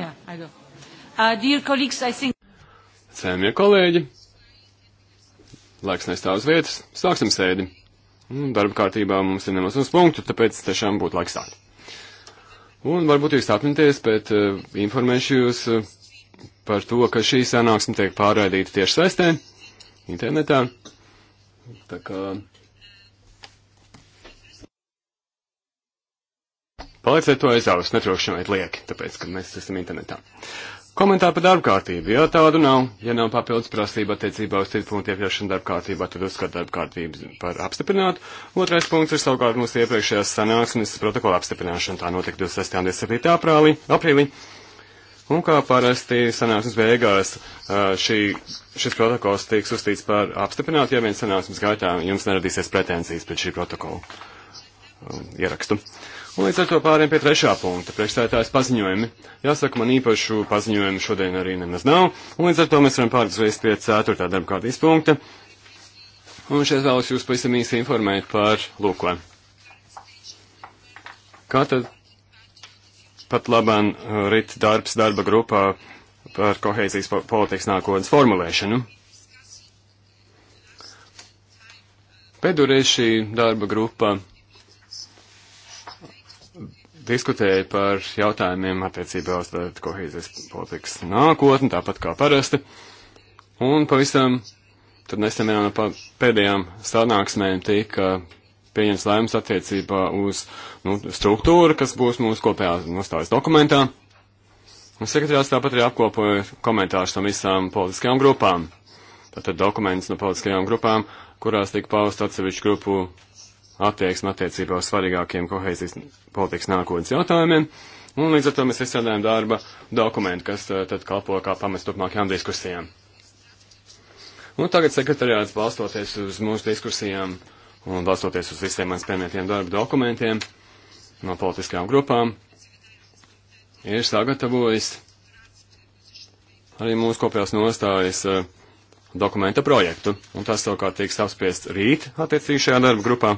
Jā, aido. Cēmie kolēģi, laiks nestāv uz vietas, sāksim sēdi. Darba kārtībā mums ir nemaz uz punktu, tāpēc tiešām būtu laiks sākt. Un varbūt jūs atminaties, bet uh, informēšu jūs uh, par to, ka šī sanāksme tiek pārraidīta tieši saistē, internetā. Tā kā Palieciet to aiz auss, netrokšņojiet lieki, tāpēc, ka mēs esam internetā. Komentāri par darba kārtību. Ja tādu nav, ja nav papildus prasība attiecībā uz citu punktu iekļaušanu darba kārtībā, tad uzskat darba kārtību par apstiprinātu. Otrais punkts ir savukārt mūsu iepriekšējās sanāksmes protokola apstiprināšana. Tā notika 26. un 27. aprīlī. aprīlī. Un kā parasti sanāksmes beigās šī, šis protokols tiks uzstīts par apstiprinātu, ja vien sanāksmes gaitā jums neradīsies pretensijas pret šī protokola ierakstu. Un līdz ar to pāriem pie trešā punkta - priekšstādātājs paziņojumi. Jāsaka, man īpašu paziņojumu šodien arī nemaz nav, un līdz ar to mēs varam pārdzvēst pie ceturtā darba kārtības punkta. Un šeit vēlos jūs pavisam īsi informēt par lūko. Kā tad pat labāk uh, rit darbs darba grupā par kohēzijas politikas nākotnes formulēšanu? Pēdējoreiz šī darba grupa diskutēja par jautājumiem attiecībā uz kohēzijas politikas nākotni, tāpat kā parasti. Un pavisam tad nesenajā no pēdējām sanāksmēm tika pieņems lēmums attiecībā uz nu, struktūru, kas būs mūsu kopējā nostājas dokumentā. Un sekretārs tāpat arī apkopoja komentārus no visām politiskajām grupām. Tātad dokuments no politiskajām grupām, kurās tika paust atsevišķu grupu attieksmi attiecībā uz svarīgākiem kohēzijas politikas nākotnes jautājumiem. Un līdz ar to mēs izstrādājam darba dokumentu, kas eh, tad kalpo kā pamats turpmākajām diskusijām. Un tagad sekretariāts balstoties uz mūsu diskusijām un balstoties uz visiem manis pieminētiem darba dokumentiem no politiskajām grupām ir sagatavojis arī mūsu kopējās nostājas uh, dokumenta projektu, un tas savukārt tiks apspriests rīt attiecīgi šajā darba grupā.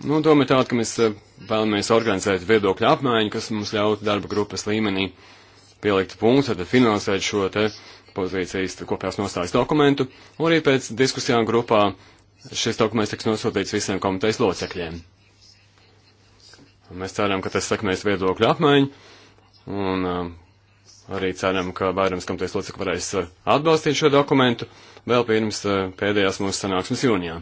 Nu, doma ir tāda, ka mēs eh, vēlamies organizēt viedokļu apmaiņu, kas mums ļautu darba grupas līmenī pielikt punktu, tad finansēt šo te pozīcijas kopējās nostājas dokumentu, un arī pēc diskusijām grupā šis dokuments tiks nosūtīts visiem komitejas locekļiem. Mēs ceram, ka tas sekmēs viedokļu apmaiņu, un uh, arī ceram, ka vairums komitejas locekļu varēs uh, atbalstīt šo dokumentu vēl pirms uh, pēdējās mūsu sanāksmes jūnijā.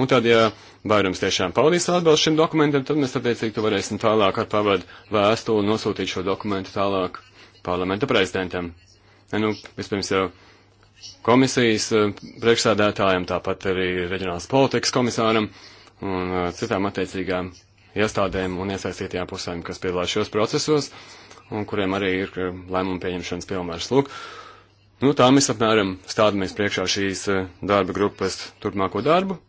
Un tad, ja vairums tiešām paudīs atbalstu šim dokumentam, tad mēs attiecīgi to varēsim tālāk ar pavadu vēstuli nosūtīt šo dokumentu tālāk parlamenta prezidentam. Ne, nu, vispirms jau komisijas eh, priekšsādātājiem, tāpat arī reģionālas politikas komisāram un eh, citām attiecīgām iestādēm un iesaistītajām pusēm, kas piedalās šos procesos un kuriem arī ir eh, lēmumu pieņemšanas pilnvērs. Lūk, nu, tā mēs apmēram stādamies priekšā šīs darba grupas turpmāko darbu.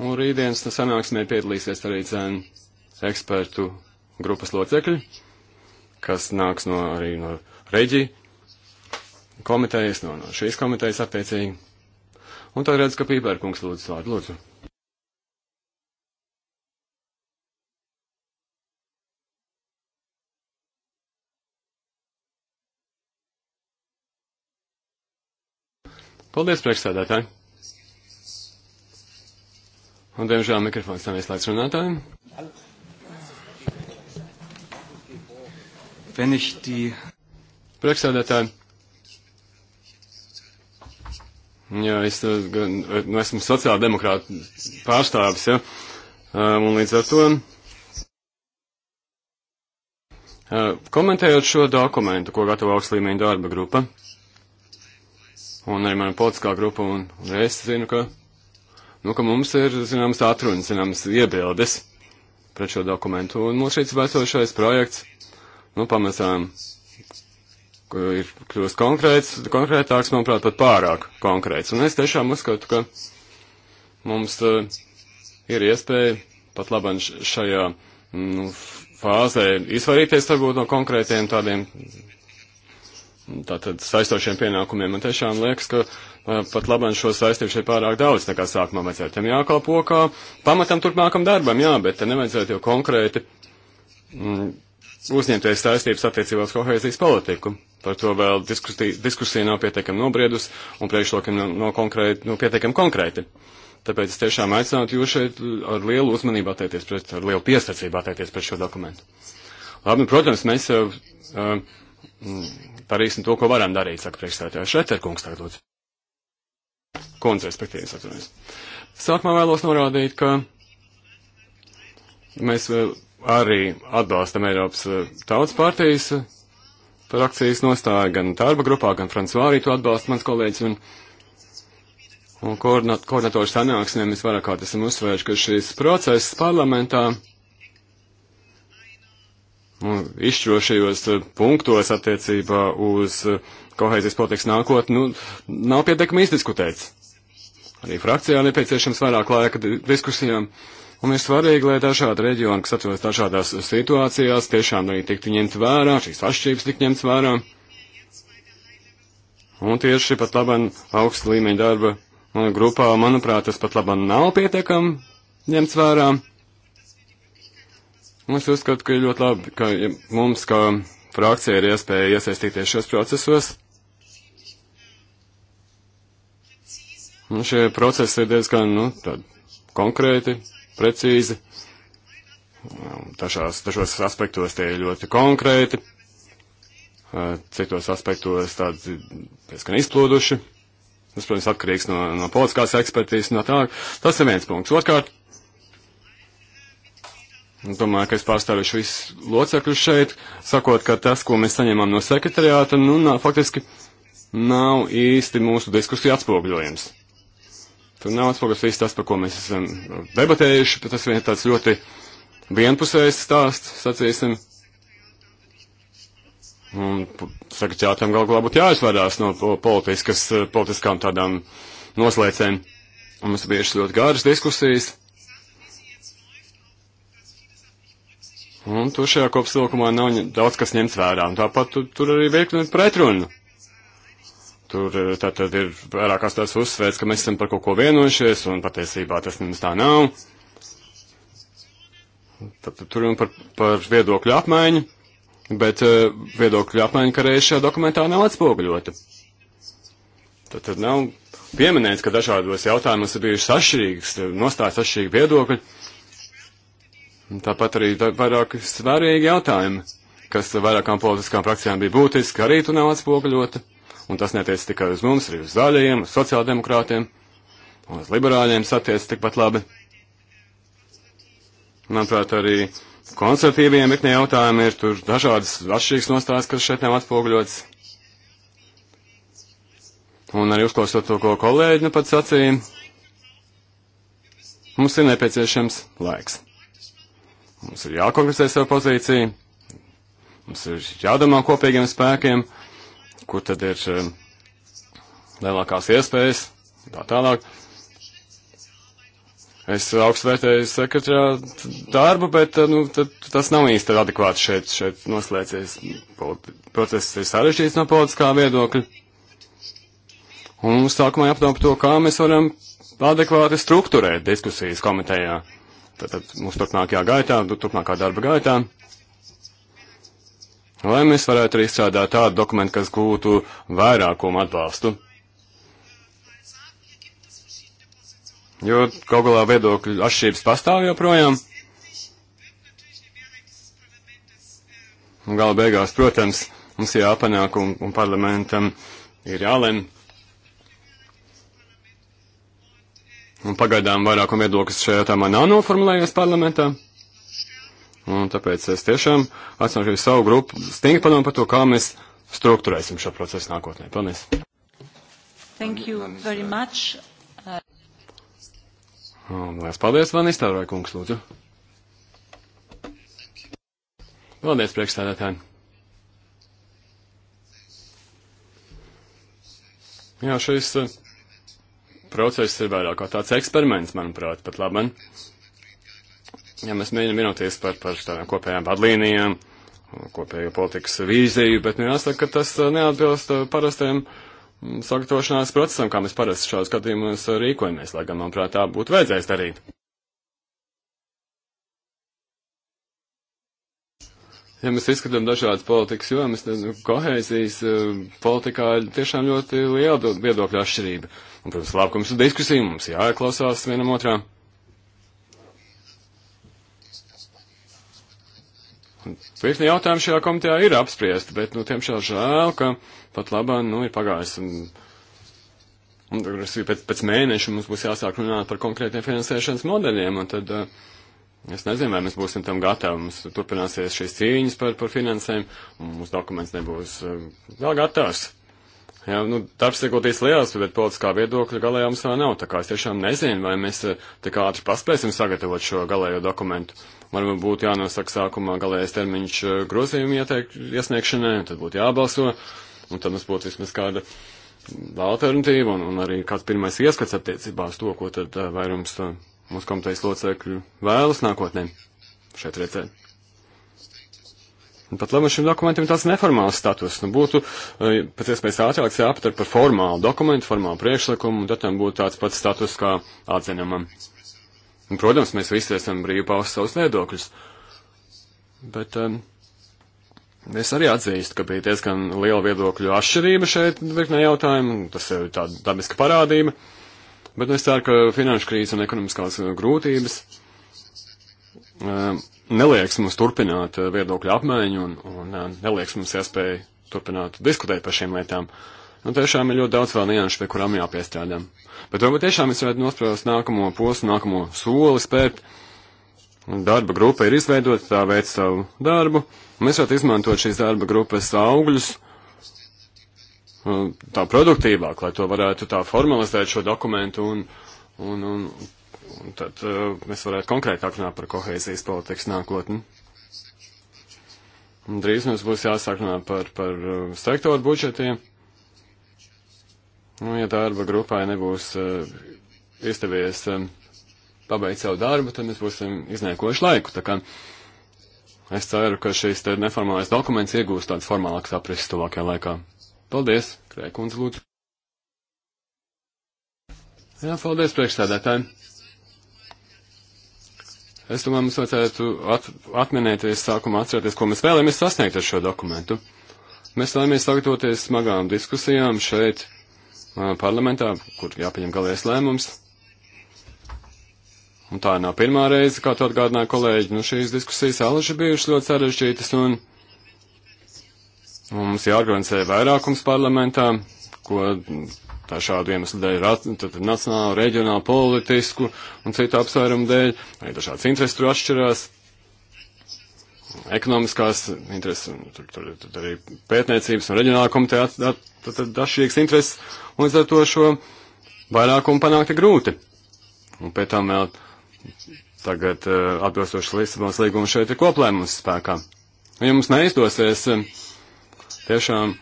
Un rītdienas sanāksmē piedalīsies arī dzēnu ekspertu grupas locekļi, kas nāks no, arī no reģi komitejas, no, no šīs komitejas attiecīgi. Un tad redz, ka Pīpērkungs lūdzu vārdu lūdzu. Paldies, priekšsēdētāji! Un, diemžēl, mikrofons nav ieslēgts runātājiem. Die... Priekšsēdētāji, jā, es eh, eh, nu, esmu sociāldemokrāta pārstāvis, ja, eh, un līdz ar to komentējot šo dokumentu, ko gatavo augstlīmeņa darba grupa, un arī mana politiskā grupa, un, un es zinu, ka nu, ka mums ir, zināms, atrunas, zināms, iebildes pret šo dokumentu. Un mūsu šīs vecošais projekts, nu, pamazām ir kļūst konkrēts, konkrētāks, manuprāt, pat pārāk konkrēts. Un es tiešām uzskatu, ka mums uh, ir iespēja pat labam šajā nu, fāzē izvairīties varbūt no konkrētiem tādiem tātad saistošiem pienākumiem. Man tiešām liekas, ka uh, pat labam šo saistību šeit pārāk daudz, nekā sākumā mēs ar tiem jākalpo kā pamatam turpmākam darbam, jā, bet te nevajadzētu jau konkrēti mm, uzņemties saistības attiecībā uz kohēzijas politiku. Par to vēl diskusija, diskusija nav pietiekami nobriedus un priekšlokiem nav no, no konkrēti, no pietiekami konkrēti. Tāpēc es tiešām aicinātu jūs šeit ar lielu uzmanību attiekties pret, ar lielu piesacību attiekties pret šo dokumentu. Labi, protams, mēs jau uh, mm, darīsim to, ko varam darīt, saka priekšstādājā. Šeit ir kungs tagad lūdzu. Kundze, respektīvi, es atceros. Sākumā vēlos norādīt, ka mēs eh, arī atbalstam Eiropas eh, tautas partijas frakcijas eh, nostāju gan darba grupā, gan Francvārī to atbalsta mans kolēģis. Un, un koordinatoru sanāksmē mēs vairāk kā esam uzsvērši, ka šis process parlamentā nu, izšķirošajos eh, punktos attiecībā uz eh, kohēzijas politikas nākotni, nu, nav pietiekami izdiskutēts. Arī frakcijā nepieciešams vairāk laika diskusijām. Un ir svarīgi, lai dažādi reģioni, kas atrodas dažādās situācijās, tiešām arī tiktu ņemt vērā, šīs atšķirības tik ņemts vērā. Un tieši pat labam augsta līmeņa darba eh, grupā, manuprāt, tas pat labam nav pietiekami ņemts vērā. Nu, es uzskatu, ka ir ļoti labi, ka mums, kā frakcija, ir iespēja iesaistīties šos procesos. Un nu, šie procesi ir diezgan, nu, tādi konkrēti, precīzi. Tašās, tašos aspektos tie ir ļoti konkrēti, citos aspektos tādi diezgan izplūduši. Tas, protams, atkarīgs no, no politiskās ekspertīzes, no tā. Tas ir viens punkts. Otkārt, Domāju, ka es pārstāvu šīs locekļus šeit, sakot, ka tas, ko mēs saņemam no sekretariāta, nu, nā, faktiski nav īsti mūsu diskusija atspogļojums. Tur nav atspoguļots viss tas, par ko mēs esam debatējuši, bet tas viens tāds ļoti vienpusējs stāsts, sacīsim. Un sekretariātam galu galā būtu jāizvairās no politiskas, eh, politiskām tādām noslēcēm. Un mums bija šis ļoti garas diskusijas. Un tur šajā kopsilkumā nav daudz kas ņemts vērā. Un tāpat tur, tur arī virkni pretrunu. Tur eh, tātad ir vairākās tās uzsvērts, ka mēs esam par kaut ko vienojušies, un patiesībā tas nemaz tā nav. Tātad tur ir par, par viedokļu apmaiņu, bet eh, viedokļu apmaiņa, ka reiz šajā dokumentā nav atspoguļota. Tātad nav pieminēts, ka dažādos jautājumos ir bijuši sašķirīgas, nostājas sašķirīgi viedokļi. Tāpat arī vairāki svarīgi jautājumi, kas vairākām politiskām frakcijām bija būtiski, arī tu nav atspoguļota. Un tas netiec tikai uz mums, arī uz zaļajiem, uz sociāldemokrātiem, un uz liberāļiem satiec tikpat labi. Manuprāt, arī konservatīviem virkni jautājumi ir tur dažādas atšķirīgas nostājas, kas šeit nav atspoguļotas. Un arī uzklausot to, ko kolēģi nu pats sacīja, mums ir nepieciešams laiks. Mums ir jākongressē savu pozīciju, mums ir jādomā kopīgiem spēkiem, kur tad ir eh, lielākās iespējas, tā tālāk. Es augstvērtēju sekretārā darbu, bet eh, nu, tad, tas nav īsti adekvāti šeit, šeit noslēdzies. Process ir sarežģīts no politiskā viedokļa. Un sākumā jāpadomā par to, kā mēs varam adekvāti strukturēt diskusijas komitejā tātad mūsu turpmākajā gaitā, nu, turpmākā darba gaitā, lai mēs varētu arī izstrādāt tādu dokumentu, kas gūtu vairākumu atbalstu. Jo kaut galā viedokļu atšķirības pastāv joprojām. Un gala beigās, protams, mums jāpanāk un, un parlamentam ir jālem, Un pagaidām vairākuma viedoklis šajā jautājumā nav noformulējies parlamentā. Un tāpēc es tiešām atsaucu savu grupu stingri padomu par to, kā mēs struktūrēsim šo procesu nākotnē. Paldies! Thank you very much. Uh... Lielas paldies, Vanis Taurai kungs, lūdzu. Paldies, priekšstādātāji. Jā, šis uh, process ir vairāk kā tāds eksperiments, manuprāt, pat labi. Ja mēs mēģinām vienoties par, par tādām kopējām vadlīnijām, kopējo politikas vīziju, bet nu jāsaka, ka tas uh, neatbilst uh, parastajam mm, sagatavošanās procesam, kā mēs parasti šādos gadījumos uh, rīkojamies, lai gan, manuprāt, tā būtu vajadzējis darīt. Ja mēs izskatām dažādas politikas jomas, tad nu, kohēzijas eh, politikā ir tiešām ļoti liela viedokļa atšķirība. Un, protams, labkums ir diskusija, mums jāklausās vienam otrā. Virkni jautājumi šajā komitejā ir apspriesti, bet, nu, tiemžēl žēl, ka pat labā, nu, ir pagājis. Un, un pēc, pēc mēneša mums būs jāsāk runāt par konkrētiem finansēšanas modeļiem, un tad uh, Es nezinu, vai mēs būsim tam gatavi. Mums turpināsies šīs cīņas par, par finansēm, un mūsu dokuments nebūs eh, vēl gatavs. Jā, nu, darbs iegūtīs liels, bet politiskā viedokļa galējā mums vēl nav. Tā kā es tiešām nezinu, vai mēs eh, tik ātri paspēsim sagatavot šo galējo dokumentu. Varbūt būtu jānosaka sākumā galējais termiņš eh, grozījumu ieteik, iesniegšanai, tad būtu jābalso, un tad mums būtu vismaz kāda alternatīva, un, un arī kāds pirmais ieskats attiecībā uz to, ko tad vairums mūsu komitejas locekļu vēlas nākotnē šeit redzēt. Un pat labi šim dokumentam ir tāds neformāls status. Nu, būtu e, pēc iespējas ātrāk jāaptver par formālu dokumentu, formālu priekšlikumu, un tad tam būtu tāds pats status kā atzinamam. Un, protams, mēs visi esam brīvi paust savus viedokļus. Bet um, es arī atzīstu, ka bija diezgan liela viedokļu atšķirība šeit virknē jautājumu, un tas ir tāda dabiska parādība. Uh, Bet es ceru, ka finanšu krīze un ekonomiskās uh, grūtības uh, nelieks mums turpināt uh, viedokļu apmaiņu un, un nelieks mums iespēju turpināt diskutēt par šīm lietām. Nu, tiešām ir ļoti daudz vēl nianšu, pie kurām jāpiestrādā. Bet varbūt tiešām es varētu nospraust nākamo posmu, nākamo soli spērt. Darba grupa ir izveidota, tā veic savu darbu. Mēs varētu izmantot šīs darba grupas augļus. Uh, tā produktīvāk, lai to varētu tā formalizēt šo dokumentu un, un, un, un tad uh, mēs varētu konkrētāk runāt par kohēzijas politikas nākotni. Un drīz mums būs jāsāk runāt par, par uh, sektoru budžetiem. Nu, ja darba grupai nebūs uh, izdevies um, pabeigt savu darbu, tad mēs būsim izniekojuši laiku. Tā kā es ceru, ka šīs neformālais dokuments iegūs tādu formālāku saprastu tuvākajā laikā. Paldies, Krēkundze, lūdzu. Jā, paldies priekšstādātājiem. Es domāju, mums vajadzētu at, atminēties sākumā atcerēties, ko mēs vēlamies sasniegt ar šo dokumentu. Mēs vēlamies sagatavoties smagām diskusijām šeit parlamentā, kur jāpieņem galējais lēmums. Un tā nav pirmā reize, kā to atgādināja kolēģi. Nu, šīs diskusijas alaži bijušas ļoti sarežģītas un. Mums jāorganizē vairākums parlamentā, ko tā šādu iemeslu dēļ, nacionālu, reģionālu, politisku un citu apsvērumu dēļ, arī dažādas intereses tur atšķirās, ekonomiskās intereses, un tur, tur, tur arī pētniecības un reģionāla komiteja atšķirīgas intereses, un līdz ar to šo vairākumu panākt ir grūti. Un pēc tam vēl tagad eh, atbilstoši Lisabonas līguma šeit ir koplēmums spēkā. Ja mums neizdosies, uh, tiešām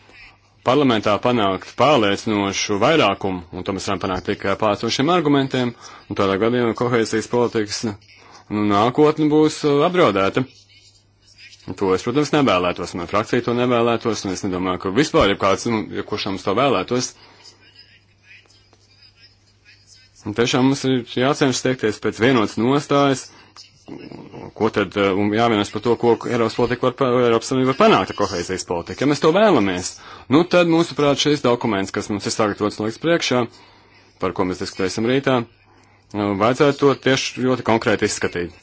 parlamentā panākt pārliecinošu vairākumu, un to mēs varam panākt tikai pārliecinošiem argumentiem, un tādā gadījumā kohēzijas politikas nu, nākotne būs uh, apdraudēta. To es, protams, nevēlētos, man frakcija to nevēlētos, un es nedomāju, ka vispār ir kāds, nu, ja kurš mums to vēlētos. Un tiešām mums ir jācenšas tiekties pēc vienotas nostājas, ko tad um, jāvienojas par to, ko Eiropas politika var, Eiropas Savienība var panākt ar kohēzijas politiku. Ja mēs to vēlamies, nu tad mūsuprāt šis dokuments, kas mums ir sagatavots un liks priekšā, par ko mēs diskutēsim rītā, eh, vajadzētu to tieši ļoti konkrēti izskatīt.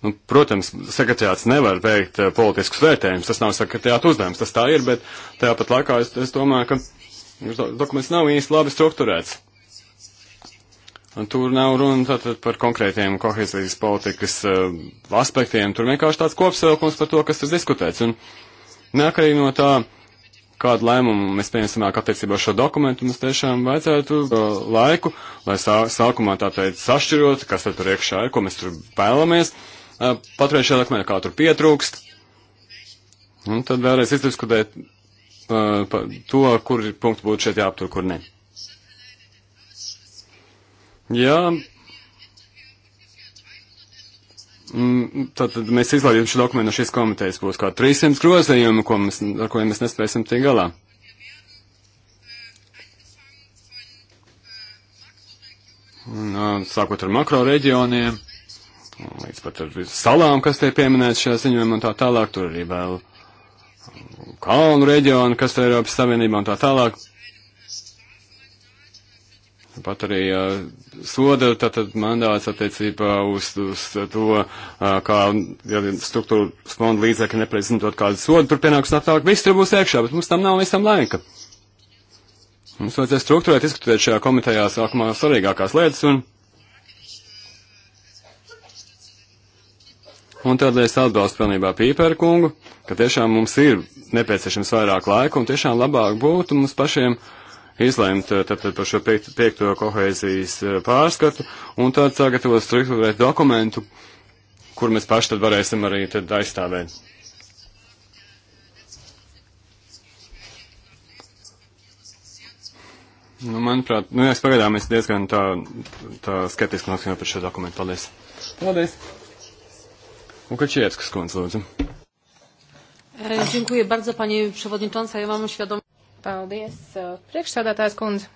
Nu, protams, sekretariāts nevar veikt uh, politiskus vērtējumus, tas nav sekretariāta uzdevums, tas tā ir, bet tāpat laikā es, es domāju, ka dokuments nav īsti labi strukturēts. Un tur nav runa tātad par konkrētiem kohēzijas politikas uh, aspektiem, tur vienkārši tāds kopsavilkums par to, kas ir diskutēts. Un neakarīgi no tā, kādu lēmumu mēs pieņemsim attiecībā ar šo dokumentu, mums tiešām vajadzētu uh, laiku, lai sā, sākumā tā teikt sašķirot, kas tad tur iekšā ir, ko mēs tur vēlamies, uh, paturēt šajā dokumentā, kā tur pietrūkst. Un tad vēlreiz izdiskutēt uh, to, kur punkti būtu šeit jāaptur, kur ne. Ja Tātad mm, mēs izlaidām šo dokumentu no šīs komitejas, būs kā 300 grozījumu, ko mēs, ar ko mēs nespēsim tikt galā. Un, sākot ar makro reģioniem, līdz pat ar salām, kas tiek pieminēts šajā ziņojumā un tā tālāk, tur arī vēl kalnu reģionu, kas ir Eiropas Savienībā un tā tālāk. Pat arī uh, soda tātad mandāts attiecībā uz, uz to, uh, kā ja struktūra fonda līdzekļi nepareiz izmantot kādu sodu par pienākumu atālāk, viss tur būs iekšā, bet mums tam nav visam laika. Mums vajadzēs struktūrēt, izskatīt šajā komitejā sākumā svarīgākās lietas un. Un tādēļ es atbalstu pilnībā Pīpēra kungu, ka tiešām mums ir nepieciešams vairāk laika un tiešām labāk būtu mums pašiem uh, izlēmt tātad eh, par šo piekto, piekto kohēzijas eh, pārskatu un tad sagatavot struktūrēt dokumentu, kur mēs paši tad varēsim arī tad aizstāvēt. Nu, manuprāt, nu, es pagaidām esmu diezgan tā, tā skeptiski noskaņot par šo dokumentu. Paldies. Paldies. Un Kačievskas kundze, lūdzu. E, dziękuję bardzo, pani przewodnicząca. Ja mam świadomość. Paldies, uh, priekšsādātājs kundze.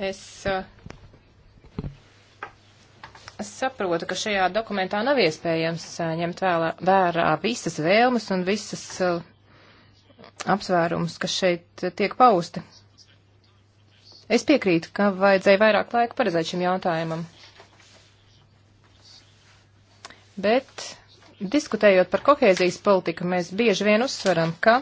Uh, es saprotu, ka šajā dokumentā nav iespējams uh, ņemt vēlā, vērā visas vēlmes un visas apsvērums, kas šeit tiek pausti. Es piekrītu, ka vajadzēja vairāk laika paredzēt šim jautājumam. Bet diskutējot par kohēzijas politiku, mēs bieži vien uzsveram, ka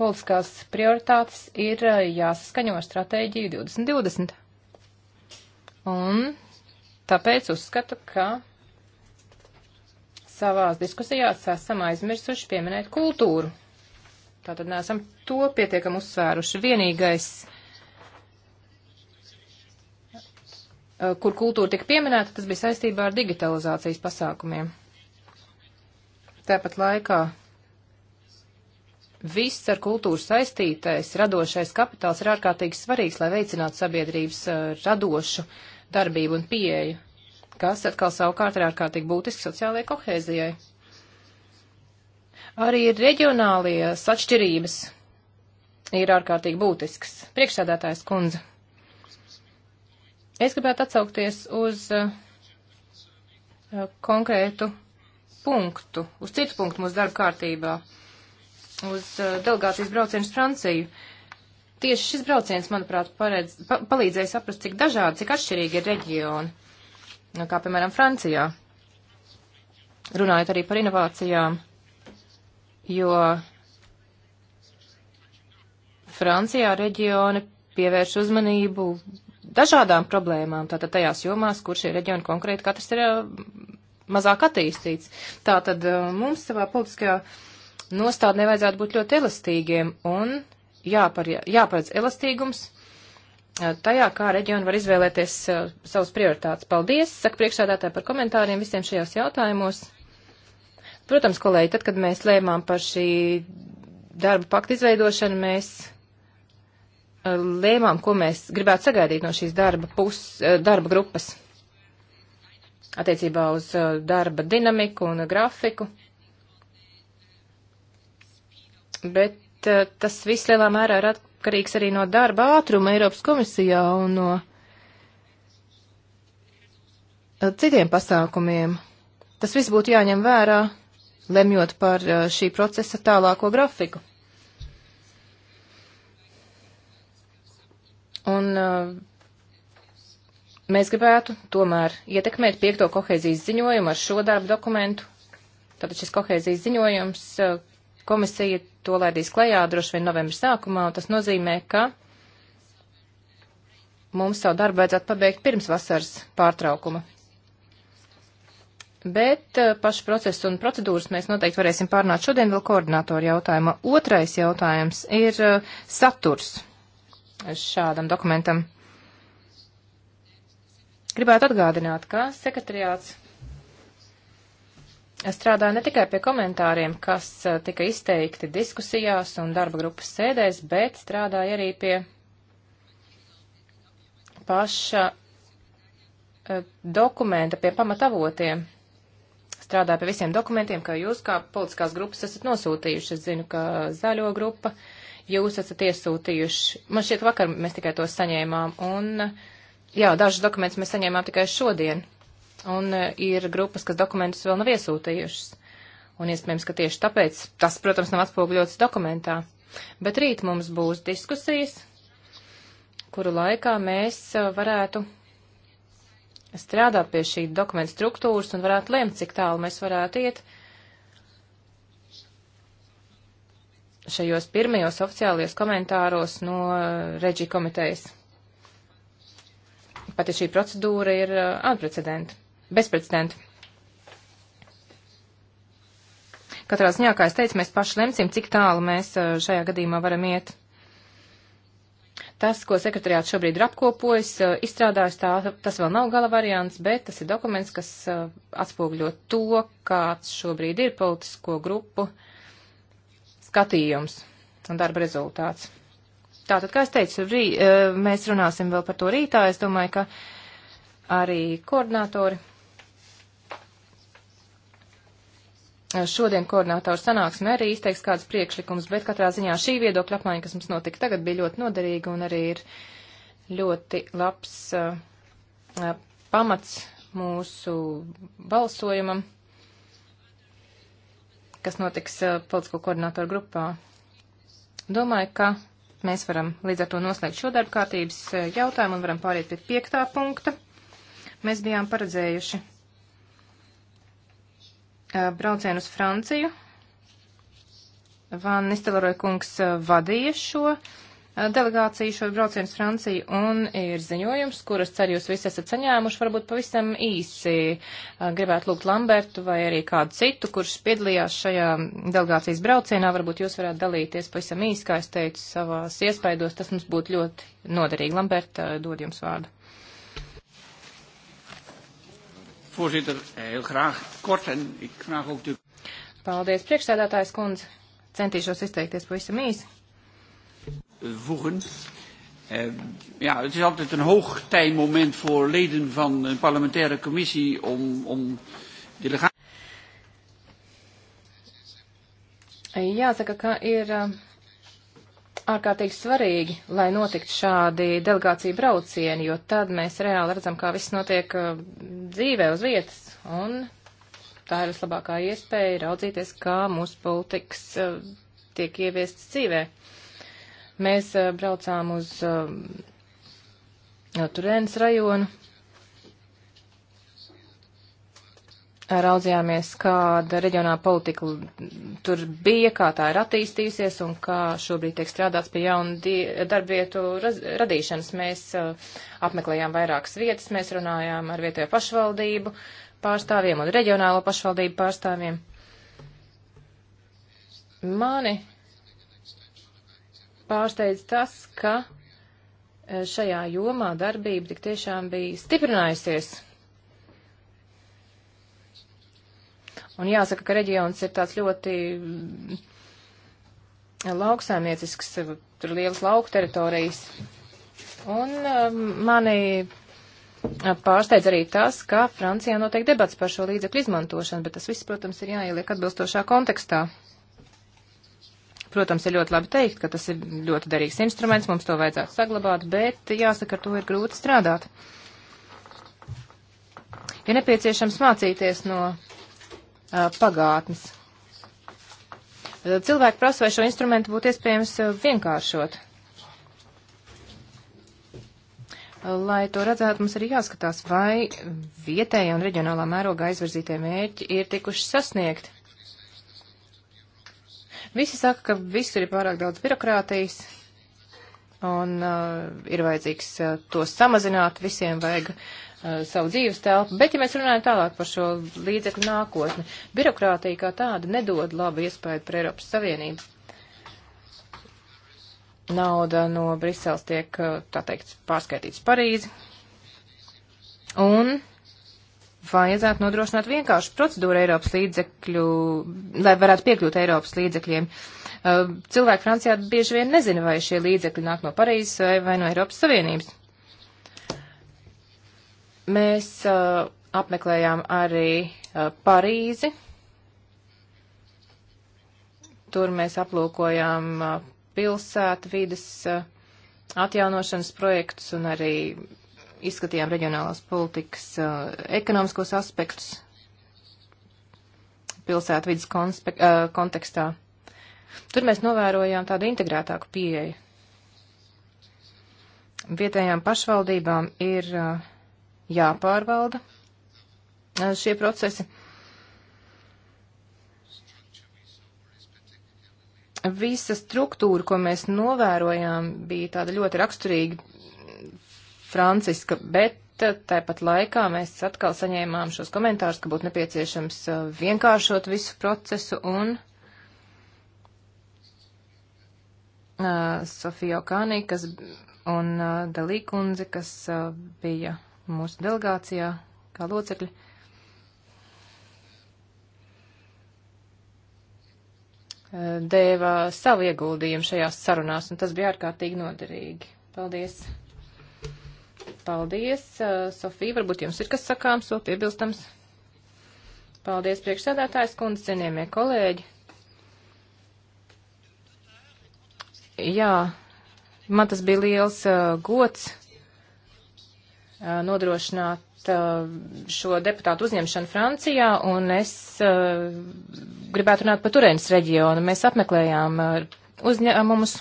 politiskās prioritātes ir eh, jāsaskaņo ar stratēģiju 2020. Un tāpēc uzskatu, ka savās diskusijās esam aizmirsuši pieminēt kultūru. Tātad neesam to pietiekam uzsvēruši. Vienīgais, eh, kur kultūra tika pieminēta, tas bija saistībā ar digitalizācijas pasākumiem. Tāpat laikā Viss ar kultūru saistītais, radošais kapitāls ir ārkārtīgi svarīgs, lai veicinātu sabiedrības uh, radošu darbību un pieeju, kas atkal savukārt ir ārkārtīgi būtiski sociālajai kohēzijai. Arī reģionālijas atšķirības ir ārkārtīgi būtisks. Priekšsēdētājs kundze. Es gribētu atsaukties uz uh, konkrētu punktu, uz citu punktu mūsu darba kārtībā uz eh, delegācijas braucienu uz Franciju. Tieši šis brauciens, manuprāt, paredz, pa, palīdzēja saprast, cik dažādi, cik atšķirīgi ir reģioni, nu, kā piemēram Francijā. Runājot arī par inovācijām, jo Francijā reģioni pievērš uzmanību dažādām problēmām, tātad tajās jomās, kur šie reģioni konkrēti katrs ir eh, mazāk attīstīts. Tātad eh, mums savā politiskajā nostādnē vajadzētu būt ļoti elastīgiem un jāpar, jāparedz elastīgums tajā, kā reģioni var izvēlēties uh, savus prioritātus. Paldies, saka priekšādātāji par komentāriem visiem šajos jautājumos. Protams, kolēģi, tad, kad mēs lēmām par šī darba paktu izveidošanu, mēs uh, lēmām, ko mēs gribētu sagaidīt no šīs darba, pus, uh, darba grupas attiecībā uz darba dinamiku un grafiku bet uh, tas viss lielā mērā ir atkarīgs arī no darba ātruma Eiropas komisijā un no uh, citiem pasākumiem. Tas viss būtu jāņem vērā, lemjot par uh, šī procesa tālāko grafiku. Un uh, mēs gribētu tomēr ietekmēt piekto kohēzijas ziņojumu ar šo darbu dokumentu. Tātad šis kohēzijas ziņojums uh, Komisija to laidīs klajā droši vien novembra sākumā, un tas nozīmē, ka mums savu darbu vajadzētu pabeigt pirms vasaras pārtraukuma. Bet eh, pašu procesu un procedūras mēs noteikti varēsim pārnāt šodien vēl koordinātoru jautājumā. Otrais jautājums ir eh, saturs šādam dokumentam. Gribētu atgādināt, ka sekretariāts strādāju ne tikai pie komentāriem, kas eh, tika izteikti diskusijās un darba grupas sēdēs, bet strādāju arī pie paša eh, dokumenta, pie pamatavotiem. Strādāju pie visiem dokumentiem, kā jūs kā politiskās grupas esat nosūtījuši. Es zinu, ka zaļo grupa jūs esat iesūtījuši. Man šķiet, vakar mēs tikai to saņēmām. Un, jā, dažus dokumentus mēs saņēmām tikai šodien. Uh, un e, ir grupas, kas dokumentus vēl nav iesūtījušas. Un iespējams, ka tieši tāpēc tas, protams, nav atspoguļots dokumentā. Bet rīt mums būs diskusijas, kuru laikā mēs e, varētu strādāt pie šī dokumenta struktūras un varētu lemt, cik tālu mēs varētu iet šajos pirmajos oficiālajos komentāros no e, reģi komitejas. Pat ja šī procedūra ir uh, atprecedenta bezprecedenta. Katrā ziņā, kā es teicu, mēs paši lemsim, cik tālu mēs eh, šajā gadījumā varam iet. Tas, ko sekretariāts šobrīd ir apkopojis, eh, izstrādājis tā, tas vēl nav gala variants, bet tas ir dokuments, kas eh, atspūgļo to, kāds šobrīd ir politisko grupu skatījums un darba rezultāts. Tātad, kā es teicu, rī, mēs runāsim vēl par to rītā. Es domāju, ka arī koordinātori Šodien koordinātoru sanāksme arī izteiks kādus priekšlikumus, bet katrā ziņā šī viedokļa apmaiņa, kas mums notika tagad, bija ļoti noderīga un arī ir ļoti labs uh, pamats mūsu balsojumam, kas notiks uh, politisko koordinātoru grupā. Domāju, ka mēs varam līdz ar to noslēgt šo darba kārtības jautājumu un varam pāriet pie piektā punkta. Mēs bijām paredzējuši Eh, braucienu uz Franciju. Van Nistelroja kungs eh, vadīja šo eh, delegāciju, šo braucienu uz Franciju, un ir ziņojums, kuras ceru jūs visi esat saņēmuši, varbūt pavisam īsi gribētu lūgt Lambertu vai arī kādu citu, kurš piedalījās šajā delegācijas braucienā, varbūt jūs varētu dalīties pavisam īsi, kā es teicu, savās iespaidos, tas mums būtu ļoti noderīgi. Lamberta, dod jums vārdu. Voorzitter, eh, heel graag kort en ik graag ook de. Paldies, priekšsēdētājs kundze. Centīšos izteikties pavisam īsi. Voegen. Uh, ja, het is altijd een hoog tijdmoment voor leden van een parlementaire commissie om, om delegaties. Jāsaka, ka ir eh, ārkārtīgi svarīgi, lai notiktu šādi delegācija braucieni, jo tad mēs reāli redzam, kā viss notiek uh, dzīvē uz vietas. Un tā ir vislabākā iespēja raudzīties, kā mūsu politikas uh, tiek ieviestas dzīvē. Mēs uh, braucām uz Turēnas rajonu, raudzījāmies, kāda reģionāla politika tur bija, kā tā ir attīstījusies un kā šobrīd tiek strādāts pie jaunu darbvietu radīšanas. Mēs uh, apmeklējām vairākas vietas, mēs runājām ar vietējo pašvaldību pārstāvjiem un reģionālo pašvaldību pārstāvjiem. Mani pārsteidz tas, ka uh, šajā jomā darbība tik tiešām bija stiprinājusies Un jāsaka, ka reģions ir tāds ļoti mm, lauksāmniecisks, tur lielas lauku teritorijas. Un um, mani uh, pārsteidz arī tas, ka Francijā notiek debats par šo līdzekļu izmantošanu, bet tas viss, protams, ir jāieliek atbilstošā kontekstā. Protams, ir ļoti labi teikt, ka tas ir ļoti derīgs instruments, mums to vajadzētu saglabāt, bet jāsaka, ar to ir grūti strādāt. Ir nepieciešams mācīties no pagātnes. Cilvēki prasa, vai šo instrumentu būtu iespējams vienkāršot. Lai to redzētu, mums arī jāskatās, vai vietējā un reģionālā mērogā aizvirzītie mērķi ir tikuši sasniegti. Visi saka, ka visur ir pārāk daudz birokrātijas un uh, ir vajadzīgs uh, to samazināt, visiem vajag uh, Uh, savu dzīves telpu. Bet, ja mēs runājam tālāk par šo līdzekļu nākotni, birokrātija kā tāda nedod labu iespēju par Eiropas Savienību. Nauda no Briseles tiek, uh, tā teikt, pārskaitīts Parīzi. Un vajadzētu nodrošināt vienkāršu procedūru Eiropas līdzekļu, lai varētu piekļūt Eiropas līdzekļiem. Uh, cilvēki Francijā bieži vien nezina, vai šie līdzekļi nāk no Parīzes vai no Eiropas Savienības. Mēs uh, apmeklējām arī uh, Parīzi. Tur mēs aplūkojām uh, pilsētu vidas uh, atjaunošanas projektus un arī izskatījām reģionālās politikas uh, ekonomiskos aspektus pilsētu vidas konspek, uh, kontekstā. Tur mēs novērojām tādu integrētāku pieeju. Vietējām pašvaldībām ir uh, jāpārvalda e, šie procesi. Visa struktūra, ko mēs novērojām, bija tāda ļoti raksturīga franciska, bet e, tāpat laikā mēs atkal saņēmām šos komentārus, ka būtu nepieciešams e, vienkāršot visu procesu un uh, Sofija Okānī, kas un uh, Dalīkundze, kas uh, bija mūsu delegācijā kā locekļi. deva savu ieguldījumu šajās sarunās, un tas bija ārkārtīgi noderīgi. Paldies! Paldies, uh, Sofija, varbūt jums ir kas sakāms, vēl piebilstams. Paldies, priekšsēdētājs kundze, cienījamie kolēģi. Jā, man tas bija liels uh, gods Eh, nodrošināt eh, šo deputātu uzņemšanu Francijā, un es eh, gribētu runāt par Turēnas reģionu. Mēs apmeklējām uzņēmumus,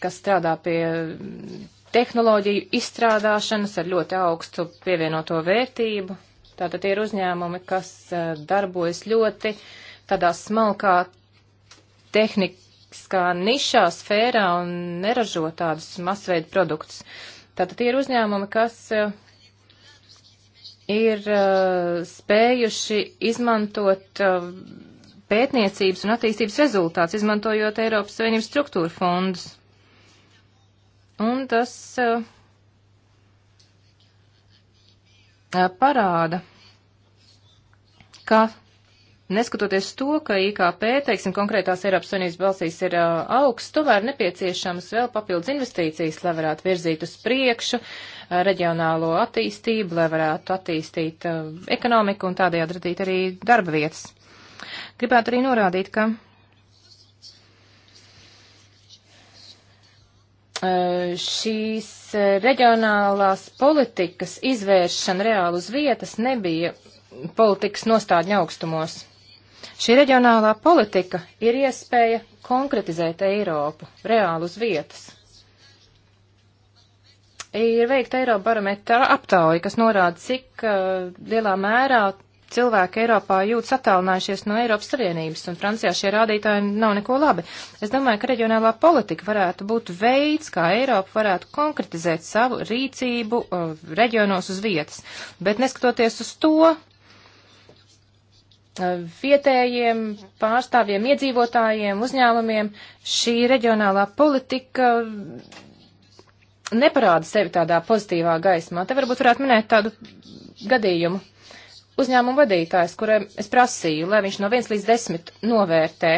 kas strādā pie mm, tehnoloģiju izstrādāšanas ar ļoti augstu pievienoto vērtību. Tātad tie ir uzņēmumi, kas darbojas ļoti tādā smalkā tehnika kā nišā sfērā un neražo tādus masveidu produktus. Tātad tie ir uzņēmumi, kas eh, ir eh, spējuši izmantot eh, pētniecības un attīstības rezultāts, izmantojot Eiropas Savienības struktūra fondus. Un tas parāda, ka Neskatoties to, ka IKP, teiksim, konkrētās Eiropas Savienības balsīs ir uh, augsts, tomēr nepieciešams vēl papildus investīcijas, lai varētu virzīt uz priekšu uh, reģionālo attīstību, lai varētu attīstīt uh, ekonomiku un tādējādi radīt arī darba vietas. Gribētu arī norādīt, ka šīs reģionālās politikas izvēršana reāli uz vietas nebija politikas nostādņa augstumos. Šī reģionālā politika ir iespēja konkretizēt Eiropu reāli uz vietas. Ir veikta Eiropa barometra aptauja, kas norāda, cik uh, lielā mērā cilvēki Eiropā jūtas attālinājušies no Eiropas Savienības, un Francijā šie rādītāji nav neko labi. Es domāju, ka reģionālā politika varētu būt veids, kā Eiropa varētu konkretizēt savu rīcību uh, reģionos uz vietas. Bet neskatoties uz to, vietējiem pārstāvjiem, iedzīvotājiem, uzņēmumiem šī reģionālā politika neparāda sevi tādā pozitīvā gaismā. Te varbūt varētu minēt tādu gadījumu. Uzņēmumu vadītājs, kuram es prasīju, lai viņš no 1 līdz 10 novērtē,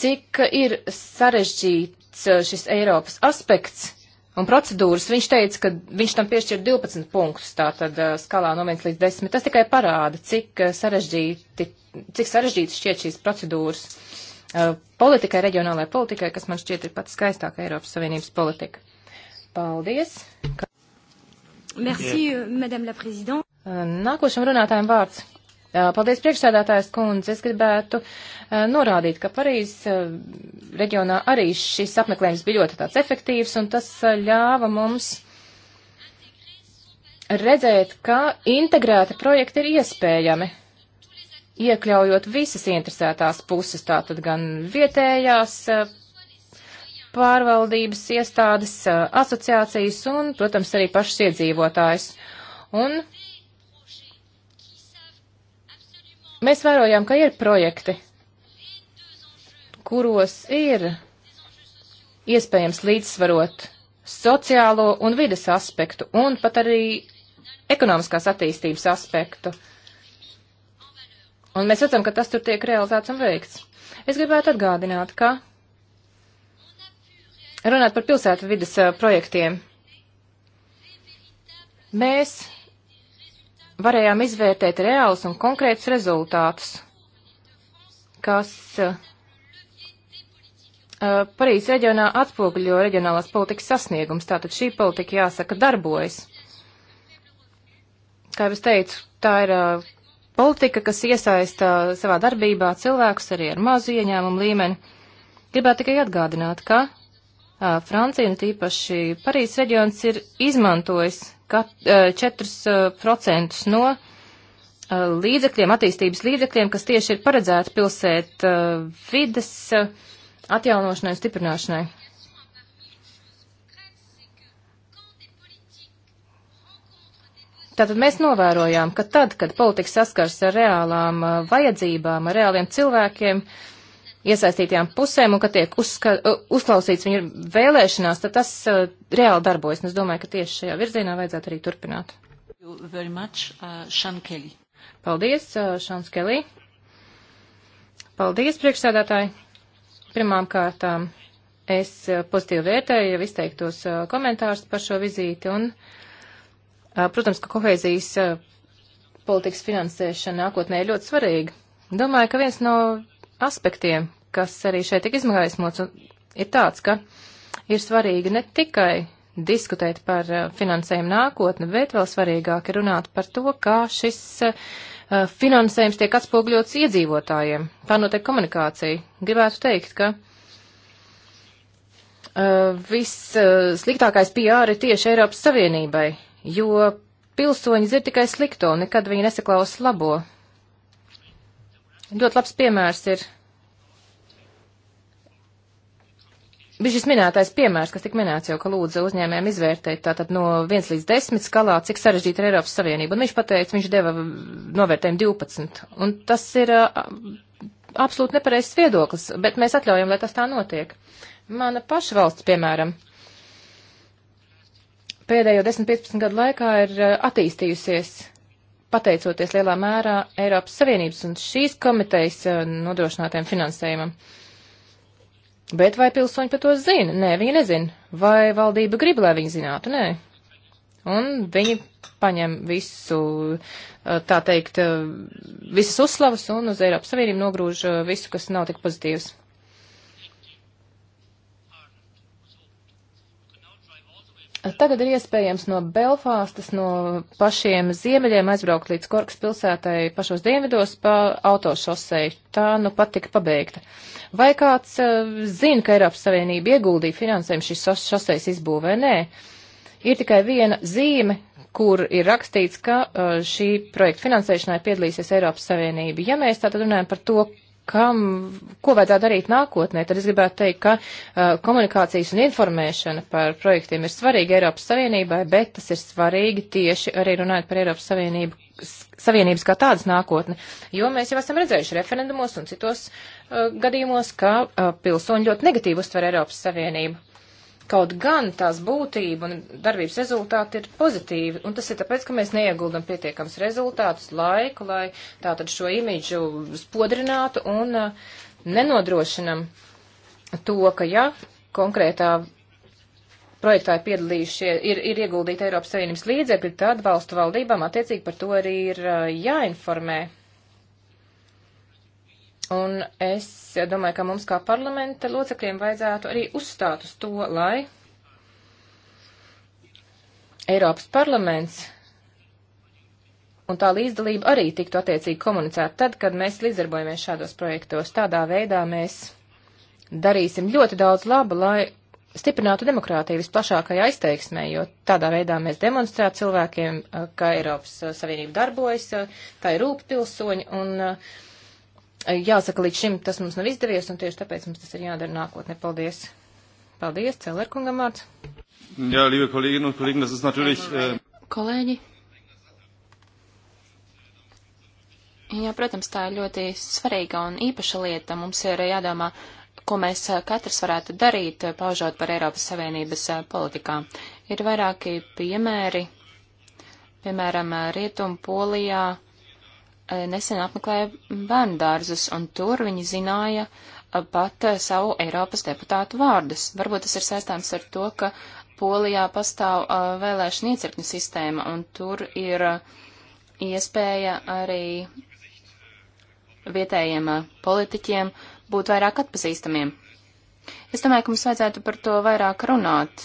cik ir sarežģīts šis Eiropas aspekts un procedūras, viņš teica, ka viņš tam piešķir 12 punktus, tātad skalā no 1 līdz 10. Tas tikai parāda, cik sarežģīti, cik sarežģīti šķiet šīs procedūras politikai, reģionālajai politikai, kas man šķiet ir pats skaistākā Eiropas Savienības politika. Paldies! Merci, Madame la Présidente. Nākošam runātājiem vārds. Paldies, priekšsēdētājs kundze. Es gribētu norādīt, ka Parīzes reģionā arī šis apmeklējums bija ļoti tāds efektīvs, un tas ļāva mums redzēt, ka integrēti projekti ir iespējami iekļaujot visas interesētās puses, tātad gan vietējās pārvaldības iestādes, asociācijas un, protams, arī pašas iedzīvotājs. Un Mēs vērojām, ka ir projekti, kuros ir iespējams līdzsvarot sociālo un vides aspektu un pat arī ekonomiskās attīstības aspektu. Un mēs redzam, ka tas tur tiek realizēts un veikts. Es gribētu atgādināt, ka runāt par pilsētu vidas projektiem. Mēs varējām izvērtēt reālus un konkrētus rezultātus, kas uh, Parīzes reģionā atspoguļo reģionālās politikas sasniegums. Tātad šī politika, jāsaka, darbojas. Kā jau es teicu, tā ir uh, politika, kas iesaista savā darbībā cilvēkus arī ar mazu ieņēmumu līmeni. Gribētu tikai atgādināt, ka uh, Francija un tīpaši Parīzes reģions ir izmantojis kat, 4% eh, eh, no eh, līdzekļiem, attīstības līdzekļiem, kas tieši ir paredzēti pilsēt vides atjaunošanai un stiprināšanai. Tātad mēs novērojām, ka tad, kad politika saskars ar reālām vajadzībām, ar reāliem cilvēkiem, uh, iesaistītajām pusēm un ka tiek uzska, uzklausīts viņu vēlēšanās, tad tas uh, reāli darbojas. Un es domāju, ka tieši šajā virzienā vajadzētu arī turpināt. Much, uh, Paldies, uh, Šāns Kelī. Paldies, priekšsēdētāji. Pirmām kārtām es uh, pozitīvi vērtēju jau izteiktos uh, komentārus par šo vizīti un, uh, protams, ka kohēzijas uh, politikas finansēšana nākotnē ir ļoti svarīga. Domāju, ka viens no aspektiem, kas arī šeit tik izmaismots, ir tāds, ka ir svarīgi ne tikai diskutēt par uh, finansējumu nākotni, bet vēl svarīgāk ir runāt par to, kā šis uh, finansējums tiek atspogļots iedzīvotājiem. Tā notiek komunikācija. Gribētu teikt, ka uh, viss uh, sliktākais PR ir tieši Eiropas Savienībai, jo pilsoņi dzird tikai slikto, nekad viņi nesaklaus labo. Ļoti labs piemērs ir bija šis minētais piemērs, kas tik minēts jau, ka lūdza uzņēmējiem izvērtēt tātad no 1 līdz 10 skalā, cik sarežģīta ir Eiropas Savienība. Un viņš pateica, viņš deva novērtējumu 12. Un tas ir absolūti nepareizs viedoklis, bet mēs atļaujam, lai tas tā notiek. Mana paša valsts, piemēram, pēdējo 10-15 gadu laikā ir attīstījusies pateicoties lielā mērā Eiropas Savienības un šīs komitejas eh, nodrošinātiem finansējumam. Bet vai pilsoņi par to zina? Nē, viņi nezina. Vai valdība grib, lai viņi zinātu? Nē. Un viņi paņem visu, eh, tā teikt, eh, visas uzslavas un uz Eiropas Savienību nogrūž visu, kas nav tik pozitīvs. Tagad ir iespējams no Belfāstas, no pašiem ziemeļiem aizbraukt līdz Korkas pilsētai pašos dienvidos pa autošosei. Tā nu pat tika pabeigta. Vai kāds uh, zina, ka Eiropas Savienība ieguldīja finansējumu šīs šoseis izbūvē? Nē. Ir tikai viena zīme, kur ir rakstīts, ka uh, šī projekta finansēšanai piedalīsies Eiropas Savienība. Ja mēs tātad runājam par to, kam, ko vajadzētu darīt nākotnē, tad es gribētu teikt, ka uh, komunikācijas un informēšana par projektiem ir svarīga Eiropas Savienībai, bet tas ir svarīgi tieši arī runājot par Eiropas Savienību, Savienības kā tādas nākotni, jo mēs jau esam redzējuši referendumos un citos uh, gadījumos, ka uh, pilsoņi ļoti negatīvi uztver Eiropas Savienību. Kaut gan tās būtība un darbības rezultāti ir pozitīvi, un tas ir tāpēc, ka mēs neieguldam pietiekams rezultātus, laiku, lai tātad šo imidžu spodrinātu un uh, nenodrošinam to, ka ja konkrētā projektā ir piedalījušie, ir, ir ieguldīti Eiropas Savienības līdzekļi, tad valstu valdībām attiecīgi par to arī ir uh, jāinformē Un es domāju, ka mums kā parlamenta locekļiem vajadzētu arī uzstāt uz to, lai Eiropas parlaments un tā līdzdalība arī tiktu attiecīgi komunicēta tad, kad mēs līdzdarbojamies šādos projektos. Tādā veidā mēs darīsim ļoti daudz laba, lai stiprinātu demokrātiju visplašākajā izteiksmē, jo tādā veidā mēs demonstrētu cilvēkiem, ka Eiropas uh, Savienība darbojas, uh, tā ir rūp pilsoņi, un uh, Jāsaka, līdz šim tas mums nav izdevies, un tieši tāpēc mums tas ir jādara nākotnē. Paldies! Paldies, Celerkungam vārds! Jā, liebe kolēģi un kolēģi, tas ir natürlich. Äh, kolēģi! Jā, protams, tā ir ļoti svarīga un īpaša lieta. Mums ir jādomā, ko mēs katrs varētu darīt, paužot par Eiropas Savienības politikā. Ir vairāki piemēri, piemēram, Rietum Polijā Eh, nesen apmeklēja bērndārzus, un tur viņi zināja eh, pat eh, savu Eiropas deputātu vārdus. Varbūt tas ir saistāms ar to, ka Polijā pastāv vēlēšana iecirkņu sistēma, un tur ir iespēja arī vietējiem politiķiem būt vairāk atpazīstamiem. Es domāju, ka mums vajadzētu par to vairāk runāt.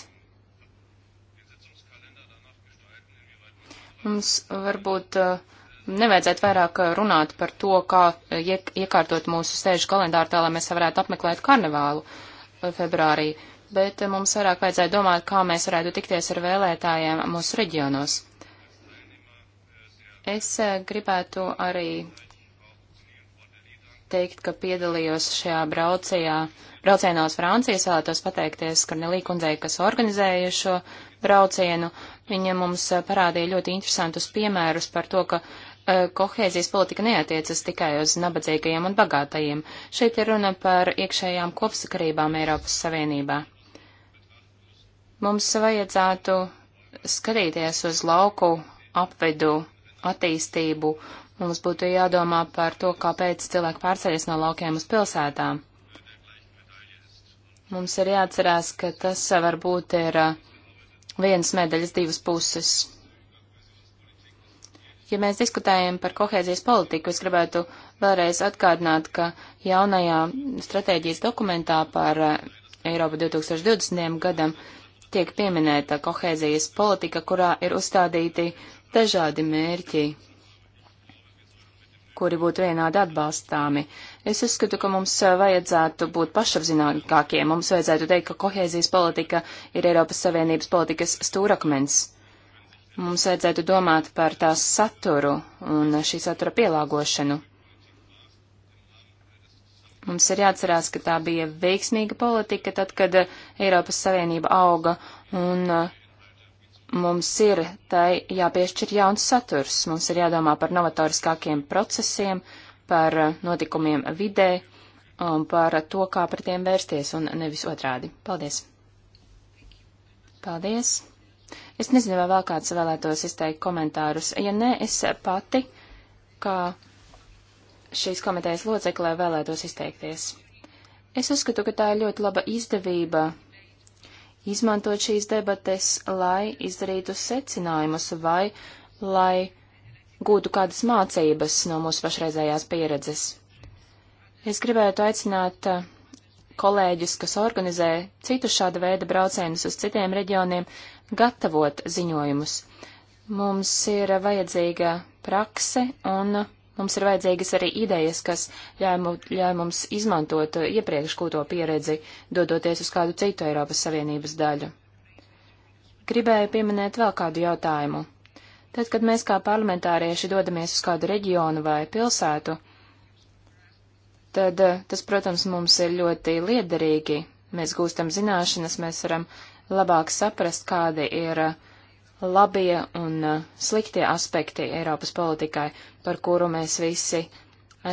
Mums varbūt uh, nevajadzētu vairāk uh, runāt par to, kā uh, iekārtot mūsu sēžu kalendāru tā, lai mēs varētu apmeklēt karnevālu uh, februārī, bet mums vairāk vajadzētu domāt, kā mēs varētu tikties ar vēlētājiem mūsu reģionos. Es gribētu arī teikt, ka piedalījos šajā braucijā, braucienā uz Francijas, vēlētos pateikties Kornelī kundzei, kas organizēja šo braucienu. Viņa mums parādīja ļoti interesantus piemērus par to, ka Eh, kohēzijas politika neatiecas tikai uz nabadzīgajiem un bagātajiem. Šeit ir runa par iekšējām kopsakarībām Eiropas Savienībā. Mums vajadzētu skatīties uz lauku apvedu attīstību. Mums būtu jādomā par to, kāpēc cilvēki pārceļas no laukiem uz pilsētām. Mums ir jāatcerās, ka tas varbūt ir eh, viens medaļas divas puses. Ja mēs diskutējam par kohēzijas politiku, es gribētu vēlreiz atgādināt, ka jaunajā stratēģijas dokumentā par eh, Eiropu 2020. gadam tiek pieminēta kohēzijas politika, kurā ir uzstādīti dažādi mērķi, kuri būtu vienādi atbalstāmi. Es uzskatu, ka mums eh, vajadzētu būt pašapzinātākiem. Mums vajadzētu teikt, ka kohēzijas politika ir Eiropas Savienības politikas stūrakmens. Mums vajadzētu domāt par tās saturu un šī satura pielāgošanu. Mums ir jāatcerās, ka tā bija veiksmīga politika tad, kad eh, Eiropas Savienība auga, un eh, mums ir tai jāpiešķir jauns saturs. Mums ir jādomā par novatoriskākiem procesiem, par eh, notikumiem vidē un par to, kā pret tiem vērsties, un nevis otrādi. Paldies! Paldies! Es nezinu, vai vēl kāds vēlētos izteikt komentārus. Ja nē, es pati, kā šīs komitejas loceklē, vēlētos izteikties. Es uzskatu, ka tā ir ļoti laba izdevība izmantot šīs debates, lai izdarītu secinājumus vai lai gūtu kādas mācības no mūsu pašreizējās pieredzes. Es gribētu aicināt uh, kolēģus, kas organizē citu šāda veida braucienus uz citiem reģioniem, gatavot ziņojumus. Mums ir vajadzīga prakse un mums ir vajadzīgas arī idejas, kas ļauj, ļauj mums izmantot iepriekš gūto pieredzi, dodoties uz kādu citu Eiropas Savienības daļu. Gribēju pieminēt vēl kādu jautājumu. Tad, kad mēs kā parlamentārieši dodamies uz kādu reģionu vai pilsētu, tad eh, tas, protams, mums ir ļoti liederīgi. Mēs gūstam zināšanas, mēs varam labāk saprast, kādi ir labie un sliktie aspekti Eiropas politikai, par kuru mēs visi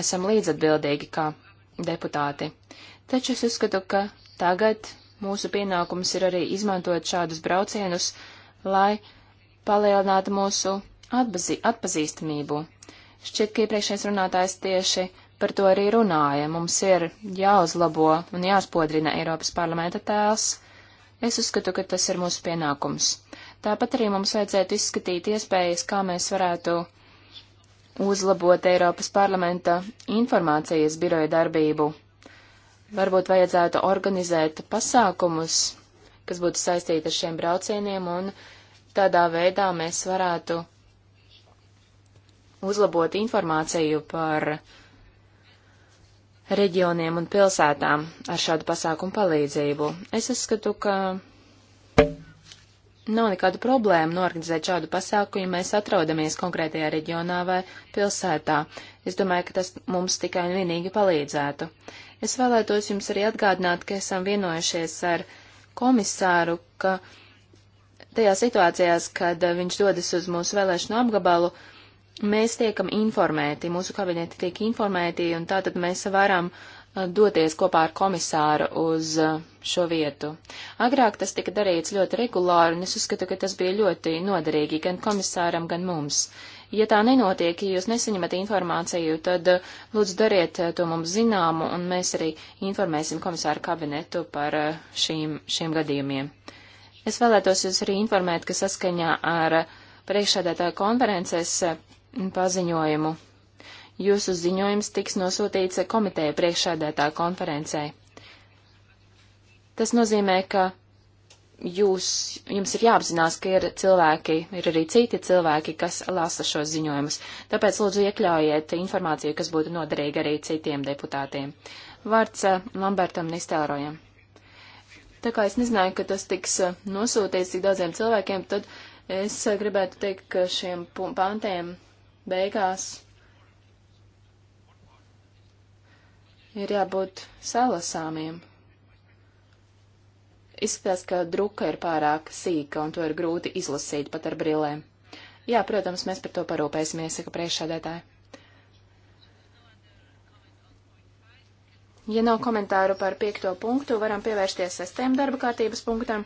esam līdzatbildīgi kā deputāti. Taču es uzskatu, ka tagad mūsu pienākums ir arī izmantot šādus braucienus, lai palielinātu mūsu atpazī atpazīstamību. Šķiet, ka iepriekšējais runātājs tieši par to arī runāja. Mums ir jāuzlabo un jāspodrina Eiropas parlamenta tēls, Es uzskatu, ka tas ir mūsu pienākums. Tāpat arī mums vajadzētu izskatīt iespējas, kā mēs varētu uzlabot Eiropas parlamenta informācijas biroja darbību. Varbūt vajadzētu organizēt pasākumus, kas būtu saistīti ar šiem braucieniem, un tādā veidā mēs varētu uzlabot informāciju par uh, reģioniem un pilsētām ar šādu pasākumu palīdzību. Es uzskatu, ka nav nekādu problēmu norganizēt šādu pasākumu, ja mēs atrodamies konkrētajā reģionā vai pilsētā. Es domāju, ka tas mums tikai un vienīgi palīdzētu. Es vēlētos jums arī atgādināt, ka esam vienojušies ar komisāru, ka tajā situācijās, kad viņš dodas uz mūsu vēlēšanu apgabalu, uh, mēs tiekam informēti, mūsu kabineti tiek informēti, un tātad mēs varam uh, doties kopā ar komisāru uz uh, šo vietu. Agrāk tas tika darīts ļoti regulāri, un es uzskatu, ka tas bija ļoti noderīgi gan komisāram, gan mums. Ja tā nenotiek, ja jūs nesaņemat informāciju, tad uh, lūdzu dariet to mums zināmu, un mēs arī informēsim komisāru kabinetu par šīm, šiem gadījumiem. Es vēlētos jūs arī informēt, ka saskaņā ar priekšsēdētāju konferences paziņojumu. Jūsu ziņojums tiks nosūtīts komiteja priekšādētā konferencē. Tas nozīmē, ka jūs, jums ir jāapzinās, ka ir cilvēki, ir arī citi cilvēki, kas lasa šos ziņojumus. Tāpēc lūdzu iekļaujiet informāciju, kas būtu noderīga arī citiem deputātiem. Vārds eh, Lambertam Nistēlrojam. Tā kā es nezināju, ka tas tiks eh, nosūtīts tik daudziem cilvēkiem, tad es eh, gribētu teikt, ka šiem pantiem beigās ir jābūt salasāmiem. Izskatās, ka druka ir pārāk sīka un to ir grūti izlasīt pat ar brillēm. Jā, protams, mēs par to parūpēsimies, saka priekšādētāji. Ja nav komentāru par piekto punktu, varam pievērsties sestiem darba kārtības punktam,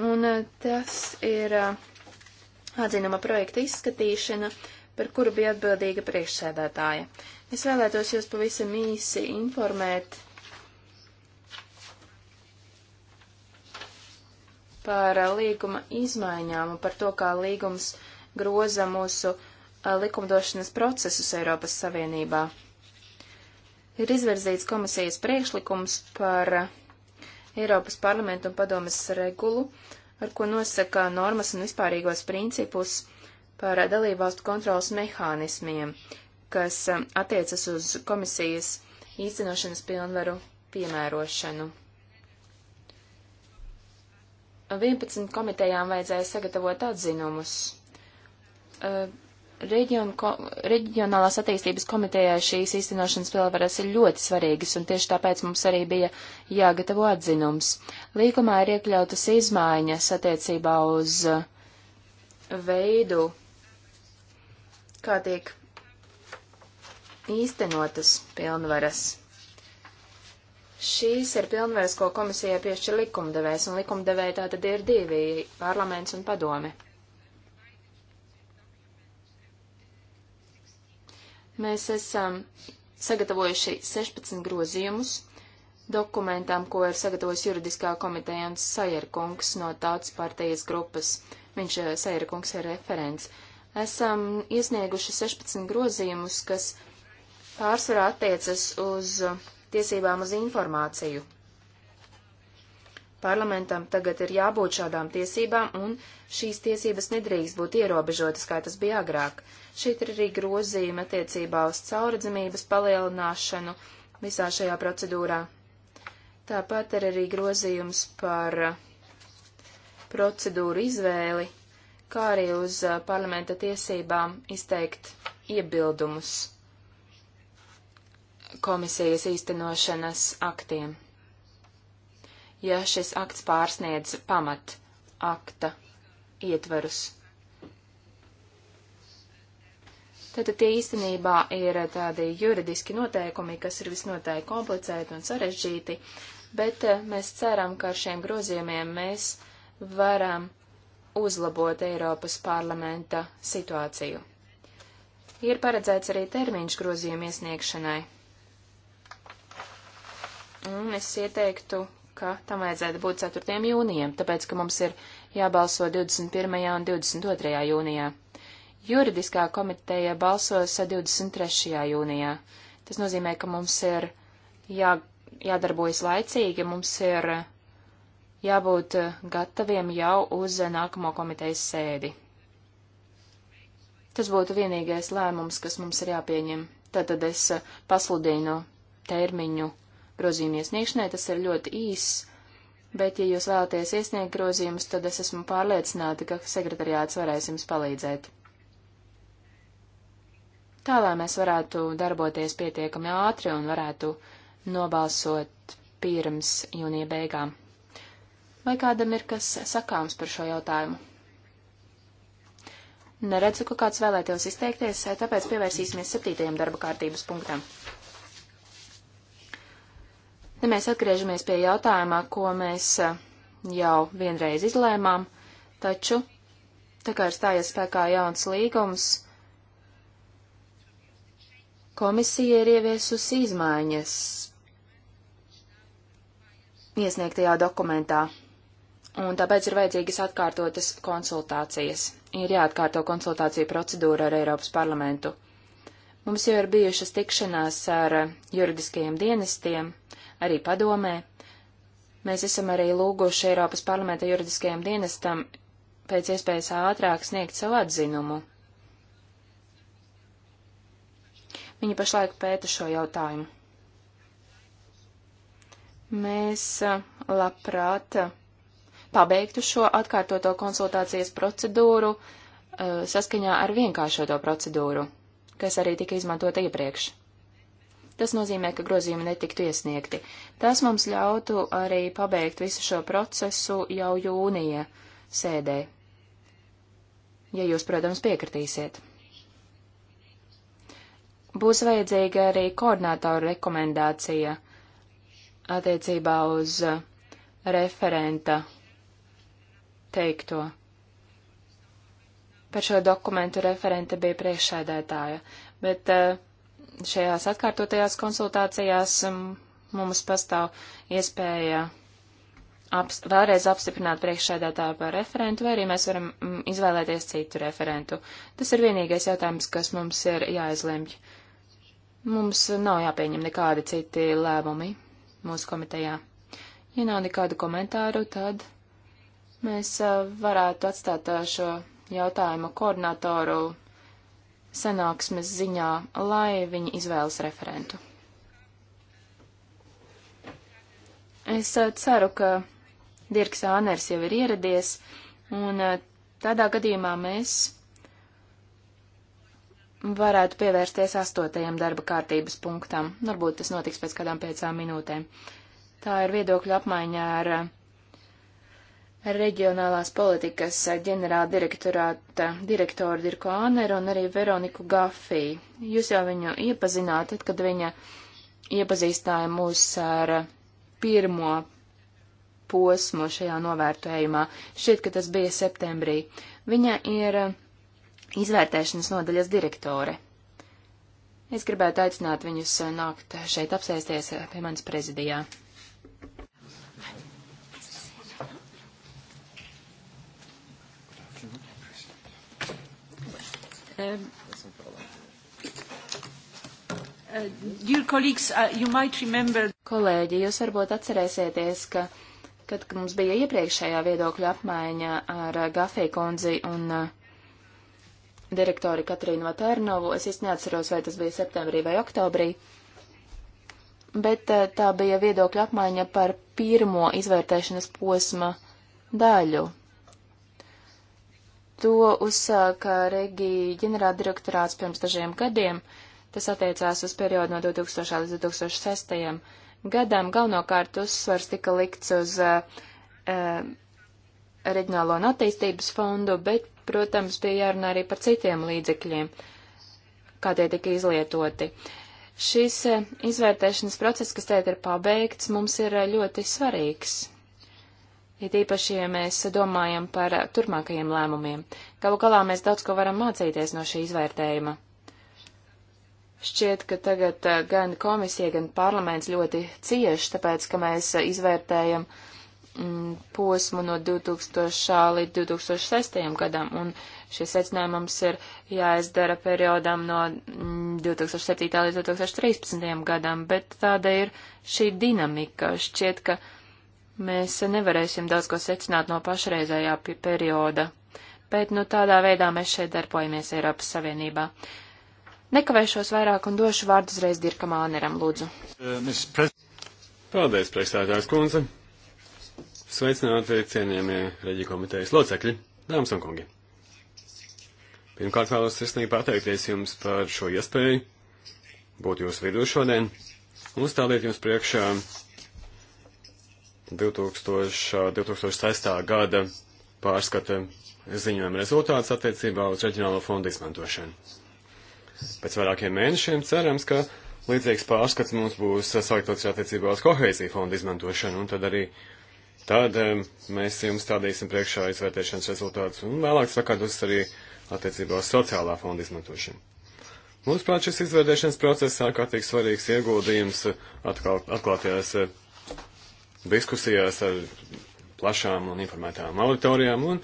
un eh, tas ir eh, atzinuma projekta izskatīšana par kuru bija atbildīga priekšsēdētāja. Es vēlētos jūs pavisam īsi informēt par līguma izmaiņām un par to, kā līgums groza mūsu likumdošanas procesus Eiropas Savienībā. Ir izvirzīts komisijas priekšlikums par Eiropas parlamentu un padomas regulu, ar ko nosaka normas un vispārīgos principus par dalībvalstu kontrolas mehānismiem, kas um, attiecas uz komisijas īstenošanas pilnvaru piemērošanu. 11 komitejām vajadzēja sagatavot atzinumus. Uh, reģion, ko, reģionālās attīstības komitejā šīs īstenošanas pilnvaras ir ļoti svarīgas, un tieši tāpēc mums arī bija jāgatavo atzinums. Līgumā ir iekļautas izmaiņas attiecībā uz veidu, kā tiek īstenotas pilnvaras. Šīs ir pilnvaras, ko komisijai piešķir likumdevējs, un likumdevēji tā tad ir divi - parlaments un padome. Mēs esam sagatavojuši 16 grozījumus dokumentam, ko ir sagatavojis juridiskā komiteja un Sajerkungs no Tautas partijas grupas. Viņš eh, Sajerkungs ir referents. Uh, esam iesnieguši 16 grozījumus, kas pārsvarā attiecas uz tiesībām uz informāciju. Parlamentam tagad ir jābūt šādām tiesībām, un šīs tiesības nedrīkst būt ierobežotas, kā tas bija agrāk. Šeit ir arī grozījumi attiecībā uz cauradzamības palielināšanu visā šajā procedūrā. Tāpat ir arī grozījums par procedūru izvēli kā arī uz parlamenta tiesībām izteikt iebildumus komisijas īstenošanas aktiem, ja šis akts pārsniedz pamat akta ietverus. Tātad tie īstenībā ir tādi juridiski noteikumi, kas ir visnotaļ komplicēti un sarežģīti, bet mēs ceram, ka ar šiem grozījumiem mēs varam uzlabot Eiropas parlamenta situāciju. Ir paredzēts arī termiņš grozījuma iesniegšanai. Un es ieteiktu, ka tam vajadzētu būt 4. jūnijam, tāpēc, ka mums ir jābalso 21. un 22. jūnijā. Juridiskā komiteja balsos 23. jūnijā. Tas nozīmē, ka mums ir jā, jādarbojas laicīgi, mums ir uh, jābūt eh, gataviem jau uz eh, nākamo komitejas sēdi. Tas būtu vienīgais lēmums, kas mums ir jāpieņem. Tātad es eh, pasludinu termiņu grozījumu iesniegšanai, tas ir ļoti īss, bet, ja jūs vēlaties iesniegt grozījumus, tad es esmu pārliecināta, ka sekretariāts varēs jums palīdzēt. Tā, lai mēs varētu darboties pietiekami ātri un varētu nobalsot pirms jūnija beigām. Vai kādam ir kas sakāms par šo jautājumu? Neredzu, ka kāds vēlētos izteikties, tāpēc pievērsīsimies septītajam darba kārtības punktam. Te mēs atgriežamies pie jautājumā, ko mēs jau vienreiz izlēmām, taču, tā kā ir stājies spēkā jauns līgums, komisija ir ieviesusi izmaiņas iesniegtajā dokumentā un tāpēc ir vajadzīgas atkārtotas konsultācijas. Ir jāatkārto konsultāciju procedūra ar Eiropas parlamentu. Mums jau ir bijušas tikšanās ar juridiskajiem dienestiem, arī padomē. Mēs esam arī lūguši Eiropas parlamenta juridiskajam dienestam pēc iespējas ātrāk sniegt savu atzinumu. Viņi pašlaik pēta šo jautājumu. Mēs labprāt pabeigtu šo atkārtoto konsultācijas procedūru uh, saskaņā ar vienkāršoto procedūru, kas arī tika izmantota iepriekš. Tas nozīmē, ka grozījumi netiktu iesniegti. Tas mums ļautu arī pabeigt visu šo procesu jau jūnija sēdē, ja jūs, protams, piekritīsiet. Būs vajadzīga arī koordinātoru rekomendācija attiecībā uz referenta teikto. Par šo dokumentu referente bija priekšsēdētāja, bet eh, šajās atkārtotajās konsultācijās mm, mums pastāv iespēja aps, vēlreiz apstiprināt priekšsēdētāju par referentu, vai arī mēs varam mm, izvēlēties citu referentu. Tas ir vienīgais jautājums, kas mums ir jāizlemj. Mums nav jāpieņem nekādi citi lēmumi mūsu komitejā. Ja nav nekādu komentāru, tad Mēs varētu atstāt šo jautājumu koordinatoru sanāksmes ziņā, lai viņi izvēlas referentu. Es ceru, ka Dirks Āners jau ir ieradies, un tādā gadījumā mēs varētu pievērsties astotajam darba kārtības punktam. Varbūt tas notiks pēc kādām piecām minūtēm. Tā ir viedokļa apmaiņa ar reģionālās politikas ģenerāla direktorāta direktoru Dirko Aneru un arī Veroniku Gafī. Jūs jau viņu iepazināt, tad, kad viņa iepazīstināja mūs ar pirmo posmu šajā novērtējumā. Šķiet, ka tas bija septembrī. Viņa ir izvērtēšanas nodaļas direktore. Es gribētu aicināt viņus nākt šeit apsēsties pie manis prezidijā. Um, uh, uh, Kolēģi, jūs varbūt atcerēsieties, ka, kad mums bija iepriekšējā viedokļa apmaiņa ar uh, Gafī kundzi un direktori Katrīnu Vaternovu, es īsti neatceros, vai tas bija septembrī vai oktobrī, bet tā bija viedokļa apmaiņa par pirmo izvērtēšanas posma daļu, To uzsāka Regija ģenerāldirektorāts pirms dažiem gadiem. Tas attiecās uz periodu no 2000 līdz 2006 gadam. Galvenokārt uzsvars tika likts uz uh, uh, reģionālo un attīstības fondu, bet, protams, bija jārunā arī par citiem līdzekļiem, kā tie tika izlietoti. Šis uh, izvērtēšanas process, kas tagad ir pabeigts, mums ir uh, ļoti svarīgs it ja īpaši, ja mēs domājam par turpmākajiem lēmumiem. Galu galā mēs daudz ko varam mācīties no šī izvērtējuma. Šķiet, ka tagad eh, gan komisija, gan parlaments ļoti cieši, tāpēc, ka mēs izvērtējam mm, posmu no 2000 līdz 2006 gadam, un šis secinājums mums ir jāizdara periodam no mm, 2007 līdz 2013 gadam, bet tāda ir šī dinamika. Šķiet, ka Mēs nevarēsim daudz ko secināt no pašreizējā perioda, bet nu tādā veidā mēs šeit darbojamies Eiropas Savienībā. Nekavēšos vairāk un došu vārdu uzreiz Dirkam Āneram, lūdzu. Uh, Paldies, priekšstādājās kundze. Sveicināti cienījamie reģi komitejas locekļi, dāmas un kungi. Pirmkārt vēlos sirsnīgi pateikties jums par šo iespēju būt jūsu vidū šodien un uzstādīt jums priekšā uh, 2000, 2006. gada pārskata ziņojuma rezultāts attiecībā uz reģionālo fondu izmantošanu. Pēc vairākiem mēnešiem cerams, ka līdzīgs pārskats mums būs saistīts attiecībā uz kohēziju fondu izmantošanu, un tad arī tad mēs jums stādīsim priekšā izvērtēšanas rezultātus, un vēlāk sakārtos arī attiecībā uz sociālā fonda izmantošanu. Mūsuprāt, šis izvērtēšanas process sāk attīk svarīgs ieguldījums atklātajās diskusijās ar plašām un informētām auditorijām. Un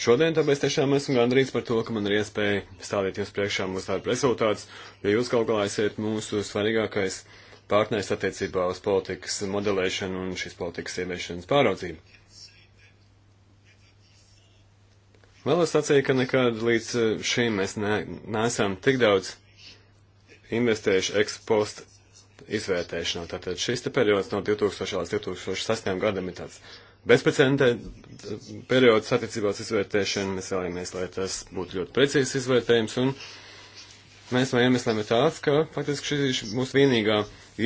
šodien tāpēc tiešām esmu gandrīz par to, ka man ir iespēja stādīt jums priekšā mūsu darba rezultātus, jo jūs kaut galā esat mūsu svarīgākais partners attiecībā uz politikas modelēšanu un šīs politikas ieviešanas pāraudzību. Vēlos sacīt, ka nekad līdz šim mēs ne, neesam tik daudz investējuši ekspost izvērtēšanā. Tātad šis te periods no 2000 līdz 2008 gadam ir tāds bezprecedenta eh, periods attiecībās izvērtēšana. Mēs vēlamies, lai tas būtu ļoti precīzs izvērtējums. Un mēs vēlamies, lai ir tāds, ka faktiski šī ir mūsu vienīgā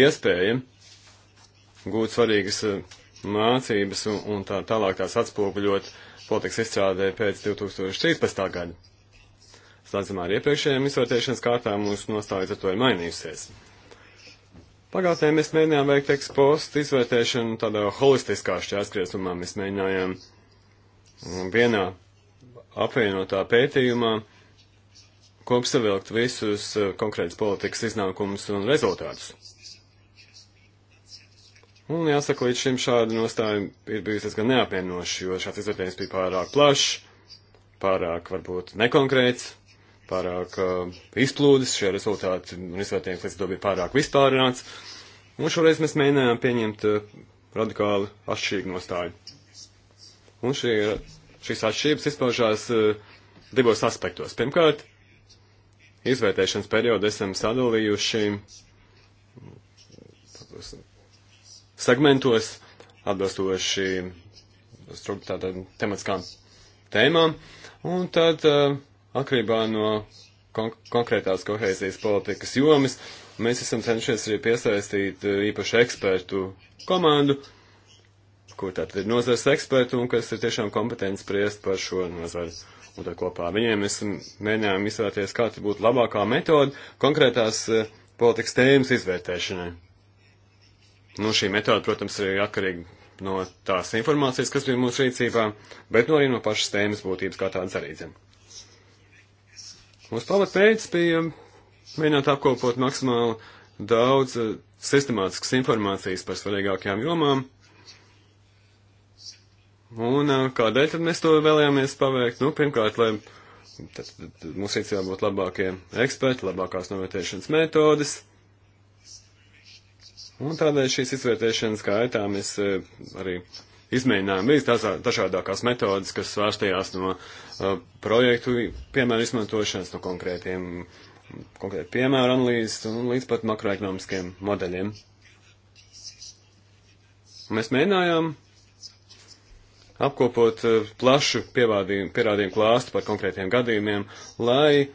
iespēja gūt svarīgas eh, mācības un, un tā tālāk tās atspoguļot politikas izstrādē pēc 2013. gada. Slēdzamā ar iepriekšējiem izvērtēšanas kārtām mūsu nostājas ar to ir mainījusies. Pagātnē mēs mēģinājām veikt ekspostu izvērtēšanu tādā holistiskā šķērsgriezumā. Mēs mēģinājām mm, vienā apvienotā pētījumā kopsavilkt visus eh, konkrētas politikas iznākumus un rezultātus. Un jāsaka, līdz šim šāda nostāja ir bijusi diezgan neapmienoša, jo šāds izvērtējums bija pārāk plašs, pārāk varbūt nekonkrēts pārāk uh, izplūdes, šie rezultāti un izvērtējums līdz to bija pārāk vispārināts. Un šoreiz mēs mēģinājām pieņemt uh, radikāli atšķirīgu nostāju. Un šie, šīs atšķirības izpaužās uh, divos aspektos. Pirmkārt, izvērtēšanas periodu esam sadalījuši segmentos atbilstoši tātad tematiskām tēmām. Un tad uh, atkarībā no kon konkrētās kohēzijas politikas jomas. Mēs esam cenšies arī piesaistīt e, īpašu ekspertu komandu, kur tātad ir nozars ekspertu un kas ir tiešām kompetents spriest par šo nozaru. Un tad kopā viņiem mēs mēģinājām izvērties, kā būtu labākā metode konkrētās e, politikas tēmas izvērtēšanai. Nu, šī metode, protams, ir atkarīga no tās informācijas, kas bija mūsu rīcībā, bet no nu arī no pašas tēmas būtības kā tādas arī dzimta. Mums pavats teica, bija mēģināt apkopot maksimāli daudz eh, sistemātiskas informācijas par svarīgākajām jomām. Un eh, kādēļ tad mēs to vēlējāmies paveikt? Nu, pirmkārt, lai tad, tad mums ir jābūt labākie eksperti, labākās novērtēšanas metodes. Un tādēļ šīs izvērtēšanas gaitā mēs eh, arī izmēģinājām bija dažādākās metodas, kas svārstījās no uh, projektu piemēru izmantošanas, no konkrētiem, konkrēti piemēru analīzes un līdz pat makroekonomiskiem modeļiem. Mēs mēģinājām apkopot uh, plašu pierādījumu klāstu par konkrētiem gadījumiem, lai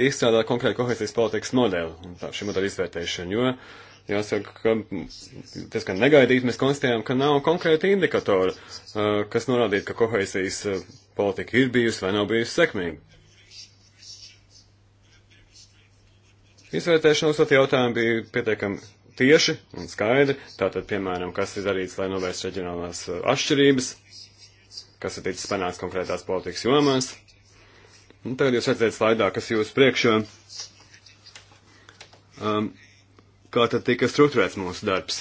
izstrādāt konkrētu kohēsijas politikas modeli un tā, šī modeļa izvērtēšanu, jo uh, jāsaka, ka tas, ka negaidīt, mēs konstatējām, ka nav konkrēta indikatora, kas norādītu, ka kohēsijas politika ir bijusi vai nav bijusi sekmīga. Izvērtēšanas at jautājumi bija pietiekami tieši un skaidri. Tātad, piemēram, kas ir darīts, lai novērstu reģionālās atšķirības, kas ir ticis panāks konkrētās politikas jomās. Un tagad jūs redzēt slaidā, kas jūs priekšā. Um, kā tad tika strukturēts mūsu darbs.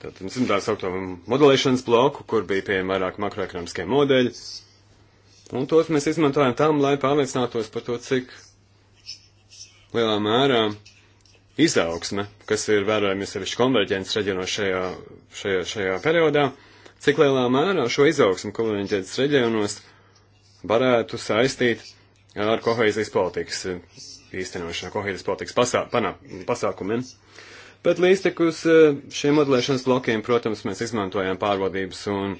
Tātad mēs tā saucam modelēšanas bloku, kur bija pieejami vairāk makroekonomiskie modeļi. Un tos mēs izmantojam tam, lai pārliecinātos par to, cik lielā mērā izaugsme, kas ir vērojami sevišķi konverģences reģionos šajā, šajā, šajā periodā, cik lielā mērā šo izaugsmu konverģences reģionos varētu saistīt ar kohēzijas politikas īstenošanā, kohēzijas politikas pasā, panā, pasākumiem. Bet līdztekus eh, šiem modelēšanas blokiem, protams, mēs izmantojam pārvaldības un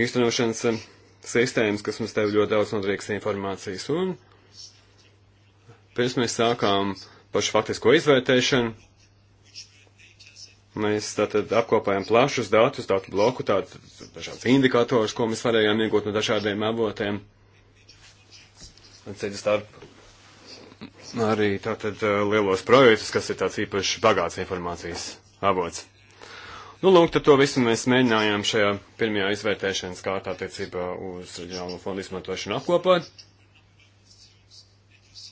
īstenošanas eh, sistēmas, kas mums tev ļoti daudz nodrīgs informācijas. Un pirms mēs sākām pašu faktisko izvērtēšanu, Mēs tātad apkopējam plašus datus, datu bloku, tātad dažādas indikators, ko mēs varējām iegūt no dažādiem avotiem. Ceļu starp arī tātad eh, lielos projektus, kas ir tāds īpaši bagāts informācijas avots. Nu, lūk, tad to visu mēs mēģinājām šajā pirmajā izvērtēšanas kārtā attiecībā uz reģionālo fondu izmantošanu apkopot.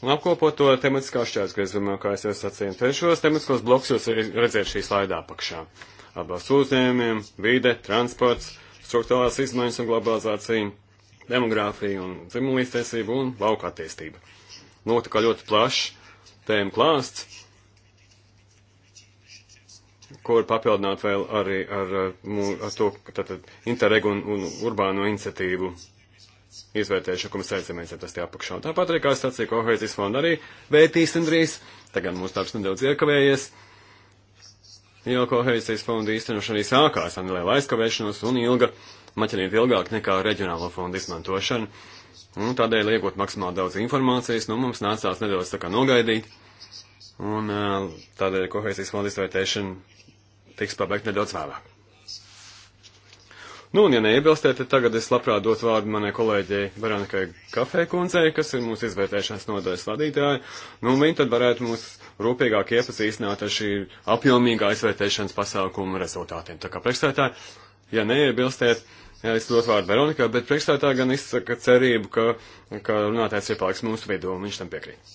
Un apkopot to tematiskā šķērs, ka es domāju, kā es jau sacīju, trešos tematiskos bloks jūs redzēt šī slaidā apakšā. Atbalsts uzņēmumiem, vide, transports, struktūrālās izmaiņas un globalizācija, demogrāfija un dzimumlīstiesība un lauka attīstība notika ļoti plašs tēmu klāsts, ko var papildināt vēl arī ar, ar to tātad, interregu un, un urbāno iniciatīvu izvērtēšanu, ko mēs aizemēsim, tas tie apakšā. Tāpat arī, kā es sacīju, kohēzijas fonda arī vērtīsim drīz, tagad mūsu darbs nedaudz iekavējies. Jo kohēzijas fonda īstenošana arī sākās ar nelielu aizkavēšanos un ilga, maķinīt ilgāk nekā reģionālo fondu izmantošanu. Un tādēļ, liekot maksimāli daudz informācijas, nu, mums nācās nedaudz tā kā nogaidīt. Un tādēļ kohēzijas fonda izvērtēšana tiks pabeigta nedaudz vēlāk. Nu, un ja neiebilstiet, tad tagad es labprāt dotu vārdu manai kolēģei Veronikai Kafē kundzei, kas ir mūsu izvērtēšanas nodaļas vadītāja. Nu, un viņi tad varētu mūs rūpīgāk iepazīstināt ar šī apjomīgā izvērtēšanas pasākuma rezultātiem. Tā kā priekšstētāji, ja neiebilstiet, Jā, es dotu vārdu Veronikā, bet priekšstādā gan izsaka cerību, ka, ka runātājs iepaliks mūsu vidū, un viņš tam piekrīt.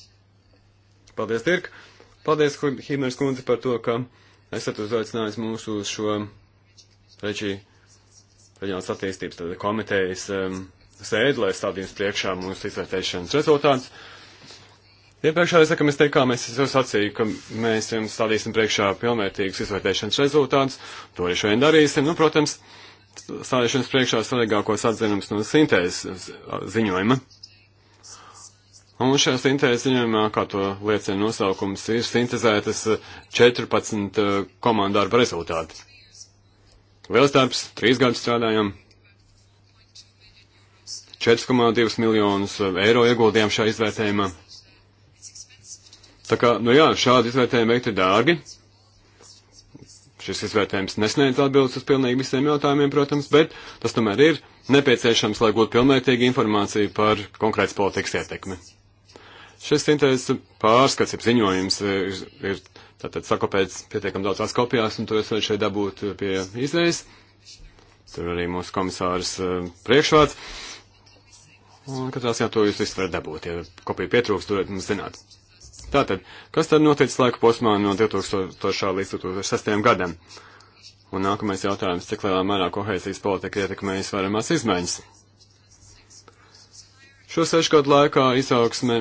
Paldies, Dirk! Paldies, Himers kundze, par to, ka esat uzaicinājis mūsu uz šo reģi, reģionālas attīstības tāda, komitejas um, sēdi, lai stādījums priekšā mūsu izvērtēšanas rezultāts. Iepriekšā es, mēs teikām, es jau sacīju, ka mēs jums stādīsim priekšā pilnvērtīgus izvērtēšanas rezultātus. To arī šodien darīsim. Nu, protams, uh, stādīšanas priekšā svarīgākos atzinumus no sintēzes ziņojuma. Un šajā sintēzes ziņojumā, kā to liecina nosaukums, ir sintēzētas 14 eh, komandu darba rezultāti. Liels darbs, trīs gadus strādājam, 4,2 miljonus eh, eiro ieguldījām šajā izvērtējumā. Tā kā, nu jā, šādi izvērtējumi veikti dārgi, Šis izvērtējums nesniedz atbildes uz pilnīgi visiem jautājumiem, protams, bet tas tomēr ir nepieciešams, lai gūtu pilnvērtīgu informāciju par konkrētas politikas ietekmi. Šis sintēzes pārskats, ja ziņojums ir, ir tātad sakopēts pietiekam daudzās kopijās, un to es varu šeit dabūt pie izējas. Tur arī mūsu komisārs uh, eh, priekšvārds. Un katrā ziņā to jūs visu varat dabūt. Ja kopija pietrūks, turiet mums zināt. Tātad, kas tad noticis laika posmā no 2000 līdz 2006 gadam? Un nākamais jautājums, cik lielā mērā kohēzijas politika ietekmējas varamās izmaiņas? Šo sešu gadu laikā izaugsme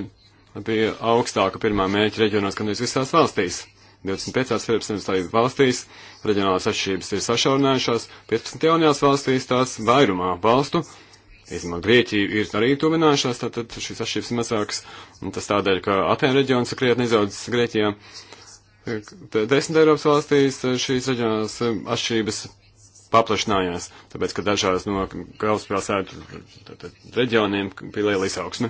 bija augstāka pirmā mērķa reģionos, gan visās valstīs. 25. Eiropas valstīs reģionālās atšķirības ir sašaurinājušās, 15 jaunajās valstīs tās vairumā valstu Īstenībā Grieķija ir arī tuvinājušās, tātad šīs atšķirības mazāks, un tas tādēļ, ka Atēna reģions ir krietni izaudzis Grieķijā. Desmit Eiropas valstīs šīs reģionālās atšķirības paplašinājās, tāpēc, ka dažās no galvaspilsētu reģioniem bija liela izaugsme.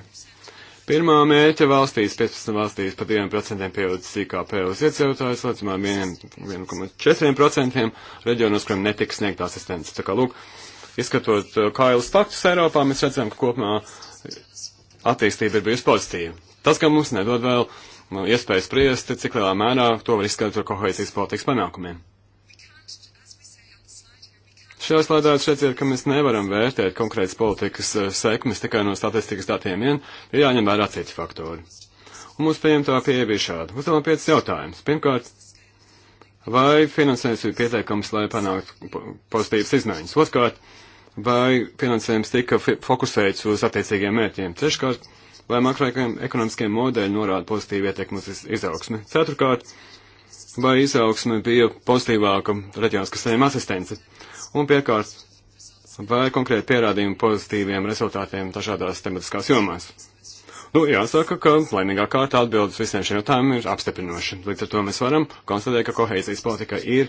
Pirmā mērķa valstīs, 15 valstīs, pa 2% pieaudzis IKP uz iedzīvotājus, līdz 1,4% reģionos, kuriem netiks sniegt asistents. Tā kā, lūk, Izskatot uh, kailus faktus Eiropā, mēs redzam, ka kopumā attīstība ir bijusi pozitīva. Tas, ka mums nedod vēl uh, iespēju spriest, cik lielā mērā to var izskatot ar kohēzijas politikas panākumiem. Šajā slēdā šeit ir, ka mēs nevaram vērtēt konkrētas politikas uh, sekmes tikai no statistikas datiem vien, ir jāņem vērā citi faktori. Un mūsu pieņemtā pieeja bija šāda. Uzdevām piecas jautājumus. Pirmkārt, vai finansējums ir pietiekams, lai panāktu pozitīvas izmaiņas? Otkārt, vai finansējums tika fokusēts uz attiecīgiem mērķiem. Treškārt, vai makroekonomiskie modeļi norāda pozitīvu ietekmi uz izaugsmi. Ceturkārt, vai izaugsme bija pozitīvāka reģionālās sējuma asistence. Un piekārt, vai konkrēti pierādījumi pozitīviem rezultātiem dažādās tematiskās jomās. Nu, jāsaka, ka laimīgā kārtā atbildes visiem šiem jautājumiem ir apstiprinoši. Līdz ar to mēs varam konstatēt, ka kohēzijas politika ir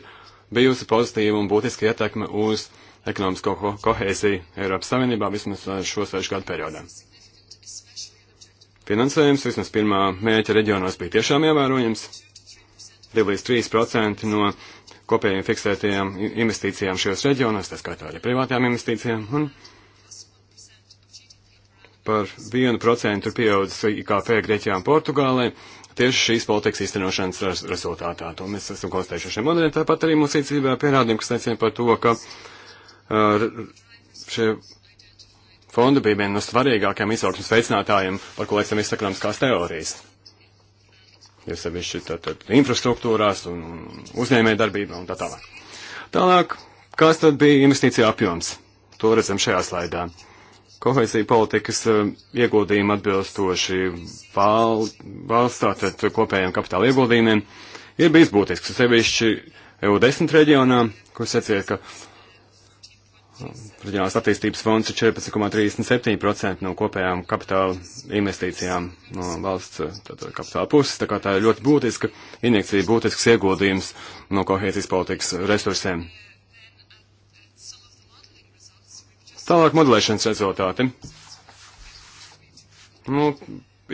bijusi pozitīva un būtiska ietekme uz ekonomisko ko kohēziju Eiropas Savienībā vismaz eh, šo sešu gadu periodā. Finansējums vismaz pirmā mēķa reģionos bija tiešām ievērojams. 2 līdz 3% no kopējiem fiksētajām investīcijām šajos reģionos, tā skaitā arī privātajām investīcijām, un par 1% pieaudzis IKP Grieķijā un Portugālē tieši šīs politikas īstenošanas rezultātā. To mēs esam konstatējuši šiem modeļiem. Tāpat arī mūsu rīcībā pierādījumi, kas liecina par to, ka šie fonda bija viena no svarīgākajām izaugsmas veicinātājiem, par ko esam izsakrams kā teorijas. Ja sevišķi tad, tad infrastruktūrās un, un uzņēmē darbībā un tā tālāk. Tālāk, kāds tad bija investīcija apjoms? To redzam šajā slaidā. Kohēzija politikas eh, ieguldījuma atbilstoši val, valsts tātad kopējiem kapitāla ieguldījumiem ir bijis būtisks, sevišķi EU10 reģionā, kur secīja, ka Reģionālās attīstības fonds ir 14,37% no kopējām kapitāla investīcijām no valsts eh, tātad, kapitāla puses. Tā kā tā ir ļoti būtiska injekcija, būtisks ieguldījums no kohēzijas politikas resursiem. Tālāk modelēšanas rezultāti. Nu,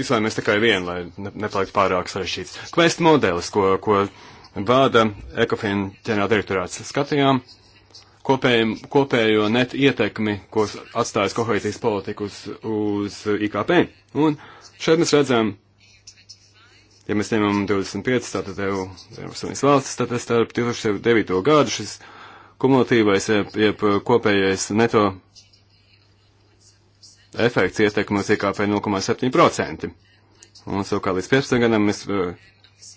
izvēlamies tikai vienu, lai ne, nepalikt pārāk sarežģīts. Quest modelis, ko, ko vada Ekofin ģenerāldirektorāts skatījām. direktorāts kopējiem, kopējo net ietekmi, ko atstājas kohēzijas politika uz, uz IKP. Un šeit mēs redzam, ja mēs ņemam 25, tātad jau 8 valstis, tad starp 2009. gadu šis kumulatīvais, jeb, jeb kopējais neto efekts ietekmi uz IKP 0,7%. Un savukārt līdz 15 gadam mēs eh,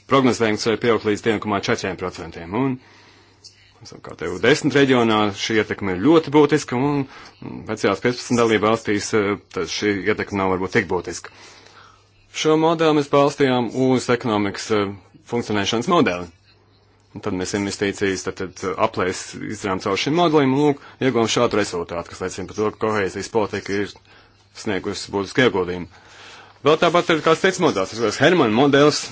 prognozējam, ka tas var pieaugt līdz 1,4%. Un Savukārt EU10 reģionā šī ietekme ir ļoti būtiska, un vecajās 15 dalība valstīs eh, tad šī ietekme nav varbūt tik būtiska. Šo modeli mēs balstījām uz ekonomikas eh, funkcionēšanas modeli. Un tad mēs investīcijas tad, tad eh, aplēs izdarām caur šim modelim un lūk, iegūm šādu rezultātu, kas liecina par to, ka kohēzijas politika ir sniegusi būtisku ieguldījumu. Vēl tāpat ir kāds cits modelis, tas ir Hermana modelis,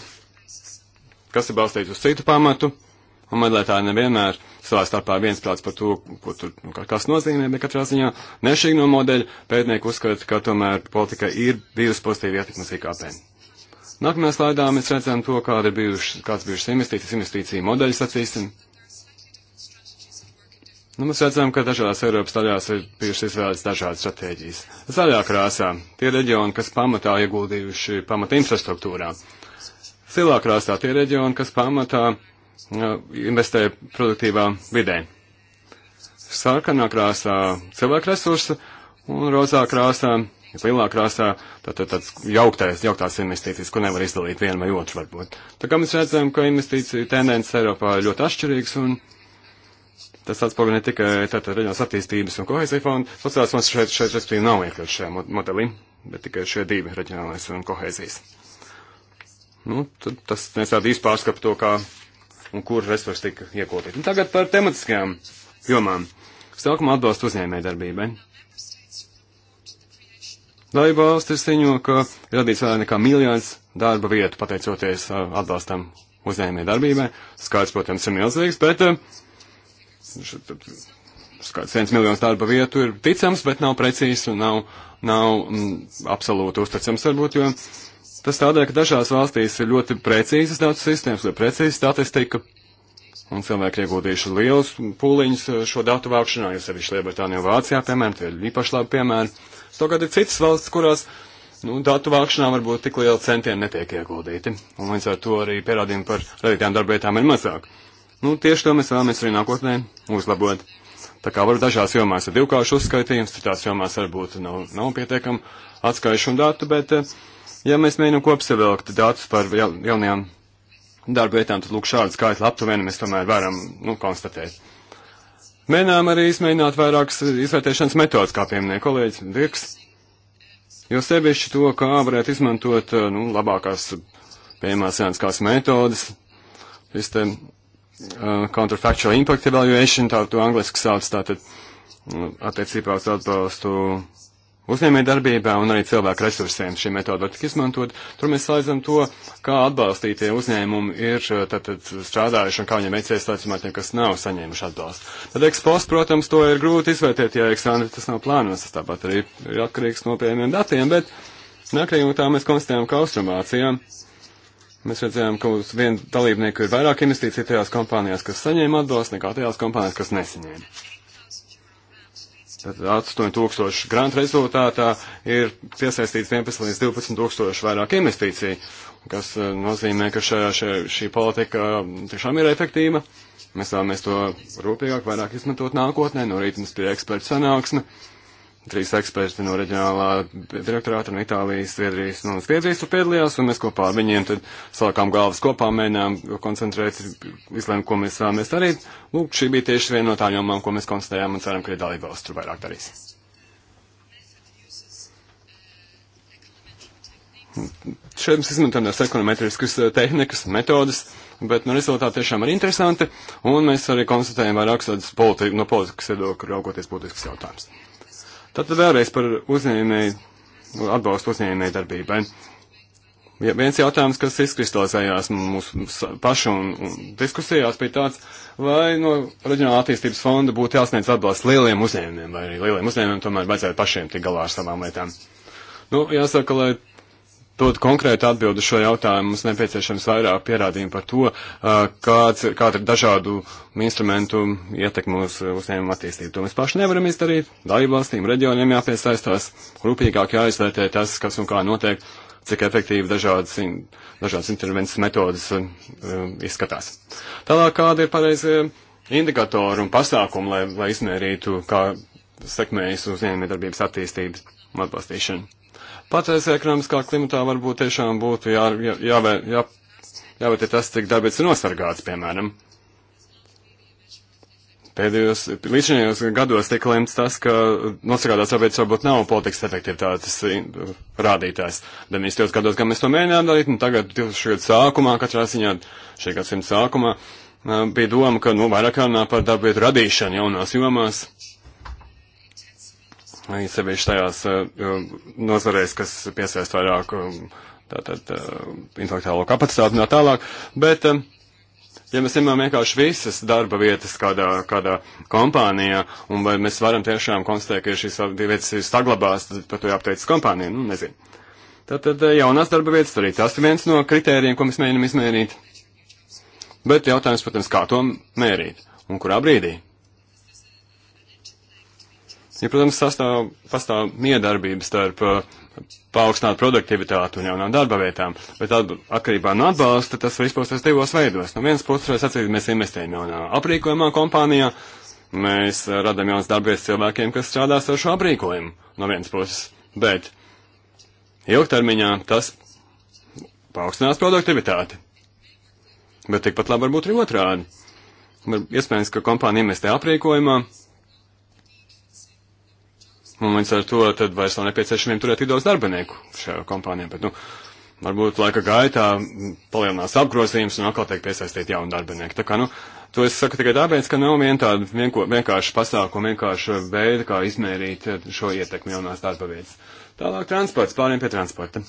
kas ir balstīts uz citu pamatu un medlētāji nevienmēr savā starpā viensprāts par to, ko tur nu, kas nozīmē, bet katrā ziņā nešīgi no modeļa pētnieki uzskata, ka tomēr politika ir bijusi pozitīvi ietekmes IKP. Nākamajā slaidā mēs redzam to, kāda ir bijušas, kāds bijušas investīcijas, investīcija modeļi, sacīsim. Nu, mēs redzam, ka dažādās Eiropas daļās ir bijušas izvēlētas dažādas stratēģijas. Zaļā krāsā tie reģioni, kas pamatā ieguldījuši pamata infrastruktūrā. Silā krāsā tie reģioni, kas pamatā uh, investē produktīvā vidē. Sarkanā krāsā cilvēku resursa un rozā krāsā, lielā krāsā, tātad tāds jauktais, jauktās investīcijas, ko nevar izdalīt vienu vai otru varbūt. Tā kā mēs redzam, ka investīcija tendences Eiropā ir ļoti atšķirīgas un tas atspoguļo ne tikai tātad reģionālās attīstības un kohēzija fonda, sociālās fonds šeit, šeit, respektīvi, nav iekļauts šajā modelī, bet tikai šie divi reģionālais un kohēzijas. Nu, tad tas nesāda īsti pārskatu to, kā un kur resursi tika iekultīti. Un nu, tagad par tematiskajām jomām. Sākumā atbalstu uzņēmē darbībai. Dalība valstis ziņo, ka radīs vairāk nekā miljārds darba vietu, pateicoties atbalstam uzņēmē darbībai. Skaits, protams, ir milzīgs, bet skaits viens miljons darba vietu ir ticams, bet nav precīzs un nav, nav m, mm, absolūti uzticams varbūt, jo Tas tādēļ, ka dažās valstīs ir ļoti precīzas datu sistēmas, ļoti precīza statistika, un cilvēki ieguldījuši lielus pūliņus eh, šo datu vākšanā, jo sevišķi Lielbritānijā un Vācijā, piemēram, tie ir īpaši labi piemēri. Tagad ir citas valsts, kurās nu, datu vākšanā varbūt tik liela centiena netiek ieguldīti, un līdz ar to arī pierādījumi par radītām darbietām ir mazāk. Nu, tieši to mēs vēlamies arī nākotnē uzlabot. Tā kā varbūt dažās jomās ir divkāršu uzskaitījums, citās jomās varbūt nav, nav pietiekami atskaišu un datu, bet uh, Ja mēs mēģinām kopsavilkt datus par ja, jaunajām darba vietām, tad lūk šādu skaitli aptuveni mēs tomēr varam nu, konstatēt. Mēģinām arī izmēģināt vairākas izvērtēšanas metodas, kā pieminēja kolēģis Dirks. Jo sevišķi to, kā varētu izmantot nu, labākās pieejamās sēnskās metodas, šis te uh, counterfactual impact evaluation, tā to angliski sauc, tātad nu, attiecībā uz atbalstu uzņēmē darbībā un arī cilvēku resursiem šī metoda tiek izmantot. Tur mēs salīdzinām to, kā atbalstītie uzņēmumi ir tātad strādājuši un kā viņiem veicies tācumā tiem, kas nav saņēmuši atbalstu. Tad ekspost, protams, to ir grūti izvērtēt, ja eksāmeni tas nav plānos, tas tāpat arī ir atkarīgs no pieejamiem datiem, bet nakrīgi no tā mēs konstatējam, ka Austrumācijā Mēs redzējām, ka uz vienu dalībnieku ir vairāk investīciju tajās kompānijās, kas saņēma atbalstu, nekā tajās kompānijās, kas nesaņēma. 8000 grantu rezultātā ir piesaistīts 11 līdz 12 tūkstoši vairāk investīciju, kas eh, nozīmē, ka šajā, šajā, šī politika eh, tiešām ir efektīva. Mēs vēlamies to rūpīgāk, vairāk izmantot nākotnē, no rīta mums pie eksperta sanāksme. Uh, Trīs eksperti no reģionālā direktorāta no Itālijas, Zviedrijas un no Zviedrijas tur piedalījās, un mēs kopā ar viņiem tad salikām galvas kopā, mēģinām koncentrēt, izlēmt, ko mēs vēlamies darīt. Lūk, šī bija tieši viena no tām jomām, ko mēs konstatējām, un ceram, ka ir dalība valsts tur vairāk darīs. šeit mēs izmantojam tās ekonometriskas eh, tehnikas un metodas, bet nu, rezultāti tiešām ir interesanti, un mēs arī konstatējam vairākas tādas politi no politikas viedokļa raugoties būtisks jautājums. Tātad vēlreiz par uzņēmēju, atbalstu uzņēmēju darbībai. Ja viens jautājums, kas izkristalizējās mūsu pašu un, un diskusijās, bija tāds, vai no reģionāla attīstības fonda būtu jāsniedz atbalsts lieliem uzņēmumiem, vai arī lieliem uzņēmumiem tomēr vajadzētu pašiem tik galā ar savām lietām. Nu, jāsaka, lai dot konkrētu atbildi šo jautājumu, mums nepieciešams vairāk pierādījumu par to, kāds, kāda ir dažādu instrumentu ietekme uz uzņēmumu attīstību. To mēs paši nevaram izdarīt. Dalībvalstīm, reģioniem jāpiesaistās, rūpīgāk jāizvērtē tas, kas un kā notiek, cik efektīvi dažādas, dažādas intervences metodas uh, izskatās. Tālāk, kāda ir pareizie indikatori un pasākumi, lai, lai izmērītu, kā sekmējas uzņēmumi darbības attīstības atbalstīšanu. Patreizajā ekonomiskā klimatā varbūt tiešām būtu jā, jā, jāvē, jā, jāvērtē tas, cik darbietis ir nosargāts, piemēram. Pēdējos, līdzinājos gados tiek lemts tas, ka nosargātās darbietis varbūt nav politikas efektivitātes rādītājs. 90. gados, kad mēs to mēģinājām darīt, un tagad 2000. gadu sākumā, katrā ziņā šī gadsimta sākumā, bija doma, ka nu, vairāk jārunā par darbietu radīšanu jaunās jomās. Sevišķi tajās eh, eh, nozarēs, kas piesaist vairāk eh, tātad intelektuālo kapacitāti un tā tālāk. Bet, ja mēs ņemam vienkārši visas darba vietas kādā, kādā kompānijā, un vai mēs varam tiešām konstatēt, ka šīs vietas ir saglabās, tad par to jāapteic kompānija, nu, nezinu. Tātad jaunās darba vietas, arī tas ir viens no kritērijiem, ko mēs mēģinam izmērīt. Bet jautājums, protams, kā to mērīt un kurā brīdī. Ja, protams, sastāv, pastāv miedarbības starp uh, paaugstināt produktivitāti un jaunām darba vietām, bet atkarībā no atbalsta tas var izpausties divos veidos. No vienas puses, var sacīt, mēs investējam jaunā aprīkojumā kompānijā, mēs uh, radām jaunas darbvietas cilvēkiem, kas strādās ar šo aprīkojumu no vienas puses, bet ilgtermiņā tas paaugstinās produktivitāti. Bet tikpat labi var būt arī otrādi. Iespējams, ka kompānija investē aprīkojumā, Un līdz ar to tad vairs nav nepieciešamiem turēt tik daudz darbinieku šajā kompānijā. Bet, nu, varbūt laika gaitā palielinās apgrozījums un atkal tiek piesaistīt jauni darbinieki. Tā kā, nu, to es saku tikai tāpēc, ka nav vien tāda vienko, vienkārša pasākuma, vienkārša veida, kā izmērīt eh, šo ietekmi jaunās darba vietas. Tālāk transports, pāriem pie transporta.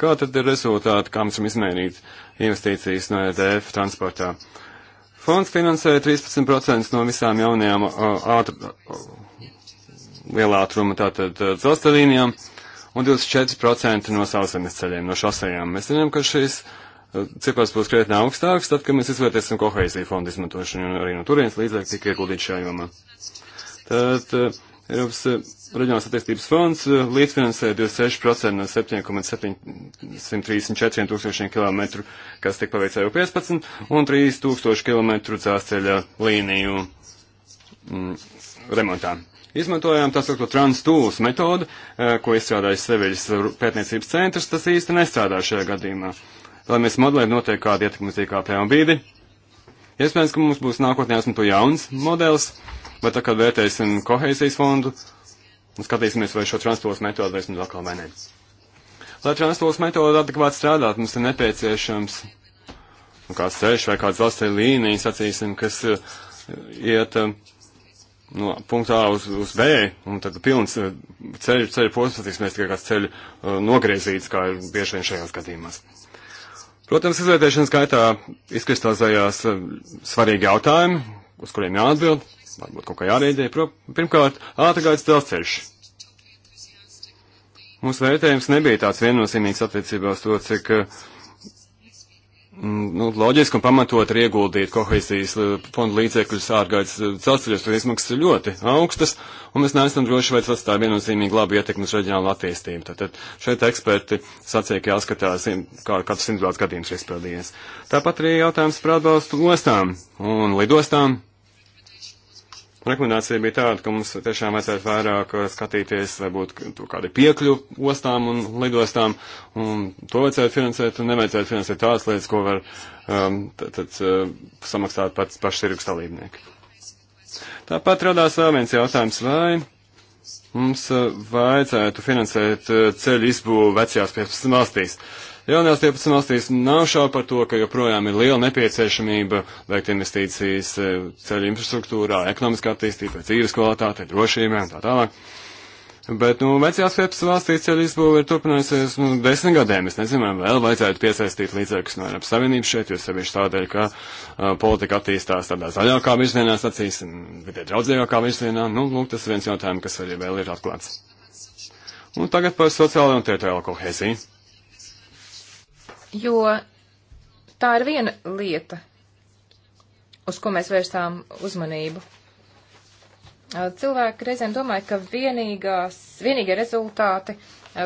Kā tad ir rezultāti, kā mums ir izmērīt investīcijas no EDF transportā? Uh, Fonds finansēja 13% no visām jaunajām ātru, lielā ātruma tātad dzelzceļīnijām un 24% no sauszemes ceļiem, no šosejām. Mēs zinām, ka šis cipars būs krietni augstāks, tad, kad mēs izvērtēsim kohēziju fondu izmantošanu un arī no turienes līdzekļi tika ieguldīti šajā jomā. Tad Eiropas Reģionālās attīstības fonds eh, līdzfinansē 26% no 7,734 tūkstošiem kilometru, kas tika paveikts jau 15, un 3 tūkstoši kilometru dzelzceļa līniju mm, remontā. Izmantojām tā saucamo TransTools metodu, eh, ko izstrādājis Seviļas pētniecības centrs, tas īsti nestrādā šajā gadījumā. Lai mēs modelētu noteikti kādu ietekmi uz IKP un vīdi, iespējams, ka mums būs nākotnē esmu to jauns modelis, bet tā kā vērtēsim kohēzijas fondu, uh, Un skatīsimies, vai šo transporta metodu vairs mums atkal vai nē. Lai transporta metoda adekvāti strādātu, mums ir nepieciešams nu, kāds ceļš vai kāds valsts līnijas, sacīsim, kas eh, iet eh, no punktā uz, uz B, un tad pilns eh, ceļu, ceļu posms, sacīsim, mēs tikai kāds ceļu nogriezīts, kā ir bieži vien šajās gadījumās. Protams, izvērtēšanas gaitā izkristalizējās svarīgi jautājumi, uz kuriem jāatbild varbūt kaut kā jārēģē. Pirmkārt, ātrgājas dzelzceļš. Mūsu vērtējums nebija tāds viennozīmīgs attiecībā uz to, cik mm, nu, loģiski un pamatot ir ieguldīt kohēzijas eh, fondu līdzekļus ārgājas dzelzceļos, eh, jo izmaksas ir ļoti augstas, un mēs neesam droši, vai tas atstāja viennozīmīgi labu ietekmi uz reģionālu attīstību. Tātad šeit eksperti sacīja, ka jāskatās, kā kāds individuāls gadījums ir izpildījies. Tāpat arī jautājums par atbalstu ostām un lidostām rekomendācija bija tāda, ka mums tiešām vajadzētu vairāk uh, skatīties, vai būtu kādi piekļuvi ostām un lidostām, un to vajadzētu finansēt, un nevajadzētu finansēt tādas lietas, ko var um, tad, tad, uh, samaksāt pats paši tirgus dalībnieki. Tāpat radās vēl viens jautājums, vai mums uh, vajadzētu finansēt uh, ceļu izbūvu vecajās 15 valstīs. Uh, Jaunās 12 valstīs nav šaubu par to, ka joprojām ir liela nepieciešamība veikt investīcijas e, ceļu infrastruktūrā, ekonomiskā attīstībā, dzīves kvalitātei, drošībai un tā tālāk. Bet, nu, vecajās 15 valstīs ceļu izbūve ir turpinājusies, nu, desmit gadiem. Es nezinu, vai vēl vajadzētu piesaistīt līdzekļus no Eiropas Savienības šeit, jo sevišķi tādēļ, ka uh, politika attīstās tādā zaļākā virzienā, sacīsim, vidē draudzīgākā virzienā. Nu, lūk, tas viens jautājums, kas arī vēl ir atklāts. Un tagad par sociālo un teritoriālo kohēziju jo tā ir viena lieta, uz ko mēs vērstām uzmanību. Cilvēki reizēm domāja, ka vienīgās, vienīgie rezultāti,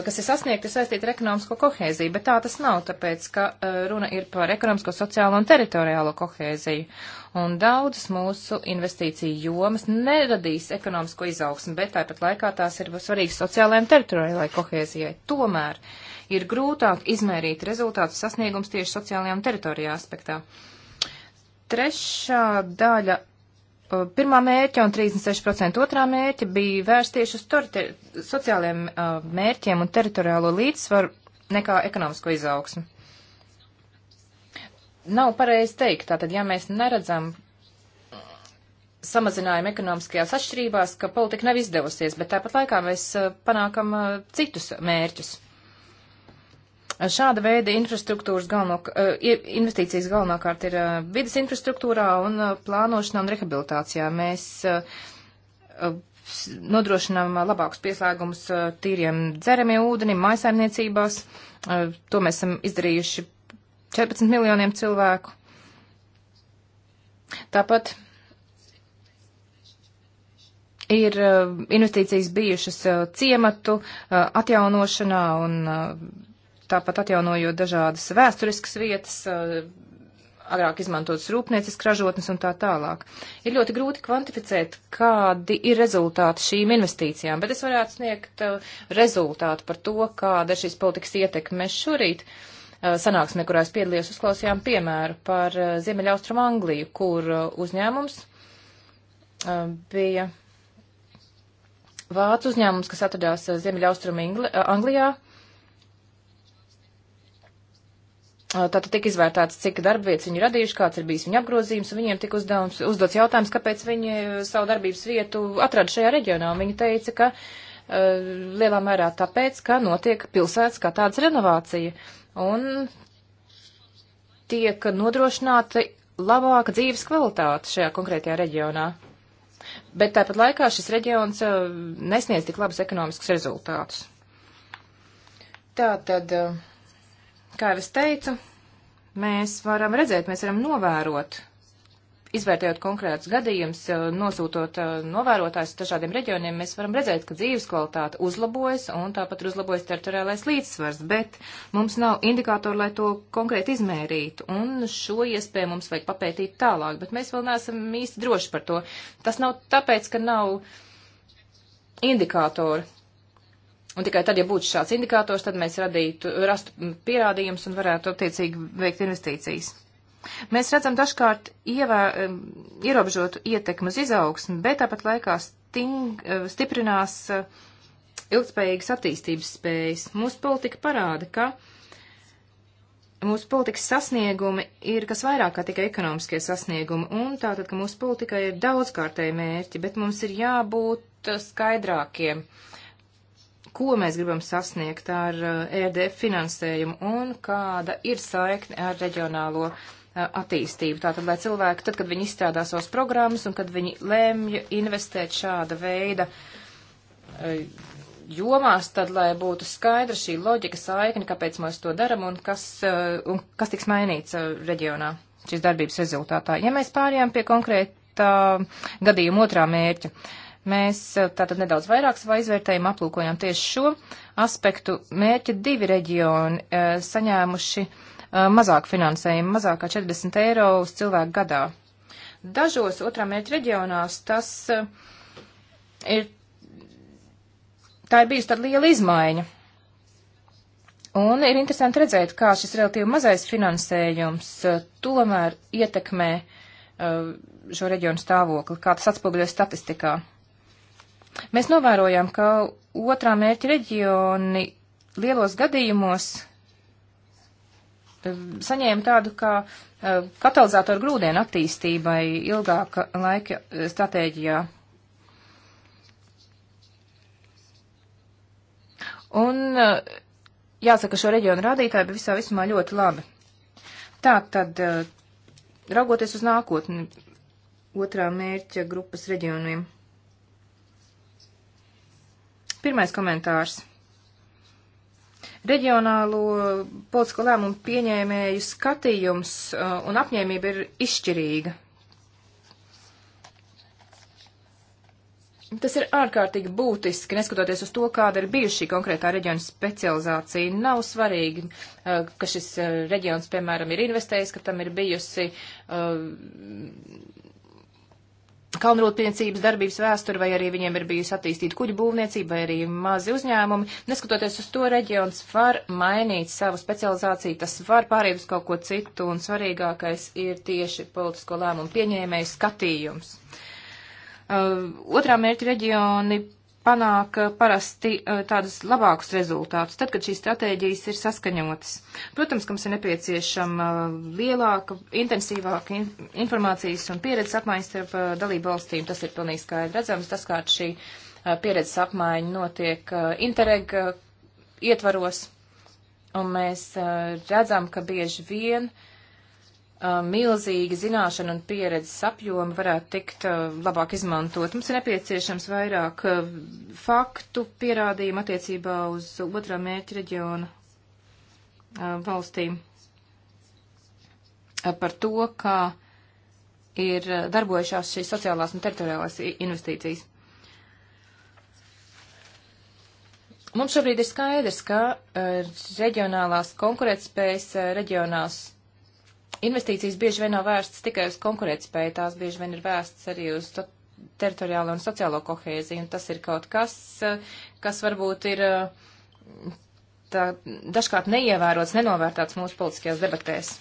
kas ir sasniegti, ir saistīti ar ekonomisko kohēziju, bet tā tas nav, tāpēc, ka runa ir par ekonomisko, sociālo un teritoriālo kohēziju. Un daudzas mūsu investīciju jomas neradīs ekonomisko izaugsmu, bet tāpat laikā tās ir svarīgas sociālajai un teritoriālajai kohēzijai. Tomēr uh, ir grūtāk izmērīt rezultātu sasniegums tieši sociālajām teritorijā aspektā. Trešā daļa uh, pirmā mērķa un 36% otrā mērķa bija vērst tieši uz ter, sociālajiem uh, mērķiem un teritoriālo līdzsvaru nekā ekonomisko izaugsmu. Nav pareizi teikt, tātad, ja mēs neredzam samazinājumu ekonomiskajās atšķirībās, ka politika nav izdevusies, bet tāpat laikā mēs uh, panākam uh, citus mērķus. Šāda veida infrastruktūras galveno, eh, investīcijas galvenokārt ir eh, vidas infrastruktūrā un eh, plānošanā un rehabilitācijā. Mēs nodrošinām labākus pieslēgumus tīriem dzeramiem ūdenim, maisaimniecībās. To mēs esam izdarījuši 14 miljoniem cilvēku. Tāpat ir investīcijas bijušas ciematu atjaunošanā un tāpat atjaunojot dažādas vēsturiskas vietas, agrāk izmantotas rūpnieciskas ražotnes un tā tālāk. Ir ļoti grūti kvantificēt, kādi ir rezultāti šīm investīcijām, bet es varētu sniegt rezultātu par to, kāda ir šīs politikas ietekme. Mēs šorīt sanāksmē, kurā es piedalījos, uzklausījām piemēru par Ziemeļaustrum Angliju, kur uzņēmums bija vācu uzņēmums, kas atradās Ziemeļaustrum Anglijā Tātad tika izvērtēts, cik darbvietas viņi radījuši, kāds ir bijis viņa apgrozījums, un viņiem tika uzdevums, uzdots jautājums, kāpēc viņi eh, savu darbības vietu atrada šajā reģionā. Un viņi teica, ka uh, lielā mērā tāpēc, ka notiek pilsētas kā tādas renovācija, un tiek nodrošināta labāka dzīves kvalitāte šajā konkrētajā reģionā. Bet tāpat laikā šis reģions uh, nesniedz tik labus ekonomiskus rezultātus. Tātad. Uh, Kā jau es teicu, mēs varam redzēt, mēs varam novērot, izvērtējot konkrētus gadījumus, nosūtot eh, novērotājus dažādiem reģioniem, mēs varam redzēt, ka dzīves kvalitāte uzlabojas un tāpat ir uzlabojas teritoriālais līdzsvars, bet mums nav indikātori, lai to konkrēti izmērītu, un šo iespēju mums vajag papētīt tālāk, bet mēs vēl neesam īsti droši par to. Tas nav tāpēc, ka nav indikātori. Un tikai tad, ja būtu šāds indikators, tad mēs radītu, rastu pierādījumus un varētu attiecīgi veikt investīcijas. Mēs redzam dažkārt ievē, ierobežotu ietekmu uz izaugsmu, bet tāpat laikā sting, eh, stiprinās eh, ilgspējīgas attīstības spējas. Mūsu politika parāda, ka mūsu politikas sasniegumi ir kas vairāk kā tikai ekonomiskie sasniegumi, un tātad, ka mūsu politika ir daudzkārtēji mērķi, bet mums ir jābūt eh, skaidrākiem. Uh, ko mēs gribam sasniegt ar EDF eh, e finansējumu un kāda ir saikne ar reģionālo eh, attīstību. Tātad, lai cilvēki, tad, kad viņi izstrādā savas programmas un kad viņi lemj investēt šāda veida eh, jomās, tad, lai būtu skaidra šī loģika saikne, kāpēc mēs to daram un kas, un kas tiks mainīts reģionā šīs darbības rezultātā. Ja mēs pārējām pie konkrēta gadījuma otrā mērķa. Uh, Mēs e, tātad nedaudz vairāk savā izvērtējumā aplūkojām tieši šo aspektu. Mērķi divi reģioni e, saņēmuši e, mazāk finansējumu, mazākā 40 eiro uz cilvēku gadā. Dažos otrā mērķa reģionās tas ir, tā ir bijusi tāda liela izmaiņa. Un ir interesanti redzēt, kā šis relatīvi mazais finansējums tomēr ietekmē šo reģionu stāvokli, kā tas atspoguļojas statistikā. Mēs novērojam, ka otrā mērķa reģioni lielos gadījumos eh, saņēma tādu kā eh, katalizātoru grūdienu attīstībai ilgāka laika eh, stratēģijā. Un jāsaka, šo reģionu rādītāji bija visā vismā ļoti labi. Tā tad, raugoties uz nākotni, otrā mērķa grupas reģioniem. Pirmais komentārs. Reģionālo politisko lēmumu pieņēmēju skatījums uh, un apņēmība ir izšķirīga. Tas ir ārkārtīgi būtiski, neskatoties uz to, kāda ir bijusi šī konkrētā reģiona specializācija. Nav svarīgi, uh, ka šis uh, reģions, piemēram, ir investējis, ka tam ir bijusi uh, kalnrūpniecības darbības vēsturi, vai arī viņiem ir bijusi attīstīta kuģu būvniecība, vai arī mazi uzņēmumi. Neskatoties uz to, reģions var mainīt savu specializāciju, tas var pāriet uz kaut ko citu, un svarīgākais ir tieši politisko lēmumu pieņēmēju skatījums. Uh, otrā mērķa reģioni panāk eh, parasti eh, tādus labākus rezultātus, tad, kad šīs stratēģijas ir saskaņotas. Protams, ka mums ir nepieciešama eh, lielāka, intensīvāka informācijas un pieredzes apmaiņas starp dalību valstīm. Tas ir pilnīgi skaidrs redzams, tas, kā šī pieredzes apmaiņa notiek intereg ietvaros. Un mēs redzam, ka bieži vien uh, Uh, milzīgi zināšana un pieredzes apjomi varētu tikt uh, labāk izmantot. Mums ir nepieciešams vairāk uh, faktu pierādījumu attiecībā uz otrā mērķa reģiona valstīm par to, kā ir darbojušās šīs sociālās un teritoriālās investīcijas. Mums šobrīd ir skaidrs, ka reģionālās konkurētspējas, reģionās investīcijas bieži vien nav vērstas tikai uz konkurētspēju, tās bieži vien ir vērstas arī uz teritoriālo un sociālo kohēziju, un tas ir kaut kas, eh, kas varbūt ir eh, tā, dažkārt neievērots, nenovērtāts mūsu politiskajās debatēs.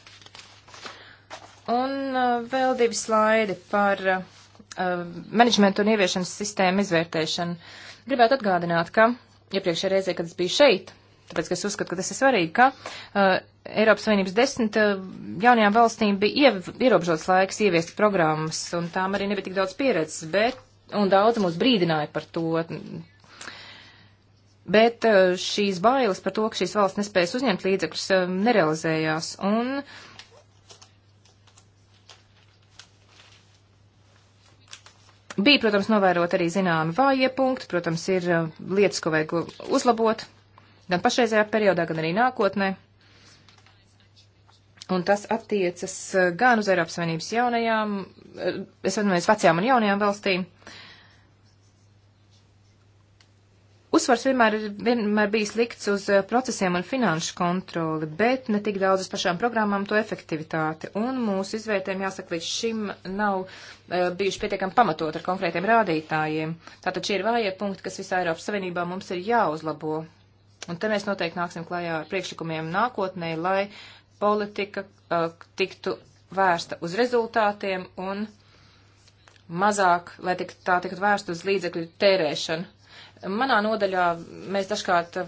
Un eh, vēl divi slaidi par uh, menedžmentu un ieviešanas sistēmu izvērtēšanu. Gribētu atgādināt, ka iepriekšējā reizē, kad es biju šeit, tāpēc, ka es uzskatu, ka tas ir svarīgi, ka uh, Eiropas Savienības desmit eh, jaunajām valstīm bija ierobežots laiks ieviest programmas, un tām arī nebija tik daudz pieredzes, bet, un daudz mūs brīdināja par to. Bet eh, šīs bailes par to, ka šīs valsts nespējas uzņemt līdzekļus, eh, nerealizējās, un bija, protams, novērot arī zināmi vājie punkti, protams, ir lietas, ko vajag uzlabot, gan pašreizējā periodā, gan arī nākotnē. Un tas attiecas eh, gan uz Eiropas Savienības jaunajām, eh, es atvainojos, vecajām un jaunajām valstīm. Uzsvars vienmēr ir vienmēr bijis likts uz eh, procesiem un finanšu kontroli, bet ne tik daudz uz pašām programmām to efektivitāti. Un mūsu izvērtēm jāsaka, līdz šim nav uh, bijuši pietiekami pamatot ar konkrētiem rādītājiem. Tātad šie ir vājie punkti, kas visā Eiropas Savienībā mums ir jāuzlabo. Un te mēs noteikti nāksim klājā ar priekšlikumiem nākotnē, lai politika tiktu vērsta uz rezultātiem un mazāk, lai tik, tā tiktu vērsta uz līdzekļu tērēšanu. Manā nodaļā mēs dažkārt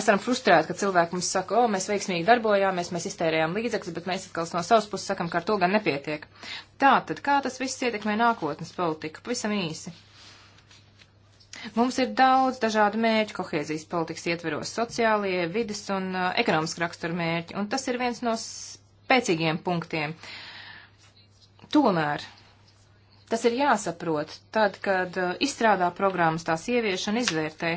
esam frustrēti, ka cilvēki mums saka, o, mēs veiksmīgi darbojāmies, mēs iztērējām līdzekļus, bet mēs atkal no savas puses sakam, ka ar to gan nepietiek. Tā tad, kā tas viss ietekmē nākotnes politiku? Pavisam īsi. Mums ir daudz dažādu mērķu kohēzijas politikas ietveros - sociālie, vidas un uh, ekonomiski rakstura mērķi, un tas ir viens no spēcīgiem punktiem. Tomēr tas ir jāsaprot tad, kad uh, izstrādā programmas tās ieviešana izvērtē.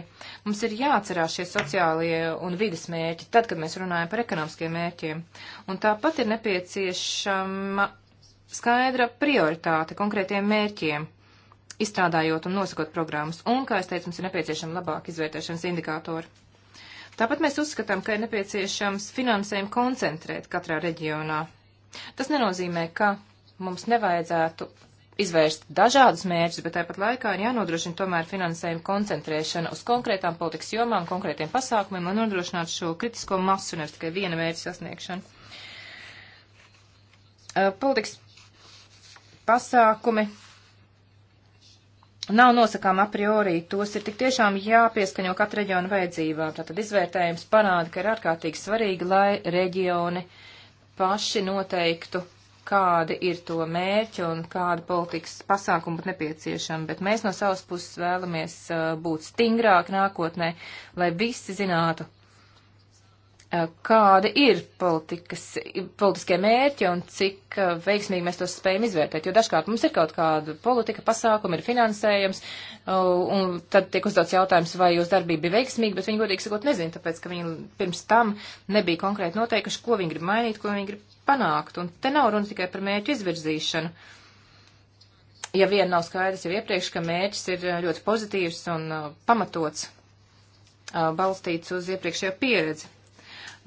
Mums ir jāatcerās šie sociālie un vidas mērķi, tad, kad mēs runājam par ekonomiskiem mērķiem. Un tāpat ir nepieciešama skaidra prioritāte konkrētiem mērķiem izstrādājot un nosakot programmas. Un, kā es teicu, mums ir nepieciešama labāka izvērtēšanas indikātori. Tāpat mēs uzskatām, ka ir nepieciešams finansējumu koncentrēt katrā reģionā. Tas nenozīmē, ka mums nevajadzētu izvērst dažādus mērķus, bet tāpat laikā ir jānodrošina tomēr finansējuma koncentrēšana uz konkrētām politikas jomām, konkrētiem pasākumiem, lai nodrošinātu šo kritisko masu, nevis tikai viena mērķa sasniegšanu. Politikas pasākumi nav nosakām a priori, tos ir tik tiešām jāpieskaņo katra reģiona vajadzībām. Tātad izvērtējums parāda, ka ir ārkārtīgi svarīgi, lai reģioni paši noteiktu, kādi ir to mērķi un kāda politikas pasākuma būtu nepieciešama, bet mēs no savas puses vēlamies uh, būt stingrāk nākotnē, lai visi zinātu, Eh, kāda ir politiskie mērķi un cik uh, veiksmīgi mēs tos spējam izvērtēt. Jo dažkārt mums ir kaut kāda politika, pasākuma, ir finansējums, uh, un tad tiek uzdots jautājums, vai jūsu darbība bija veiksmīga, bet viņi godīgi sakot nezina, tāpēc, ka viņi pirms tam nebija konkrēti noteikuši, ko viņi grib mainīt, ko viņi grib panākt. Un te nav runa tikai par mērķu izvirzīšanu. Ja vien nav skaidrs jau iepriekš, ka mērķis ir ļoti pozitīvs un uh, pamatots, balstīts uz iepriekšējo pieredzi.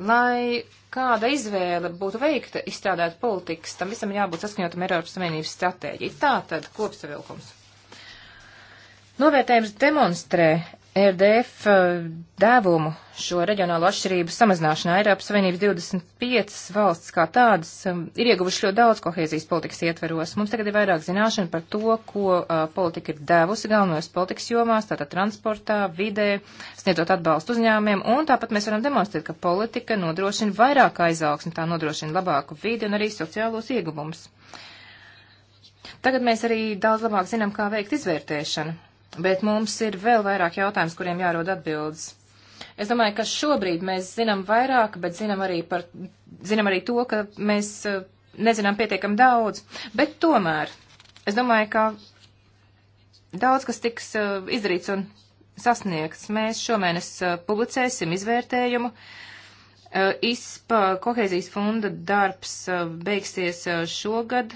Lai kāda izvēle būtu veikta, izstrādāt politikas, tam visam jābūt saskaņotam Eiropas Savienības stratēģiju. Tā tad kopsavilkums. Novērtējums demonstrē RDF eh, dēvumu šo reģionālo atšķirību samazināšanā Eiropas Savienības 25 valsts kā tādas eh, ir ieguvuši ļoti daudz kohēzijas politikas ietveros. Mums tagad ir vairāk zināšana par to, ko uh, politika ir devusi galvenajos politikas jomās, tātad transportā, vidē, sniedzot atbalstu uzņēmumiem, un tāpat mēs varam demonstrēt, ka politika nodrošina vairāk aizaugsmi, tā nodrošina labāku vidi un arī sociālos ieguvumus. Tagad mēs arī daudz labāk zinām, kā veikt izvērtēšanu Bet mums ir vēl vairāk jautājums, kuriem jārod atbildes. Es domāju, ka šobrīd mēs zinām vairāk, bet zinām arī, par, zinām arī to, ka mēs eh, nezinām pietiekam daudz. Bet tomēr es domāju, ka daudz kas tiks eh, izdarīts un sasniegts. Mēs šomēnes eh, publicēsim izvērtējumu. ISPA kohēzijas fonda darbs beigsies šogad.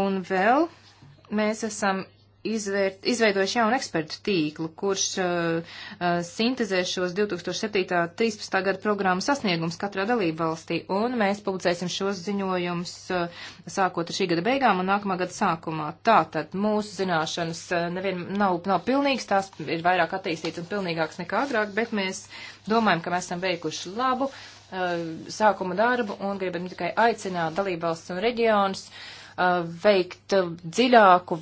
Un vēl Mēs esam izvērt, izveidojuši jaunu ekspertu tīklu, kurš uh, uh sintezē šos 2007.13. gada programmu sasniegums katrā dalība valstī, un mēs publicēsim šos ziņojumus uh, sākot ar šī gada beigām un nākamā gada sākumā. Tātad mūsu zināšanas uh, nevien nav, nav pilnīgas, tās ir vairāk attīstītas un pilnīgākas nekā agrāk, bet mēs domājam, ka mēs esam veikuši labu uh, sākuma darbu un gribam tikai aicināt dalībvalsts un reģionus. Uh, Uh, veikt dziļāku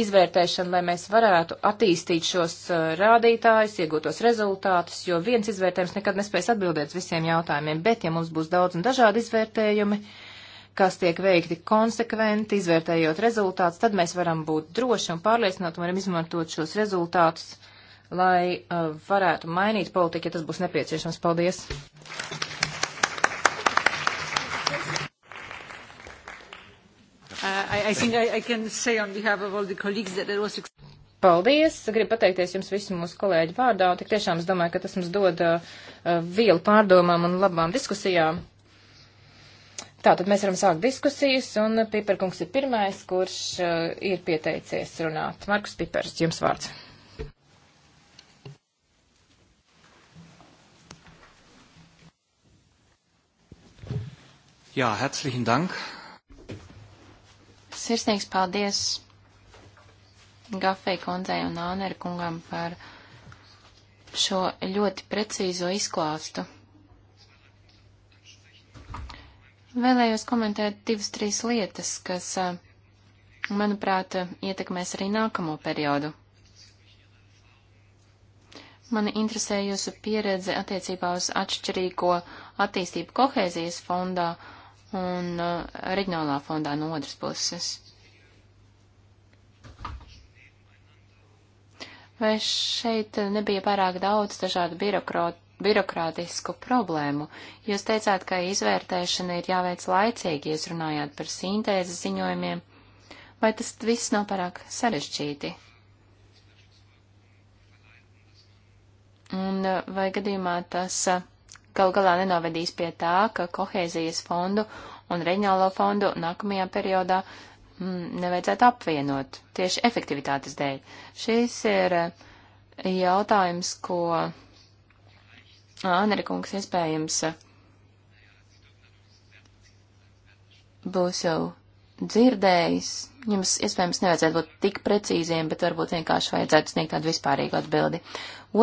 izvērtēšanu, lai mēs varētu attīstīt šos uh, rādītājus, iegūtos rezultātus, jo viens izvērtējums nekad nespēs atbildēt visiem jautājumiem, bet ja mums būs daudz un dažādi izvērtējumi, kas tiek veikti konsekventi, izvērtējot rezultātus, tad mēs varam būt droši un pārliecināti un varam izmantot šos rezultātus, lai uh, varētu mainīt politiku, ja tas būs nepieciešams. Paldies! I think I, I can say on behalf of all the colleagues that it was Paldies! Gribu pateikties jums visu mūsu kolēģu vārdā, un tik tiešām es domāju, ka tas mums dod uh, uh vielu pārdomām un labām diskusijām. Tā, tad mēs varam sākt diskusijas, un Piperkungs ir pirmais, kurš uh, ir pieteicies runāt. Markus Pipers, jums vārds. Jā, herzlichen Dank. Sirsnīgs paldies Gafei kundzei un Āneri kungam par šo ļoti precīzo izklāstu. Vēlējos komentēt divas, trīs lietas, kas, eh, manuprāt, ietekmēs arī nākamo periodu. Mani interesē jūsu pieredze attiecībā uz atšķirīgo attīstību kohēzijas fondā un uh, reģionālā fondā no otras puses. Vai šeit nebija pārāk daudz dažādu birokrātu? birokrātisku problēmu. Jūs teicāt, ka izvērtēšana ir jāveic laicīgi, jūs runājāt par sintēzes ziņojumiem. Vai tas viss nav pārāk sarežģīti? Un uh, vai gadījumā tas uh, gal galā nenovedīs pie tā, ka kohēzijas fondu un reģionālo fondu nākamajā periodā mm, nevajadzētu apvienot tieši efektivitātes dēļ. Šis ir eh, jautājums, ko Ānerikungs ah, iespējams eh, būs jau dzirdējis. Jums iespējams nevajadzētu būt tik precīziem, bet varbūt vienkārši vajadzētu sniegt tādu vispārīgu atbildi.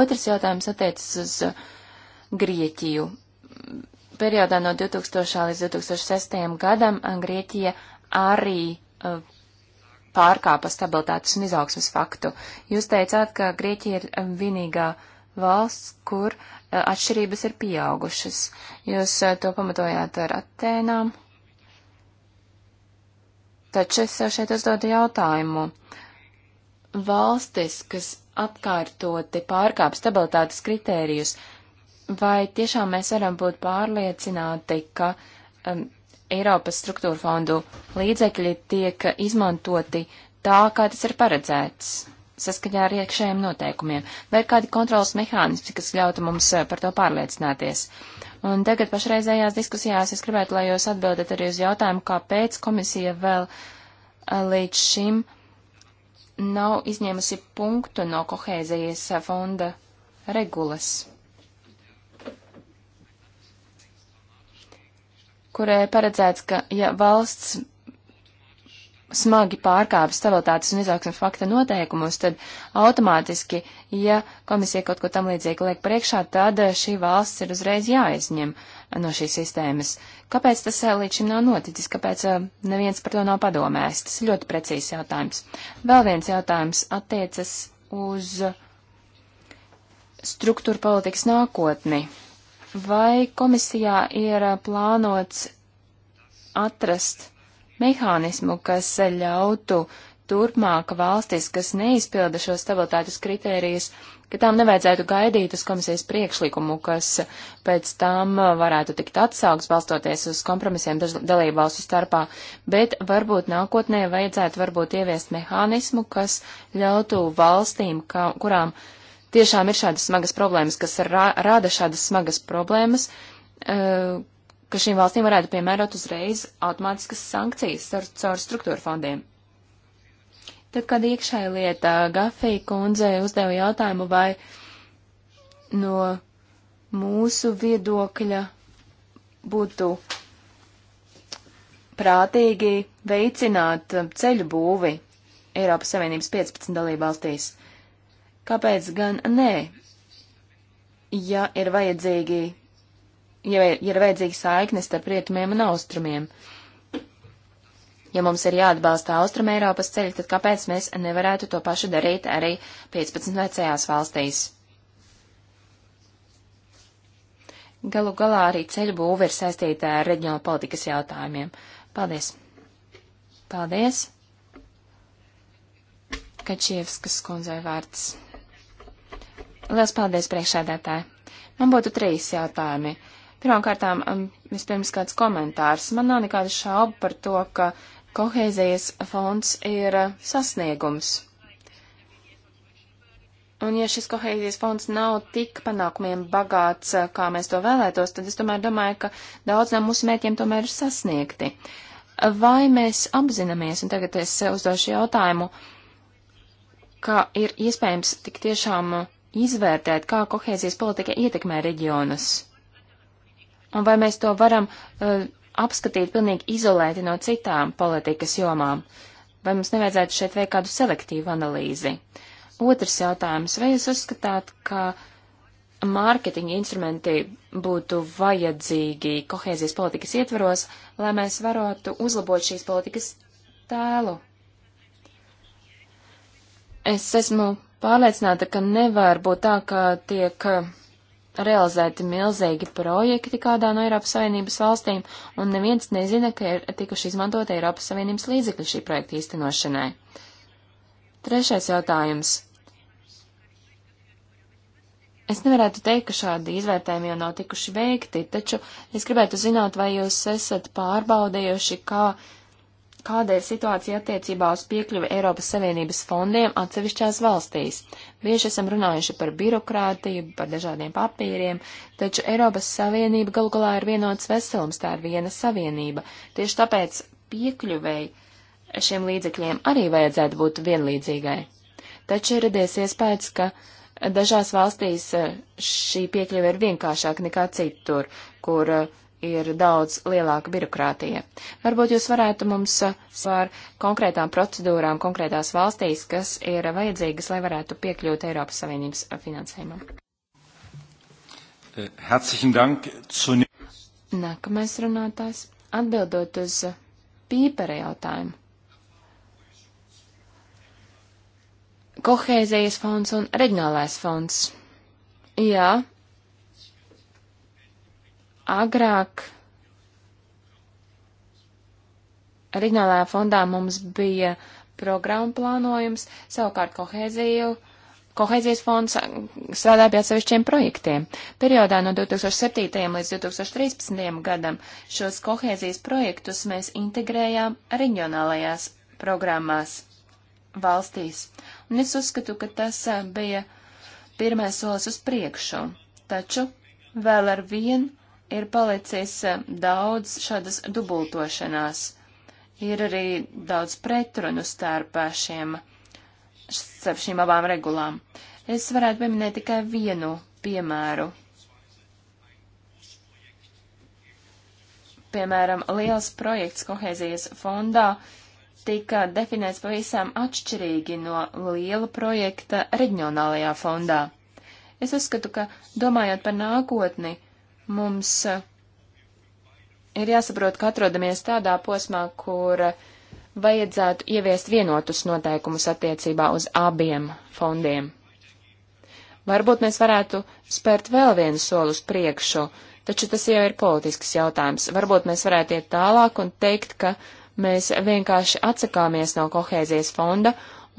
Otrs jautājums attiecas uz Grieķiju. Periodā no 2000 līdz 2006 gadam eh, Grieķija arī uh, pārkāpa stabilitātes un izaugsmas faktu. Jūs teicāt, ka Grieķija ir eh, vienīgā valsts, kur uh, atšķirības ir pieaugušas. Jūs uh, to pamatojāt ar Atēnām. Taču es šeit uzdodu jautājumu. Valstis, kas atkārtoti pārkāp stabilitātes kritērijus, uh, vai tiešām mēs varam būt pārliecināti, ka um, Eiropas struktūra fondu līdzekļi tiek izmantoti tā, kā tas ir paredzēts, saskaņā ar iekšējiem noteikumiem, vai ir kādi kontrolas mehānismi, kas ļautu mums uh, par to pārliecināties. Un tagad pašreizējās diskusijās es gribētu, lai jūs atbildat arī uz jautājumu, kāpēc komisija vēl uh, līdz šim nav izņēmusi punktu no kohēzijas uh, fonda regulas. kurai paredzēts, ka ja valsts smagi pārkāpj stabilitātes un izaugsmes fakta noteikumus, tad automātiski, ja komisija kaut ko tam līdzīgu liek priekšā, tad eh, šī valsts ir uzreiz jāizņem no šīs sistēmas. Kāpēc tas eh, līdz šim nav noticis? Kāpēc eh, neviens par to nav padomājis? Tas ir ļoti precīzs jautājums. Vēl viens jautājums attiecas uz struktūra politikas nākotni. Vai komisijā ir plānots atrast mehānismu, kas ļautu turpmāk valstis, kas neizpilda šo stabilitātes kritērijas, ka tām nevajadzētu gaidīt uz komisijas priekšlikumu, kas pēc tam varētu tikt atsaugs, balstoties uz kompromisiem dalību valstu starpā, bet varbūt nākotnē vajadzētu varbūt ieviest mehānismu, kas ļautu valstīm, kā, kurām tiešām ir šādas smagas problēmas, kas rā, rāda šādas smagas problēmas, eh, ka šīm valstīm varētu piemērot uzreiz automātiskas sankcijas ar, caur struktūra fondiem. Tad, kad iekšēja lieta Gafī kundze uzdeva jautājumu, vai no mūsu viedokļa būtu prātīgi veicināt ceļu būvi Eiropas Savienības 15 dalībvalstīs. valstīs. Kāpēc gan nē? Ja ir vajadzīgi, ja ir vajadzīga saikne starp rietumiem un austrumiem. Ja mums ir jāatbalsta Austrum Eiropas ceļi, tad kāpēc mēs nevarētu to pašu darīt arī 15 vecajās valstīs? Galu galā arī ceļu būve ir saistīta ar reģionālu politikas jautājumiem. Paldies! Paldies! Kačievskas kundzei vārds. Lielas paldies, priekšēdētāji. Man būtu trīs jautājumi. Pirmkārtām, um, vispirms kāds komentārs. Man nav nekāda šauba par to, ka kohēzijas fonds ir uh, sasniegums. Un ja šis kohēzijas fonds nav tik panākumiem bagāts, uh, kā mēs to vēlētos, tad es tomēr domāju, ka daudz no mūsu mērķiem tomēr ir sasniegti. Vai mēs apzināmies, un tagad es uzdošu jautājumu, ka ir iespējams tik tiešām uh, izvērtēt, kā kohēzijas politika ietekmē reģionus. Un vai mēs to varam uh, apskatīt pilnīgi izolēti no citām politikas jomām? Vai mums nevajadzētu šeit veikt kādu selektīvu analīzi? Otrs jautājums. Vai jūs uzskatāt, ka mārketinga instrumenti būtu vajadzīgi kohēzijas politikas ietvaros, lai mēs varētu uzlabot šīs politikas tēlu? Es esmu pārliecināta, ka nevar būt tā, ka tiek uh, realizēti milzīgi projekti kādā no Eiropas Savienības valstīm, un neviens nezina, ka ir tikuši izmantot Eiropas Savienības līdzekļi šī projekta īstenošanai. Trešais jautājums. Es nevarētu teikt, ka šādi izvērtējumi jau nav tikuši veikti, taču es gribētu zināt, vai jūs esat pārbaudījuši, kā uh, kāda ir situācija attiecībā uz piekļuvi Eiropas Savienības fondiem atsevišķās valstīs. Bieži esam runājuši par birokrātiju, par dažādiem papīriem, taču Eiropas Savienība galu galā ir vienots veselums, tā ir viena savienība. Tieši tāpēc piekļuvēji šiem līdzekļiem arī vajadzētu būt vienlīdzīgai. Taču ir radies iespējas, ka dažās valstīs eh, šī piekļuve ir vienkāršāka nekā citur, kur uh, ir daudz lielāka birokrātija. Varbūt jūs varētu mums par konkrētām procedūrām konkrētās valstīs, kas ir vajadzīgas, lai varētu piekļūt Eiropas Savienības finansējumam. Eh, herzlichen Dank zu. Nākamais runātājs. Atbildot uz pīpera jautājumu. Kohēzijas fonds un reģionālais fonds. Jā, agrāk reģionālajā fondā mums bija programma plānojums, savukārt kohēziju. Kohēzijas fonds strādāja pie atsevišķiem projektiem. Periodā no 2007. līdz 2013. gadam šos kohēzijas projektus mēs integrējām reģionālajās programmās valstīs. Un es uzskatu, ka tas eh, bija pirmais solis uz priekšu. Taču vēl ar vienu ir palicis eh, daudz šādas dubultošanās. Ir arī daudz pretrunu starp eh, šiem, starp šīm abām regulām. Es varētu pieminēt tikai vienu piemēru. Piemēram, liels projekts kohēzijas fondā tika definēts pavisam atšķirīgi no liela projekta reģionālajā fondā. Es uzskatu, ka domājot par nākotni, Mums eh, ir jāsaprot, ka atrodamies tādā posmā, kur eh, vajadzētu ieviest vienotus noteikumus attiecībā uz abiem fondiem. Varbūt mēs varētu spērt vēl vienu soli uz priekšu, taču tas jau ir politisks jautājums. Varbūt mēs varētu iet tālāk un teikt, ka mēs vienkārši atsakāmies no kohēzijas fonda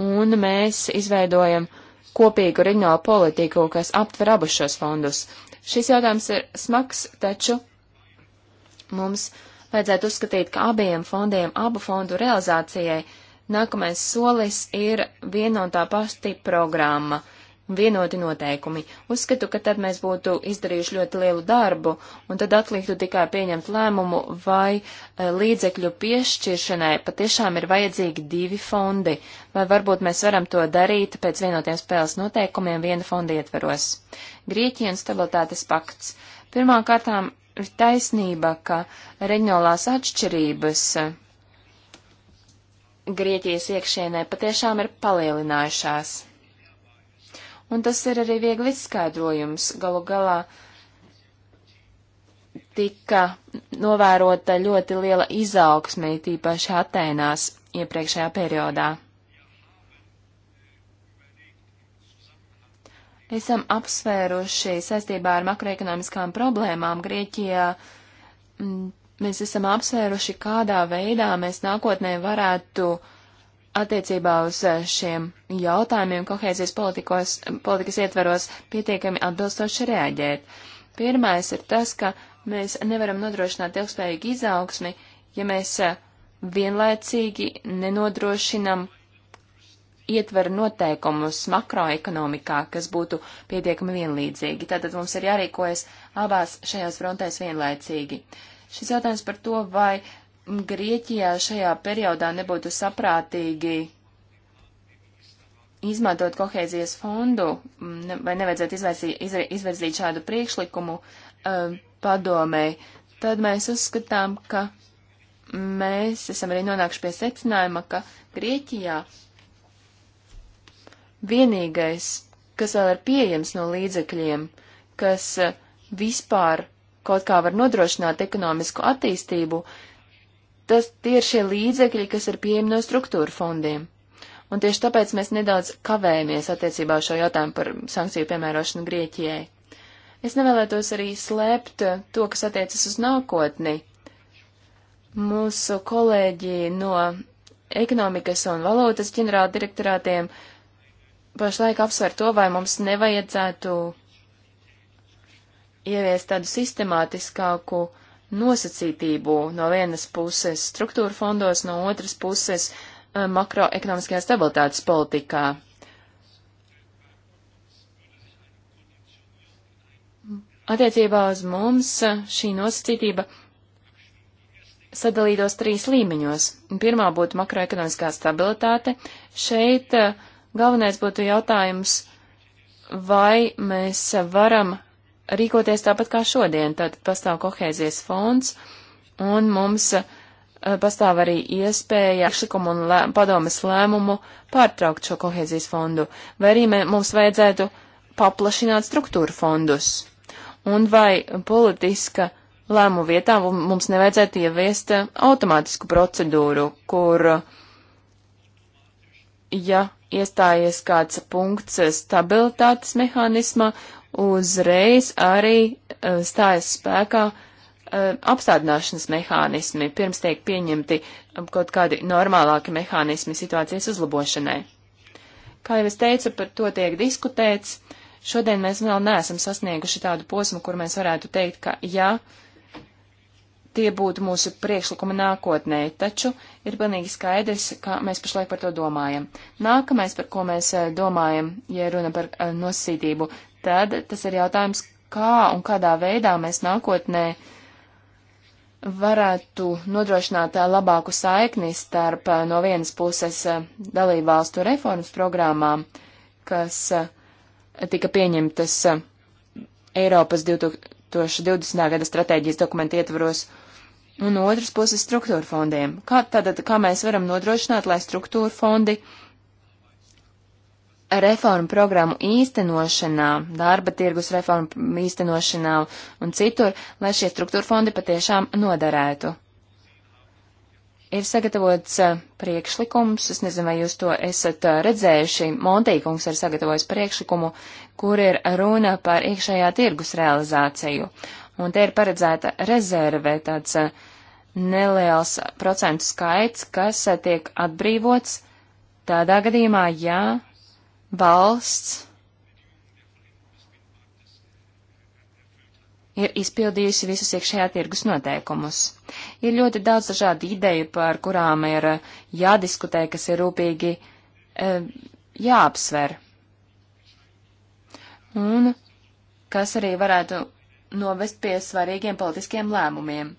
un mēs izveidojam kopīgu riņo politiku, kas aptver abus šos fondus. Šis jautājums ir smags, taču mums vajadzētu uzskatīt, ka abiem fondiem, abu fondu realizācijai nākamais solis ir viena un tā pati programma un vienoti noteikumi. Uzskatu, ka tad mēs būtu izdarījuši ļoti lielu darbu, un tad atliktu tikai pieņemt lēmumu, vai eh, līdzekļu piešķiršanai patiešām ir vajadzīgi divi fondi, vai varbūt mēs varam to darīt pēc vienotiem spēles noteikumiem viena fonda ietveros. Grieķija un stabilitātes pakts. Pirmām kārtām ir taisnība, ka reģionālās atšķirības eh, Grieķijas iekšienē patiešām ir palielinājušās un tas ir arī viegli izskaidrojums. Galu galā tika novērota ļoti liela izaugsme, tīpaši Atēnās iepriekšējā periodā. Esam apsvēruši saistībā ar makroekonomiskām problēmām Grieķijā. Mm, mēs esam apsvēruši, kādā veidā mēs nākotnē varētu uh, attiecībā uz eh, šiem jautājumiem kohēzijas politikas ietveros pietiekami atbilstoši reaģēt. Pirmais ir tas, ka mēs nevaram nodrošināt ilgspējīgu izaugsmi, ja mēs eh, vienlaicīgi nenodrošinam ietveru noteikumus makroekonomikā, kas būtu pietiekami vienlīdzīgi. Tātad mums ir jārīkojas abās šajās frontēs vienlaicīgi. Šis jautājums par to, vai Grieķijā šajā periodā nebūtu saprātīgi izmantot kohēzijas fondu, vai nevajadzētu izvērsīt, izvērsīt šādu priekšlikumu uh, e, padomēji, tad mēs uzskatām, ka mēs esam arī nonākuši pie secinājuma, ka Grieķijā vienīgais, kas vēl ir pieejams no līdzekļiem, kas vispār kaut kā var nodrošināt ekonomisku attīstību, uh, tas tie ir šie līdzekļi, kas ir pieejami no struktūra fondiem. Un tieši tāpēc mēs nedaudz kavējamies attiecībā uz šo jautājumu par sankciju piemērošanu Grieķijai. Es nevēlētos arī slēpt to, kas attiecas uz nākotni. Mūsu kolēģi no ekonomikas un valūtas ģenerāla direktorātiem pašlaik apsver to, vai mums nevajadzētu ieviest tādu sistemātiskāku uh, nosacītību no vienas puses struktūra fondos, no otras puses eh, makroekonomiskajā stabilitātes politikā. Attiecībā uz mums eh, šī nosacītība sadalītos trīs līmeņos. Pirmā būtu makroekonomiskā stabilitāte. Šeit eh, galvenais būtu jautājums, vai mēs varam rīkoties tāpat kā šodien. Tātad pastāv kohēzijas fonds, un mums eh, pastāv arī iespēja priekšlikumu un lē, padomas lēmumu pārtraukt šo kohēzijas fondu, vai arī mē, mums vajadzētu paplašināt struktūru fondus, un vai politiska lēmu vietā mums nevajadzētu ieviest eh, automātisku procedūru, kur, ja iestājies kāds punkts eh, stabilitātes mehānismā, uzreiz arī eh, stājas spēkā eh, apstādināšanas mehānismi, pirms tiek pieņemti eh, kaut kādi normālāki mehānismi situācijas uzlabošanai. Kā jau es teicu, par to tiek diskutēts. Šodien mēs vēl neesam sasnieguši tādu posmu, kur mēs varētu teikt, ka jā, ja, tie būtu mūsu priekšlikumi nākotnē, taču ir pilnīgi skaidrs, ka mēs pašlaik par to domājam. Nākamais, par ko mēs domājam, ja runa par nosacītību tad tas ir jautājums, kā un kādā veidā mēs nākotnē varētu nodrošināt uh, labāku saikni starp uh, no vienas puses uh, dalībvalstu reformas programmām, kas tika pieņemtas Eiropas 2020. gada stratēģijas dokumentu ietvaros, un no otras puses struktūra fondiem. Kā, tātad, kā mēs varam nodrošināt, lai struktūra fondi uh, reformu programmu īstenošanā, darba tirgus reformu īstenošanā un citur, lai šie struktūra fondi patiešām noderētu. Ir sagatavots eh, priekšlikums, es nezinu, vai jūs to esat eh, redzējuši, Montīkungs ir sagatavojis priekšlikumu, kur ir runa par iekšējā tirgus realizāciju. Un te ir paredzēta rezerve, tāds eh, neliels procentu skaits, kas tiek atbrīvots tādā gadījumā, ja valsts ir izpildījusi visus iekšējā tirgus noteikumus. Ir ļoti daudz dažādu ideju, par kurām ir eh, jādiskutē, kas ir rūpīgi e, jāapsver. Un kas arī varētu novest pie svarīgiem politiskiem lēmumiem.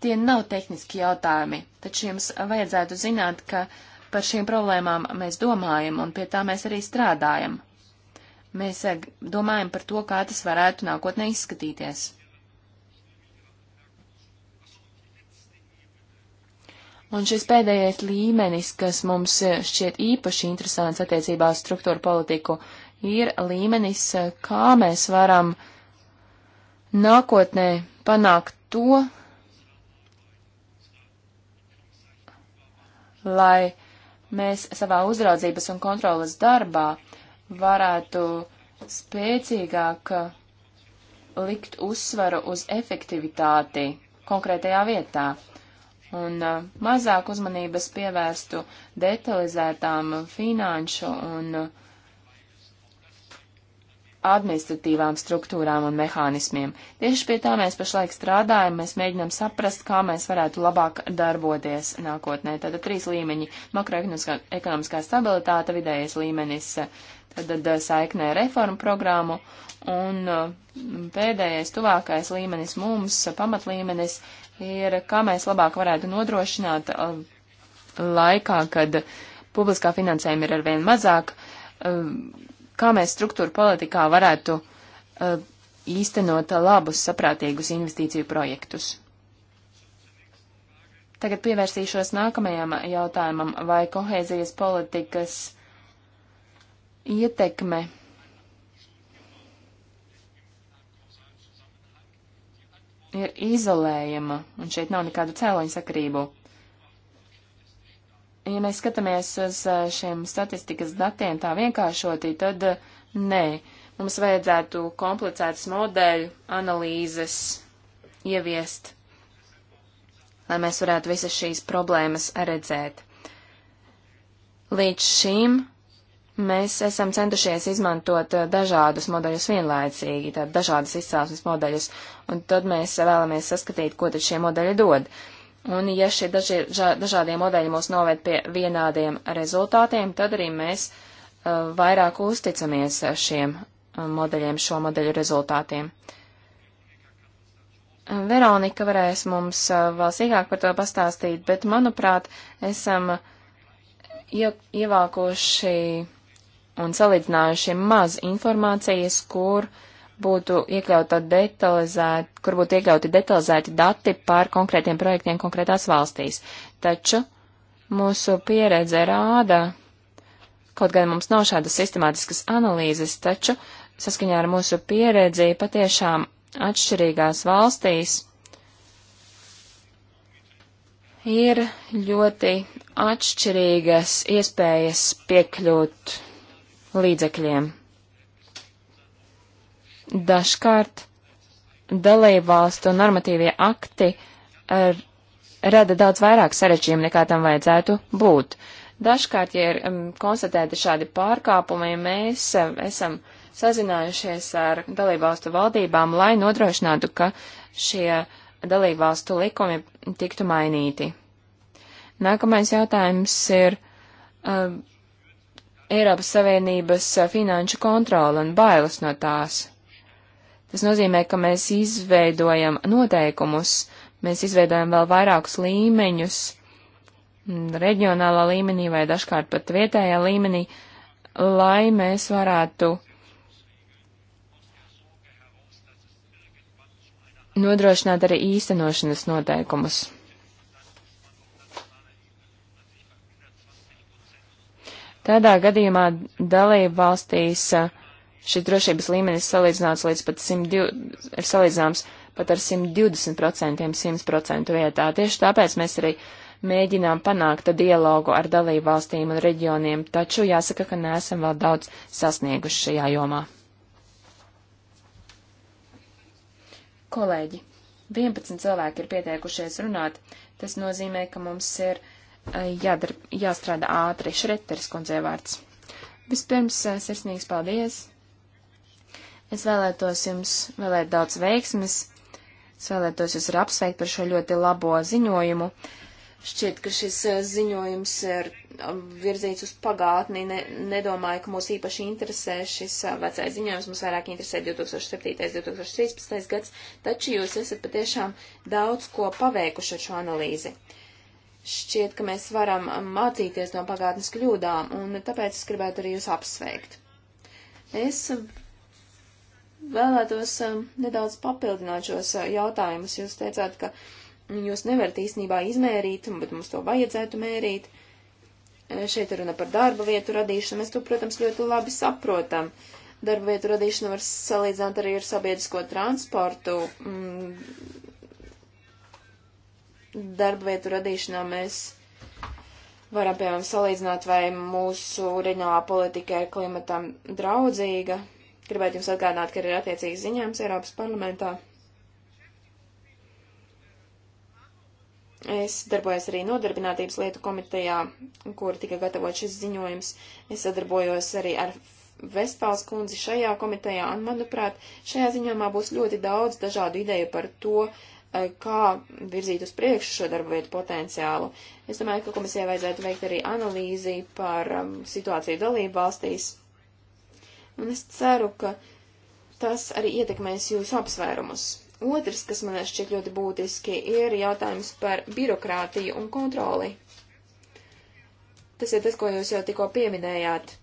Tie nav tehniski jautājumi, taču jums vajadzētu zināt, ka uh, Par šīm problēmām mēs domājam un pie tā mēs arī strādājam. Mēs eh, domājam par to, kā tas varētu nākotnē izskatīties. Un šis pēdējais līmenis, kas mums eh, šķiet īpaši interesants attiecībā uz struktūru politiku, ir līmenis, eh, kā mēs varam nākotnē panākt to, lai mēs savā uzraudzības un kontrolas darbā varētu spēcīgāk likt uzsvaru uz efektivitāti konkrētajā vietā un uh, mazāk uzmanības pievērstu detalizētām finanšu un uh, administratīvām struktūrām un mehānismiem. Tieši pie tā mēs pašlaik strādājam, mēs mēģinām saprast, kā mēs varētu labāk darboties nākotnē. Tātad trīs līmeņi - makroekonomiskā stabilitāte, vidējais līmenis, tad eh, saiknē reformu programmu un eh, pēdējais tuvākais līmenis mums, pamatlīmenis, ir, kā mēs labāk varētu nodrošināt eh, laikā, kad publiskā finansējuma ir arvien mazāk, kā mēs struktūra politikā varētu uh, īstenot labus, saprātīgus investīciju projektus. Tagad pievērsīšos nākamajam jautājumam, vai kohēzijas politikas ietekme ir izolējama, un šeit nav nekādu cēloņu sakrību. Ja mēs skatāmies uz šiem statistikas datiem tā vienkāršotī, tad nē, mums vajadzētu komplicētas modeļu analīzes ieviest, lai mēs varētu visas šīs problēmas redzēt. Līdz šim Mēs esam centušies izmantot dažādus modeļus vienlaicīgi, tad dažādas izcelsmes modeļus, un tad mēs vēlamies saskatīt, ko tad šie modeļi dod. Un ja šie daži, ža, dažādie modeļi mūs noved pie vienādiem rezultātiem, tad arī mēs uh, vairāk uzticamies šiem uh, modeļiem, šo modeļu rezultātiem. Veronika varēs mums uh, vēl sīkāk par to pastāstīt, bet, manuprāt, esam ievākoši un salīdzinājuši maz informācijas, kur uh, būtu iekļauta detalizēt, kur būtu iekļauti detalizēti dati par konkrētiem projektiem konkrētās valstīs. Taču mūsu pieredze rāda, kaut gan mums nav šādas sistemātiskas analīzes, taču saskaņā ar mūsu pieredzi patiešām atšķirīgās valstīs ir ļoti atšķirīgas iespējas piekļūt līdzekļiem. Dažkārt dalībvalstu normatīvie akti ar, eh, rada daudz vairāk sarežģījumu, nekā tam vajadzētu būt. Dažkārt, ja ir um, konstatēti šādi pārkāpumi, mēs um, esam sazinājušies ar dalībvalstu valdībām, lai nodrošinātu, ka šie dalībvalstu likumi tiktu mainīti. Nākamais jautājums ir um, Eiropas Savienības finanšu kontrola un bailes no tās. Tas nozīmē, ka mēs izveidojam noteikumus, mēs izveidojam vēl vairākus līmeņus, mm, reģionālā līmenī vai dažkārt pat vietējā līmenī, lai mēs varētu nodrošināt arī īstenošanas noteikumus. Tādā gadījumā dalību valstīs uh, šis drošības līmenis salīdzināts līdz pat 102, ir salīdzināms pat ar 120%, 100% vietā. Tieši tāpēc mēs arī mēģinām panākt dialogu ar dalību valstīm un reģioniem, taču jāsaka, ka neesam vēl daudz sasnieguši šajā jomā. Kolēģi, 11 cilvēki ir pieteikušies runāt. Tas nozīmē, ka mums ir eh, jādara, jāstrādā ātri. Šreteris kundzei vārds. Vispirms eh, sirsnīgs paldies Es vēlētos jums vēlēt daudz veiksmes. Es vēlētos jūs arī apsveikt par šo ļoti labo ziņojumu. Šķiet, ka šis eh, ziņojums ir um, virzīts uz pagātni. Ne, nedomāju, ka mūs īpaši interesē šis eh, vecais ziņojums. Mums vairāk interesē 2007. 2013. gads, taču jūs esat patiešām daudz ko paveikuši ar šo analīzi. Šķiet, ka mēs varam um, mācīties no pagātnes kļūdām, un tāpēc es gribētu arī jūs apsveikt. Es vēlētos um, nedaudz papildināt šos uh, jautājumus. Jūs teicāt, ka jūs nevarat īstenībā izmērīt, bet mums to vajadzētu mērīt. Uh, šeit ir runa par darba vietu radīšanu. Mēs to, protams, ļoti labi saprotam. Darba vietu radīšanu var salīdzināt arī ar sabiedrisko transportu. Mm. Darba vietu radīšanā mēs varam, piemēram, salīdzināt, vai mūsu reģionālā politika ir klimatam draudzīga, Gribētu jums atgādināt, ka ir attiecīgs ziņojums Eiropas parlamentā. Es darbojos arī nodarbinātības lietu komitejā, kur tika gatavot šis ziņojums. Es sadarbojos arī ar Vestpāls kundzi šajā komitejā, un, manuprāt, šajā ziņojumā būs ļoti daudz dažādu ideju par to, eh, kā virzīt uz priekšu šo darbu vietu potenciālu. Es domāju, ka komisijai vajadzētu veikt arī analīzi par um, situāciju dalību valstīs un es ceru, ka tas arī ietekmēs jūsu apsvērumus. Otrs, kas man šķiet ļoti būtiski, ir jautājums par birokrātiju un kontroli. Tas ir tas, ko jūs jau tikko pieminējāt.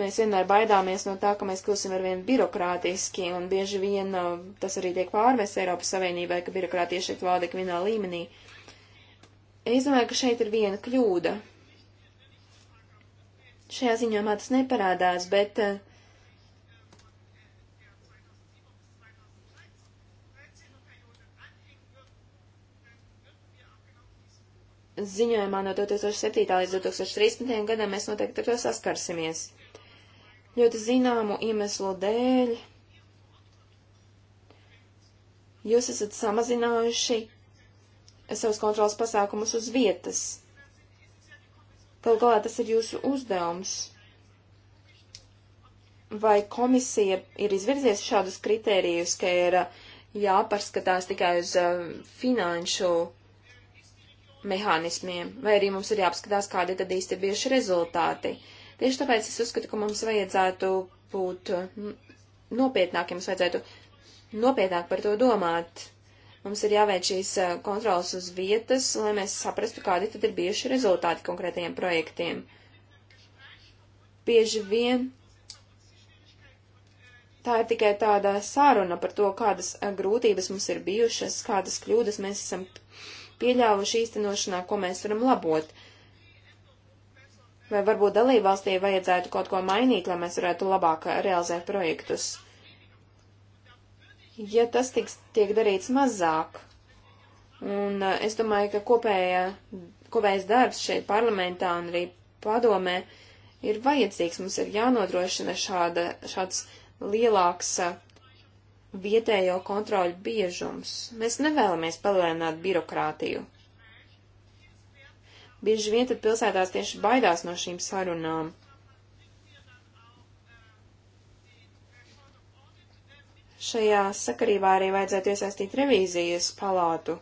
Mēs vienmēr baidāmies no tā, ka mēs kļūsim arvien birokrātiski, un bieži vien uh, tas arī tiek pārvests Eiropas Savienībai, ka birokrātija šeit valda vienā līmenī. Es domāju, ka šeit ir viena kļūda, Šajā ziņojumā tas neparādās, bet eh, ziņojumā no 2007. līdz 2013. gadam mēs noteikti ar to saskarsimies. Ļoti zināmu iemeslu dēļ jūs esat samazinājuši savus kontrolas pasākumus uz vietas. Galu galā tas ir jūsu uzdevums. Vai komisija ir izvirzies šādus kritērijus, ka ir uh, jāpaskatās tikai uz uh, finanšu mehānismiem, vai arī mums ir jāapskatās, kādi tad īsti bijuši rezultāti. Tieši tāpēc es uzskatu, ka mums vajadzētu būt uh, nopietnākiem, mums vajadzētu nopietnāk par to domāt. Mums ir jāveic šīs eh, kontrolas uz vietas, lai mēs saprastu, kādi tad ir bijuši rezultāti konkrētajiem projektiem. Bieži vien tā ir tikai tāda sāruna par to, kādas eh, grūtības mums ir bijušas, kādas kļūdas mēs esam pieļāvuši īstenošanā, ko mēs varam labot. Vai varbūt dalībvalstī vajadzētu kaut ko mainīt, lai mēs varētu labāk eh, realizēt projektus ja tas tiks, tiek darīts mazāk, un eh, es domāju, ka kopējā, kopējais darbs šeit parlamentā un arī padomē ir vajadzīgs, mums ir jānodrošina šāda, šāds lielāks eh, vietējo kontroļu biežums. Mēs nevēlamies palēnāt birokrātiju. Bieži vien tad pilsētās tieši baidās no šīm sarunām. Šajā sakarībā arī vajadzētu iesaistīt revīzijas palātu.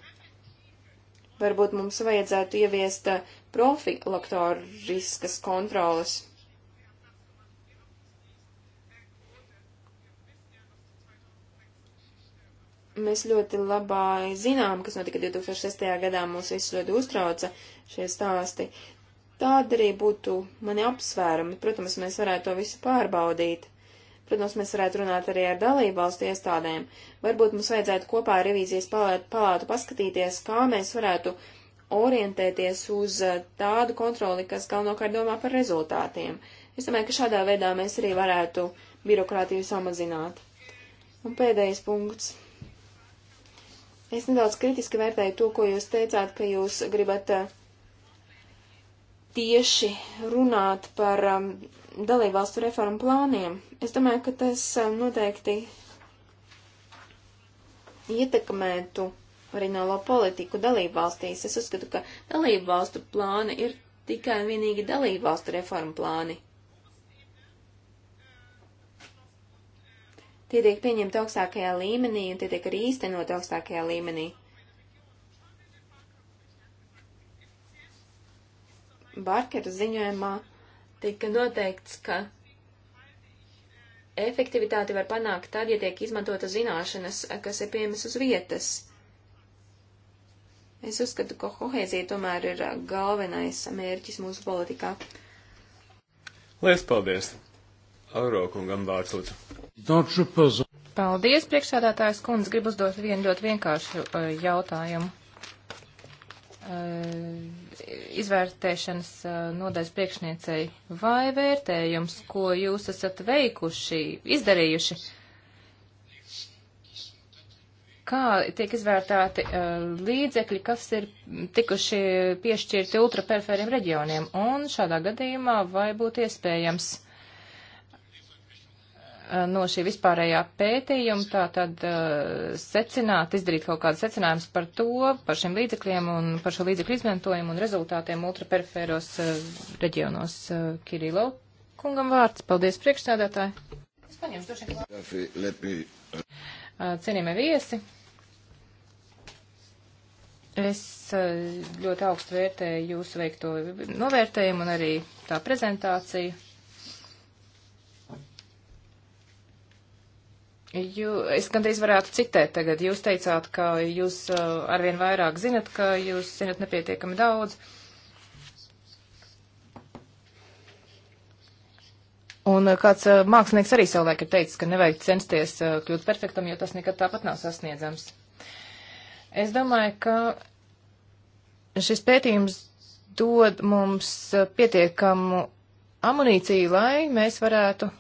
Varbūt mums vajadzētu ieviest eh, profilaktoriskas kontrolas. mēs ļoti labi zinām, kas notika 2006. gadā, mūs visus ļoti uztrauca šie stāsti. Tāda arī būtu mani apsvērumi. Protams, mēs varētu to visu pārbaudīt. Protams, mēs varētu runāt arī ar dalībvalstu iestādēm. Varbūt mums vajadzētu kopā ar revīzijas palātu paskatīties, kā mēs varētu orientēties uz eh, tādu kontroli, kas galvenokārt domā par rezultātiem. Es domāju, ka šādā veidā mēs arī varētu birokrātiju samazināt. Un pēdējais punkts. Es nedaudz kritiski vērtēju to, ko jūs teicāt, ka jūs gribat eh, tieši runāt par um, dalībvalstu reformu plāniem. Es domāju, ka tas eh, noteikti ietekmētu reģionālo politiku dalībvalstīs. Es uzskatu, ka dalībvalstu plāni ir tikai un vienīgi dalībvalstu reformu plāni. Tie tiek pieņemti augstākajā līmenī un tie tiek arī īstenot augstākajā līmenī. Barkera ziņojumā tika noteikts, ka efektivitāti var panākt tad, ja tiek izmantota zināšanas, kas ir pieejamas uz vietas. Es uzskatu, ka kohēzija tomēr ir uh, galvenais mērķis mūsu politikā. Lielas paldies! Aurokungam vārds lūdzu. Paldies, priekšsādātājs kundze. Gribu uzdot vienu ļoti vienkāršu uh, jautājumu. Uh, izvērtēšanas nodaļas priekšniecei, vai vērtējums, ko jūs esat veikuši, izdarījuši, kā tiek izvērtēti līdzekļi, kas ir tikuši piešķirti ultraperfēriem reģioniem, un šādā gadījumā vai būtu iespējams uh, Uh, no šī vispārējā pētījuma tā tad uh, secināt, izdarīt kaut kādu secinājumus par to, par šiem līdzekļiem un par šo līdzekļu izmantojumu un rezultātiem ultraperifēros uh, reģionos. Kirilo kungam vārds. Paldies priekšstādātāji. Es paņemšu došiem vārdu. Cienījamie viesi. Es ļoti augstu vērtēju jūsu veikto novērtējumu un arī tā prezentāciju Jū, es gandrīz varētu citēt tagad. Jūs teicāt, ka jūs uh, arvien vairāk zinat, ka jūs zinat nepietiekami daudz. Un uh, kāds uh, mākslinieks arī savulaik ir teicis, ka nevajag censties kļūt perfektam, jo tas nekad tāpat nav sasniedzams. Es domāju, ka šis pētījums dod mums pietiekamu amunīciju, lai mēs varētu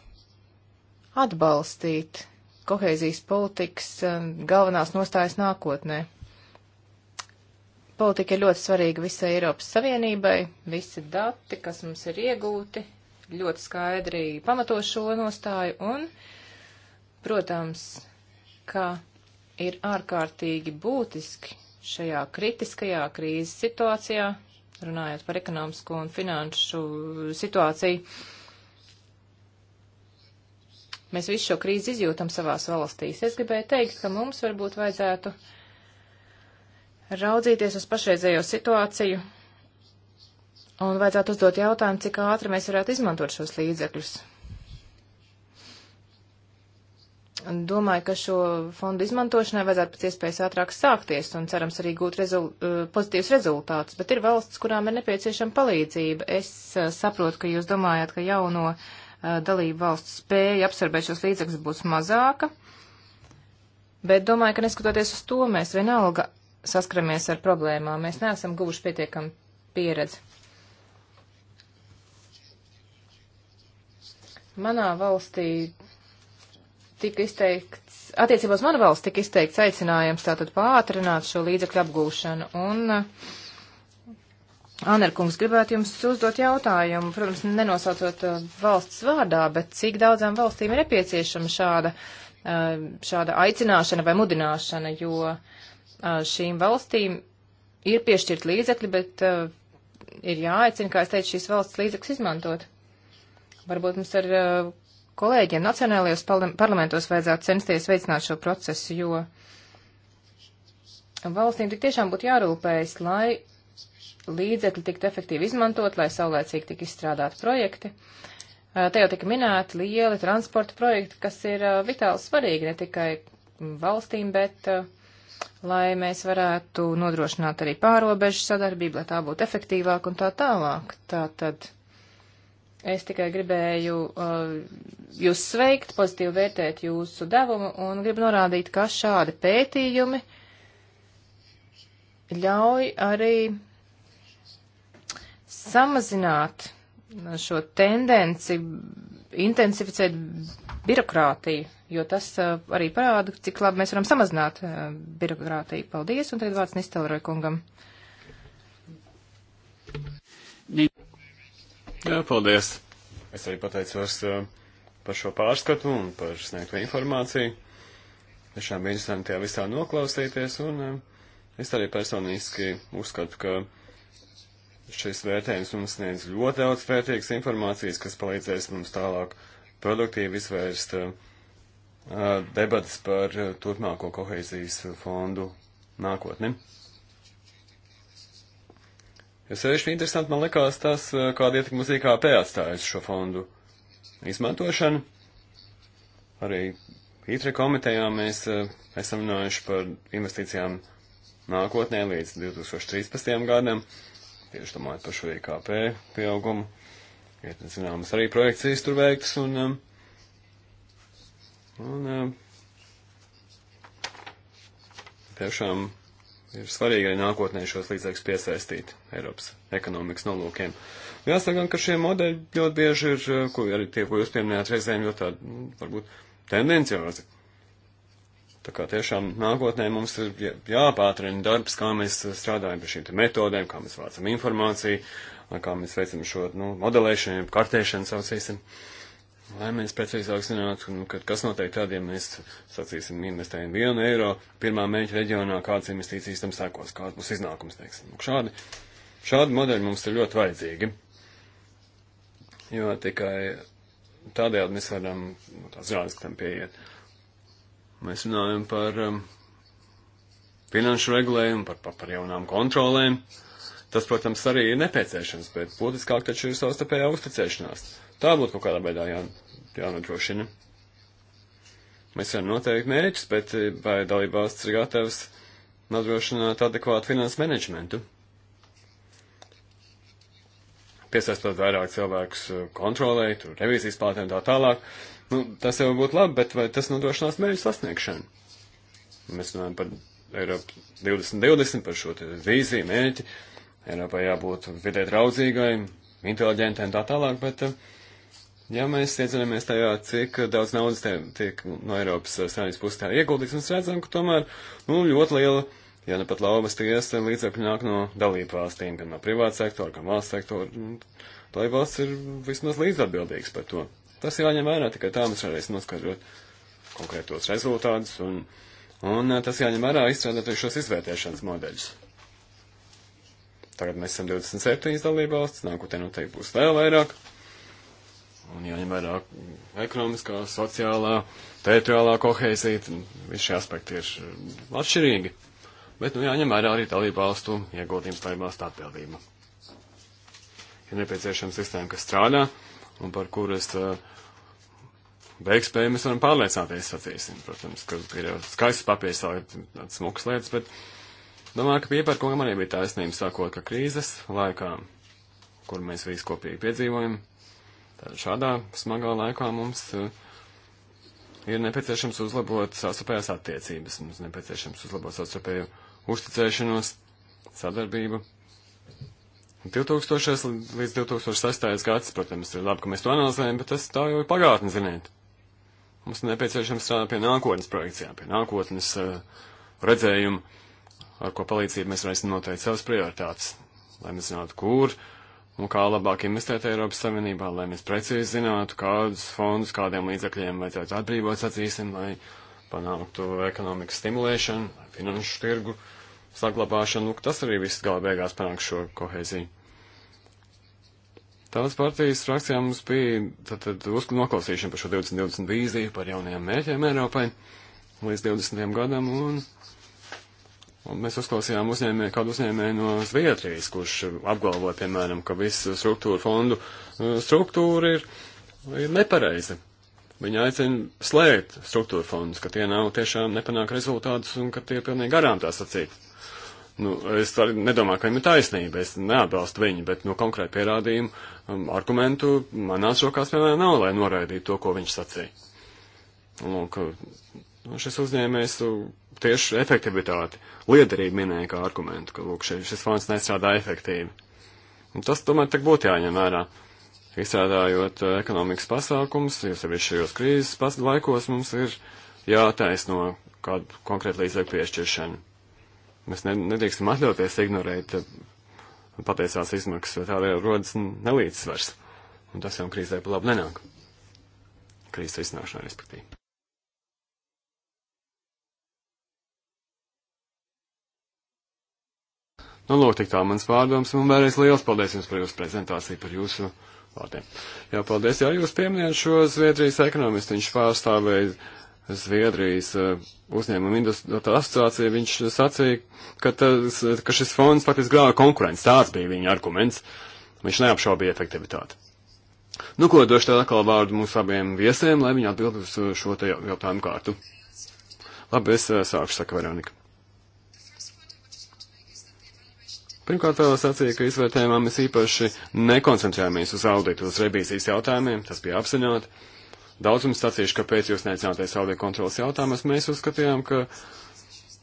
atbalstīt kohēzijas politikas um, galvenās nostājas nākotnē. Politika ir ļoti svarīga visai Eiropas Savienībai, visi dati, kas mums ir iegūti, ļoti skaidri pamato šo nostāju un, protams, ka ir ārkārtīgi būtiski šajā kritiskajā krīzes situācijā, runājot par ekonomisko un finanšu situāciju, Mēs visu šo krīzi izjūtam savās valstīs. Es gribēju teikt, ka mums varbūt vajadzētu raudzīties uz pašreizējo situāciju un vajadzētu uzdot jautājumu, cik ātri mēs varētu izmantot šos līdzekļus. Domāju, ka šo fondu izmantošanai vajadzētu pēc iespējas ātrāk sākties un cerams arī gūt rezul eh, pozitīvs rezultāts, bet ir valsts, kurām ir nepieciešama palīdzība. Es eh, saprotu, ka jūs domājat, ka jauno. No Eh, dalību valstu spēja apsarbēt šos līdzekļus būs mazāka, bet domāju, ka neskatoties uz to, mēs vienalga saskaramies ar problēmām. Mēs neesam guvuši pietiekami pieredzi. Manā valstī tika izteikts, attiecībā uz manu valsts tika izteikts aicinājums tātad pātrināt šo līdzekļu apgūšanu, un uh, Anerkungs, gribētu jums uzdot jautājumu, protams, nenosaucot uh, valsts vārdā, bet cik daudzām valstīm ir nepieciešama šāda, uh, šāda aicināšana vai mudināšana, jo uh, šīm valstīm ir piešķirt līdzekļi, bet ir jāaicina, kā es teicu, šīs valsts līdzekļus izmantot. Varbūt mums ar kolēģiem nacionālajos parlamentos vajadzētu censties veicināt šo procesu, jo valstīm tik tiešām būtu jārūpējas, lai līdzekļi tiktu efektīvi izmantot, lai saulēcīgi tik izstrādāti projekti. Te jau tika minēti lieli transporta projekti, kas ir vitāli svarīgi ne tikai valstīm, bet lai mēs varētu nodrošināt arī pārobežu sadarbību, lai tā būtu efektīvāka un tā tālāk. Tā tad es tikai gribēju jūs sveikt, pozitīvi vērtēt jūsu devumu un gribu norādīt, ka šādi pētījumi ļauj arī samazināt šo tendenci intensificēt birokrātiju, jo tas uh, arī parāda, cik labi mēs varam samazināt uh, birokrātiju. Paldies, un tagad vārds Nistelroja kungam. Jā, paldies. Es arī pateicos uh, par šo pārskatu un par sniegto informāciju. Tiešām bija interesanti tajā visā noklausīties, un uh, es arī personiski uzskatu, ka Šis vērtējums mums sniedz ļoti daudz vērtīgas informācijas, kas palīdzēs mums tālāk produktīvi izvērst uh, debatas par uh, turpmāko kohēzijas fondu nākotni. Jo sevišķi interesanti man likās tas, kāda ietekme uz IKP atstājas šo fondu izmantošanu. Arī ITRE komitejā mēs esam runājuši par investīcijām nākotnē līdz 2013. gadam tieši domājot par šo IKP pieaugumu. Ir, zināmas, arī projekcijas tur veiktas un, um, un, un um, tiešām ir svarīgi arī nākotnē šos līdzekļus piesaistīt Eiropas ekonomikas nolūkiem. Jāsaka, ka šie modeļi ļoti bieži ir, uh, ko arī tie, ko jūs pieminējāt, reizēm ļoti tādi, nu, varbūt, tendenciozi. Uh, Tā kā tiešām nākotnē mums ir jāpātrina darbs, kā mēs strādājam pie šīm metodēm, kā mēs vācam informāciju, kā mēs veicam šo nu, modelēšanu, kartēšanu saucīsim. Lai mēs precīzāk zinātu, nu, kad, kas notiek tad, ja mēs, sacīsim, investējam vienu eiro pirmā mēģa reģionā, kādas investīcijas tam sekos, kāds būs iznākums, teiksim. Un nu, šādi, šādi modeļi mums ir ļoti vajadzīgi, jo tikai tādējādi mēs varam, nu, tā zinātniski tam pieiet. Uh, Mēs runājam par um, finanšu regulējumu, par, par, par jaunām kontrolēm. Tas, protams, arī ir nepieciešams, bet būtiskāk taču ir savstarpējā uzticēšanās. Tā būtu kaut kādā veidā jā, jānodrošina. Mēs varam noteikt mērķus, bet eh, vai dalībvalsts ir gatavs nodrošināt adekvātu finansu menedžmentu? Piesaistot vairāk cilvēkus eh, kontrolēt, revīzijas pārtēm tā tālāk. Uh, Nu, tas jau būtu labi, bet vai tas nodrošinās mērķu sasniegšanu? Mēs runājam par Eiropu 2020, par šo vīziju, mērķi. Eiropai jābūt vidē draudzīgai, inteliģentai un tā tālāk, bet eh, ja mēs iedzinamies tajā, cik daudz naudas tiek no Eiropas saimnības puses tā ieguldīts, mēs redzam, ka tomēr nu, ļoti liela, ja ne pat laubas tiesa, līdzekļi nāk no dalību valstīm, gan no privāta sektora, gan valsts sektora. Lai valsts ir vismaz līdzatbildīgs par to. Tas jāņem vērā, tikai tā mēs varēsim noskaidrot konkrētos rezultātus, un, un eh, tas jāņem vērā izstrādāt arī šos izvērtēšanas modeļus. Tagad mēs esam 27 dalībvalsts, nākotnē noteikti būs vēl vairāk, un jāņem vērā ekonomiskā, sociālā, teritoriālā kohēzija, visi šie aspekti ir eh, atšķirīgi, bet, nu, jāņem vērā arī dalībvalstu ieguldījums tajā atbildība. Ir nepieciešama sistēma, kas strādā, un par kuras eh, uh, veikspēju mēs varam pārliecināties, sacīsim. Protams, ka ir jau skaists papīrs, tādas smukas lietas, bet domāju, ka piepērkungam arī bija taisnība sākot, ka krīzes laikā, kur mēs visi kopīgi piedzīvojam, šādā smagā laikā mums uh, ir nepieciešams uzlabot savstarpējās attiecības, mums nepieciešams uzlabot savstarpēju uzticēšanos, sadarbību. 2000 līdz 2006 gads, protams, ir labi, ka mēs to analizējam, bet tas tā jau ir pagātne, ziniet. Mums nepieciešams strādāt pie nākotnes projekcijām, pie nākotnes uh, redzējuma, ar ko palīdzību mēs varēsim noteikt savas prioritātes, lai mēs zinātu, kur un kā labāk investēt Eiropas Savienībā, lai mēs precīzi zinātu, kādus fondus, kādiem līdzekļiem vajadzētu atbrīvot, sacīsim, lai panāktu ekonomikas stimulēšanu, finanšu tirgu. Uh, saglabāšanu, tas arī viss gala beigās panāk šo kohēziju. Tās partijas frakcijām mums bija tad, tad noklausīšana par šo 2020 vīziju, par jaunajām mērķiem Eiropai līdz 20. gadam, un, un mēs uzklausījām uzņēmē, kādu uzņēmēju no Zviedrijas, kurš apgalvo, piemēram, ka visu struktūru fondu uh, struktūra ir, ir nepareiza. Viņi aicina slēgt struktūra fondus, ka tie nav tiešām nepanāk rezultātus un ka tie pilnīgi garām tā sacīt. Nu, es nedomāju, ka viņam ir taisnība, es neatbalstu viņu, bet no nu, konkrēta pierādījuma um, argumentu manās rokās vienmēr nav, lai noraidītu to, ko viņš sacīja. Lūk, nu, šis uzņēmējs uh, tieši efektivitāti, liederību minēja kā argumentu, ka, lūk, šis, šis fonds nestrādā efektīvi. Un tas, tomēr, tak būtu jāņem vērā. Izstrādājot uh, ekonomikas pasākums, jo sevišķi šajos krīzes laikos mums ir jātaisno kādu konkrētu līdzekļu piešķiršanu. Mēs nedrīkstam atļauties ignorēt eh, patiesās izmaksas, jo tādēļ rodas nelīdzsvars. Un tas jau krīzē pa labu nenāk. Krīzes risināšanā, respektīvi. Nu, lūk, tik tā mans pārdoms, un vēlreiz liels paldies jums par jūsu prezentāciju, par jūsu vārdiem. Jā, paldies, jā, jūs pieminējāt šo Zviedrijas ekonomistu, viņš pārstāvēja Zviedrijas eh, uzņēmuma asociācija, viņš sacīja, ka, tas, ka šis fonds faktiski grāva konkurence. Tāds bija viņa arguments. Viņš neapšaubīja efektivitāti. Nu, ko došu tad atkal vārdu mūsu abiem viesiem, lai viņi atbild uz eh, šo te jautājumu kārtu. Labi, es eh, sākušu, saka Veronika. Pirmkārt, vēlos sacīt, ka izvērtējumā mēs īpaši nekoncentrējāmies uz auditu, uz revīzijas jautājumiem, tas bija apzināti. Daudzums sacījuši, kāpēc jūs neaicināties audē kontrolas jautājumus. Mēs uzskatījām, ka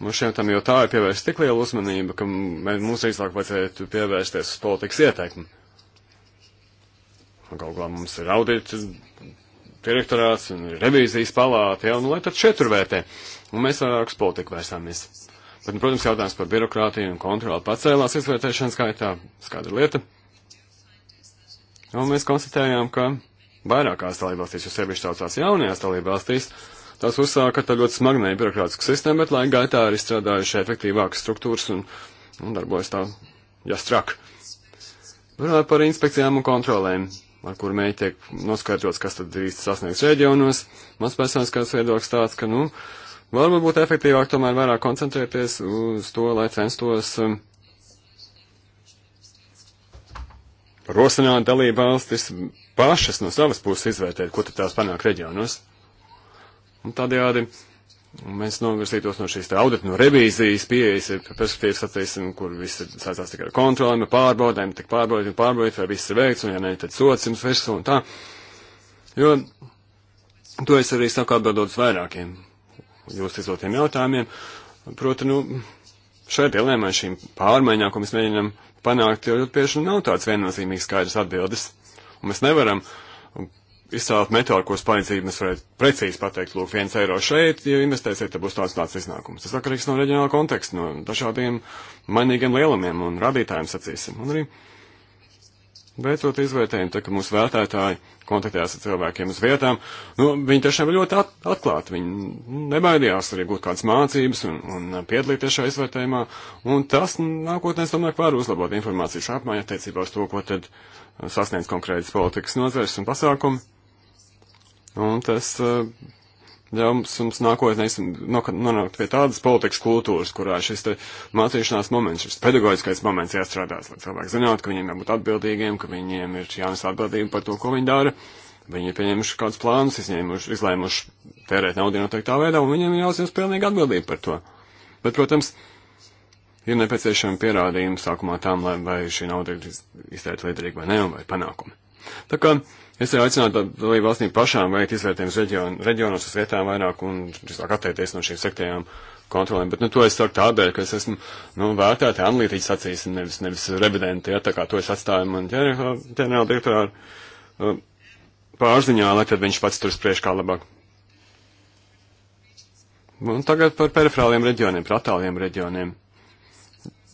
mums šiem tam jau tā ir pievērsta tik liela uzmanība, ka mums īslāk vajadzētu pievērsties uz politikas ieteikumu. Galu galā mums ir audits direktorāts un revīzijas palāta, ja, nu, lai tad šeit tur vērtē. Un mēs vairāk uz politiku vērsāmies. Bet, nu, protams, jautājums par birokrātiju un kontroli pacēlās izvērtēšanas skaitā, skaidra lieta. Un mēs konstatējām, ka vairākās dalībvalstīs, jo sevišķi saucās jaunajās dalībvalstīs, tās uzsāka tā ļoti smagnēju birokrātisku sistēmu, bet laika gaitā ir izstrādājuši efektīvākas struktūras un, un darbojas tā, ja strak. Runājot par inspekcijām un kontrolēm, ar kur mēģi tiek noskaidrots, kas tad īsti sasniegs reģionos, mans personiskās viedoklis tāds, ka, nu, varbūt būtu efektīvāk tomēr vairāk koncentrēties uz to, lai censtos um, rosināt dalību valstis pašas no savas puses izvērtēt, ko tad tās panāk reģionos. Un tādējādi mēs novirzītos no šīs audita, no revīzijas pieejas, perspektīvas attīstīsim, kur viss ir saistās tikai ar kontrolēm, pārbaudēm, tik pārbaudīt un pārbaudīt, vai viss ir veikts, un ja ne, tad sots jums virs un tā. Jo to es arī saku atbildot uz vairākiem jūsu izdotiem jautājumiem. Proti, nu, šai dilemai, šīm pārmaiņām, ko mēs mēģinām panākt, jo ļoti bieži nu nav tāds viennozīmīgs skaidrs atbildes. Un mēs nevaram izcelt metodu, ko spaiņcība mēs varētu precīzi pateikt, lūk, viens eiro šeit, ja investēsiet, tad būs tāds tāds iznākums. Tas atkarīgs no reģionāla konteksta, no dažādiem mainīgiem lielumiem un radītājiem, sacīsim. Un arī veicot izvērtējumu, tā ka mūsu vēlētāji kontaktējās ar cilvēkiem uz vietām, nu, viņi tiešām bija ļoti at atklāti, viņi nu, nebaidījās arī gūt kādas mācības un, un piedalīties šajā izvērtējumā, un tas nākotnē, es domāju, var uzlabot informācijas apmaiņu attiecībā uz to, ko tad uh, sasniedz konkrētas politikas nozares un pasākumi, un tas uh, Ja mums, mums nākotnē nonākt pie tādas politikas kultūras, kurā šis mācīšanās moments, šis pedagoģiskais moments jāstrādās, lai cilvēki zinātu, ka viņiem jābūt atbildīgiem, ka viņiem ir jānes atbildība par to, ko viņi dara. Viņi ir pieņēmuši kādus plānus, izņēmuši, izlēmuši tērēt naudu noteiktā veidā, un viņiem jāuzņemas pilnīga atbildība par to. Bet, protams, ir nepieciešami pierādījumi sākumā tam, lai vai šī nauda ir iztērta liederīgi vai nē, un vai panākumi. Tā kā Es jau aicinātu dalību valstīm pašām veikt izvērtējumus reģionu, reģionos uz vietām vairāk un drīzāk atteikties no šīm sektējām kontrolēm. Bet, nu, to es saku tādēļ, ka es esmu, nu, vērtētāji analītiķis acīs, nevis, nevis revidenti, ja tā kā to es atstāju man ģenerāla direktorā uh, pārziņā, lai tad viņš pats tur spriež kā labāk. Un tagad par perifrāliem reģioniem, par attāliem reģioniem.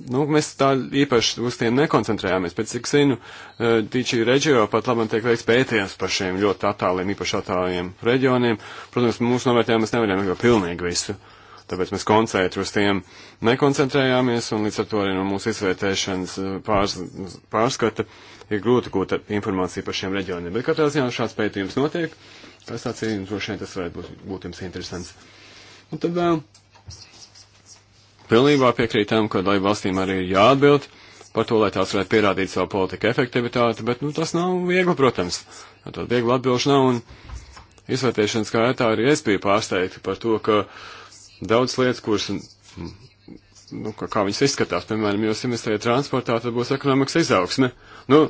Nu, mēs tā īpaši uz tiem nekoncentrējāmies, bet cik zinu, eh, Dīčī reģio pat labam tiek veikts pētījums par šiem ļoti attāliem, īpaši attāliem reģioniem. Protams, mūsu novērtējām mēs nevarējām jau pilnīgi visu, tāpēc mēs koncentrēt uz tiem nekoncentrējāmies, un līdz ar to arī no mūsu izvērtēšanas eh, pārs, pārskata ir grūti gūt informāciju par šiem reģioniem. Bet katrā ziņā šāds pētījums notiek, tas tāds ir, droši vien tas varētu būt, būt jums interesants. Un tad vēl. Uh, Pilnībā piekrītam, ka lai valstīm arī ir jāatbild par to, lai tās varētu pierādīt savu politiku efektivitāti, bet, nu, tas nav viegli, protams. Tāda viegla atbilžu nav, un izvērtēšanas gaitā arī es biju pārsteigta par to, ka daudz lietas, kuras, nu, kā, kā viņas izskatās, piemēram, jūs investējat transportā, tad būs ekonomikas izaugsme. Nu,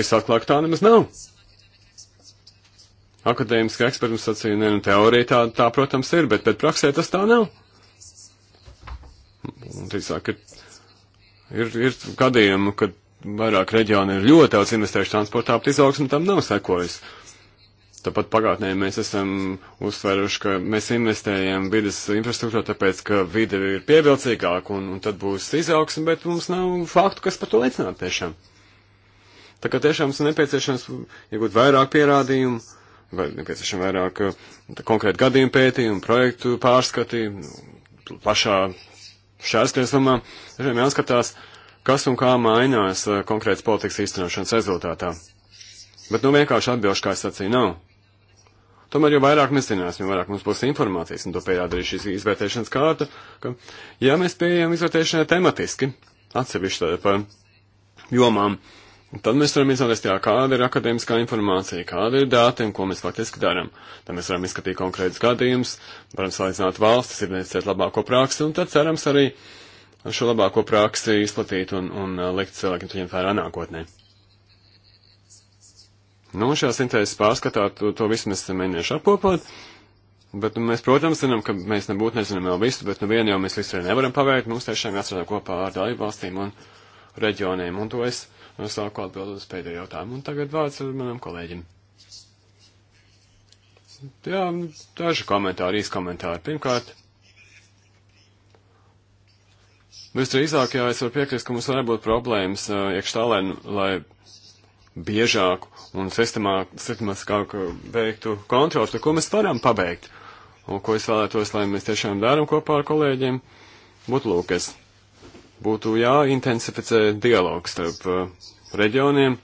es atklāju, tā nemaz nav. Akadēmiski eksperti sacīja, ne, nu, teorija tā, tā, protams, ir, bet, bet praksē tas tā nav. Tīsāk, ir, ir gadījumi, kad vairāk reģioni ir ļoti daudz investējuši transportā, bet izaugsme tam nav sekojusi. Tāpat pagātnē mēs esam uzsveruši, ka mēs investējam vidas infrastruktūru, tāpēc, ka vide ir pievilcīgāka un, un tad būs izaugsme, bet mums nav faktu, kas par to liecinātu tiešām. Tā kā tiešām mums ir nepieciešams iegūt vairāk pierādījumu, vai nepieciešams vairāk eh, konkrētu gadījumu pētījumu, projektu pārskati, nu, plašā Šās tiesumā viņam jāskatās, kas un kā mainās eh, konkrētas politikas īstenošanas rezultātā. Bet nu vienkārši atbilšu, kā es sacīju, nav. Tomēr, jo vairāk mēs zināsim, jo vairāk mums būs informācijas, un to pierāda arī šīs izvērtēšanas kārta, ka, ja mēs pieejam izvērtēšanai tematiski, atsevišķi par jomām, uh, Un tad mēs varam izvēlēties tajā, kāda ir akadēmiskā informācija, kāda ir dati un ko mēs faktiski darām. Tad mēs varam izskatīt konkrētus gadījumus, varam salīdzināt valstis, identificēt labāko praksi un tad cerams arī šo labāko praksi izplatīt un, un uh, likt cilvēkiem to ņemt vērā nākotnē. Nu, šajā sintēzes pārskatā to, to visu mēs mēģināšu apkopot, bet nu, mēs, protams, zinām, ka mēs nebūtu nezinām vēl visu, bet nu vienu jau mēs visu arī nevaram paveikt, mums tiešām jāstrādā kopā ar dalību valstīm un reģioniem, un to es sāku atbildēt uz pēdējo jautājumu. Un tagad vārds manam kolēģim. Jā, nu, daži komentāri, īsti komentāri. Pirmkārt, visdrīzāk, jā, es varu piekrist, ka mums var būt problēmas iekštālē, lai biežāk un sistemātiskāk veiktu kontroli, par ko mēs varam pabeigt. Un ko es vēlētos, lai mēs tiešām darām kopā ar kolēģiem, būtu lūkas būtu jāintensificē dialogs starp uh, reģioniem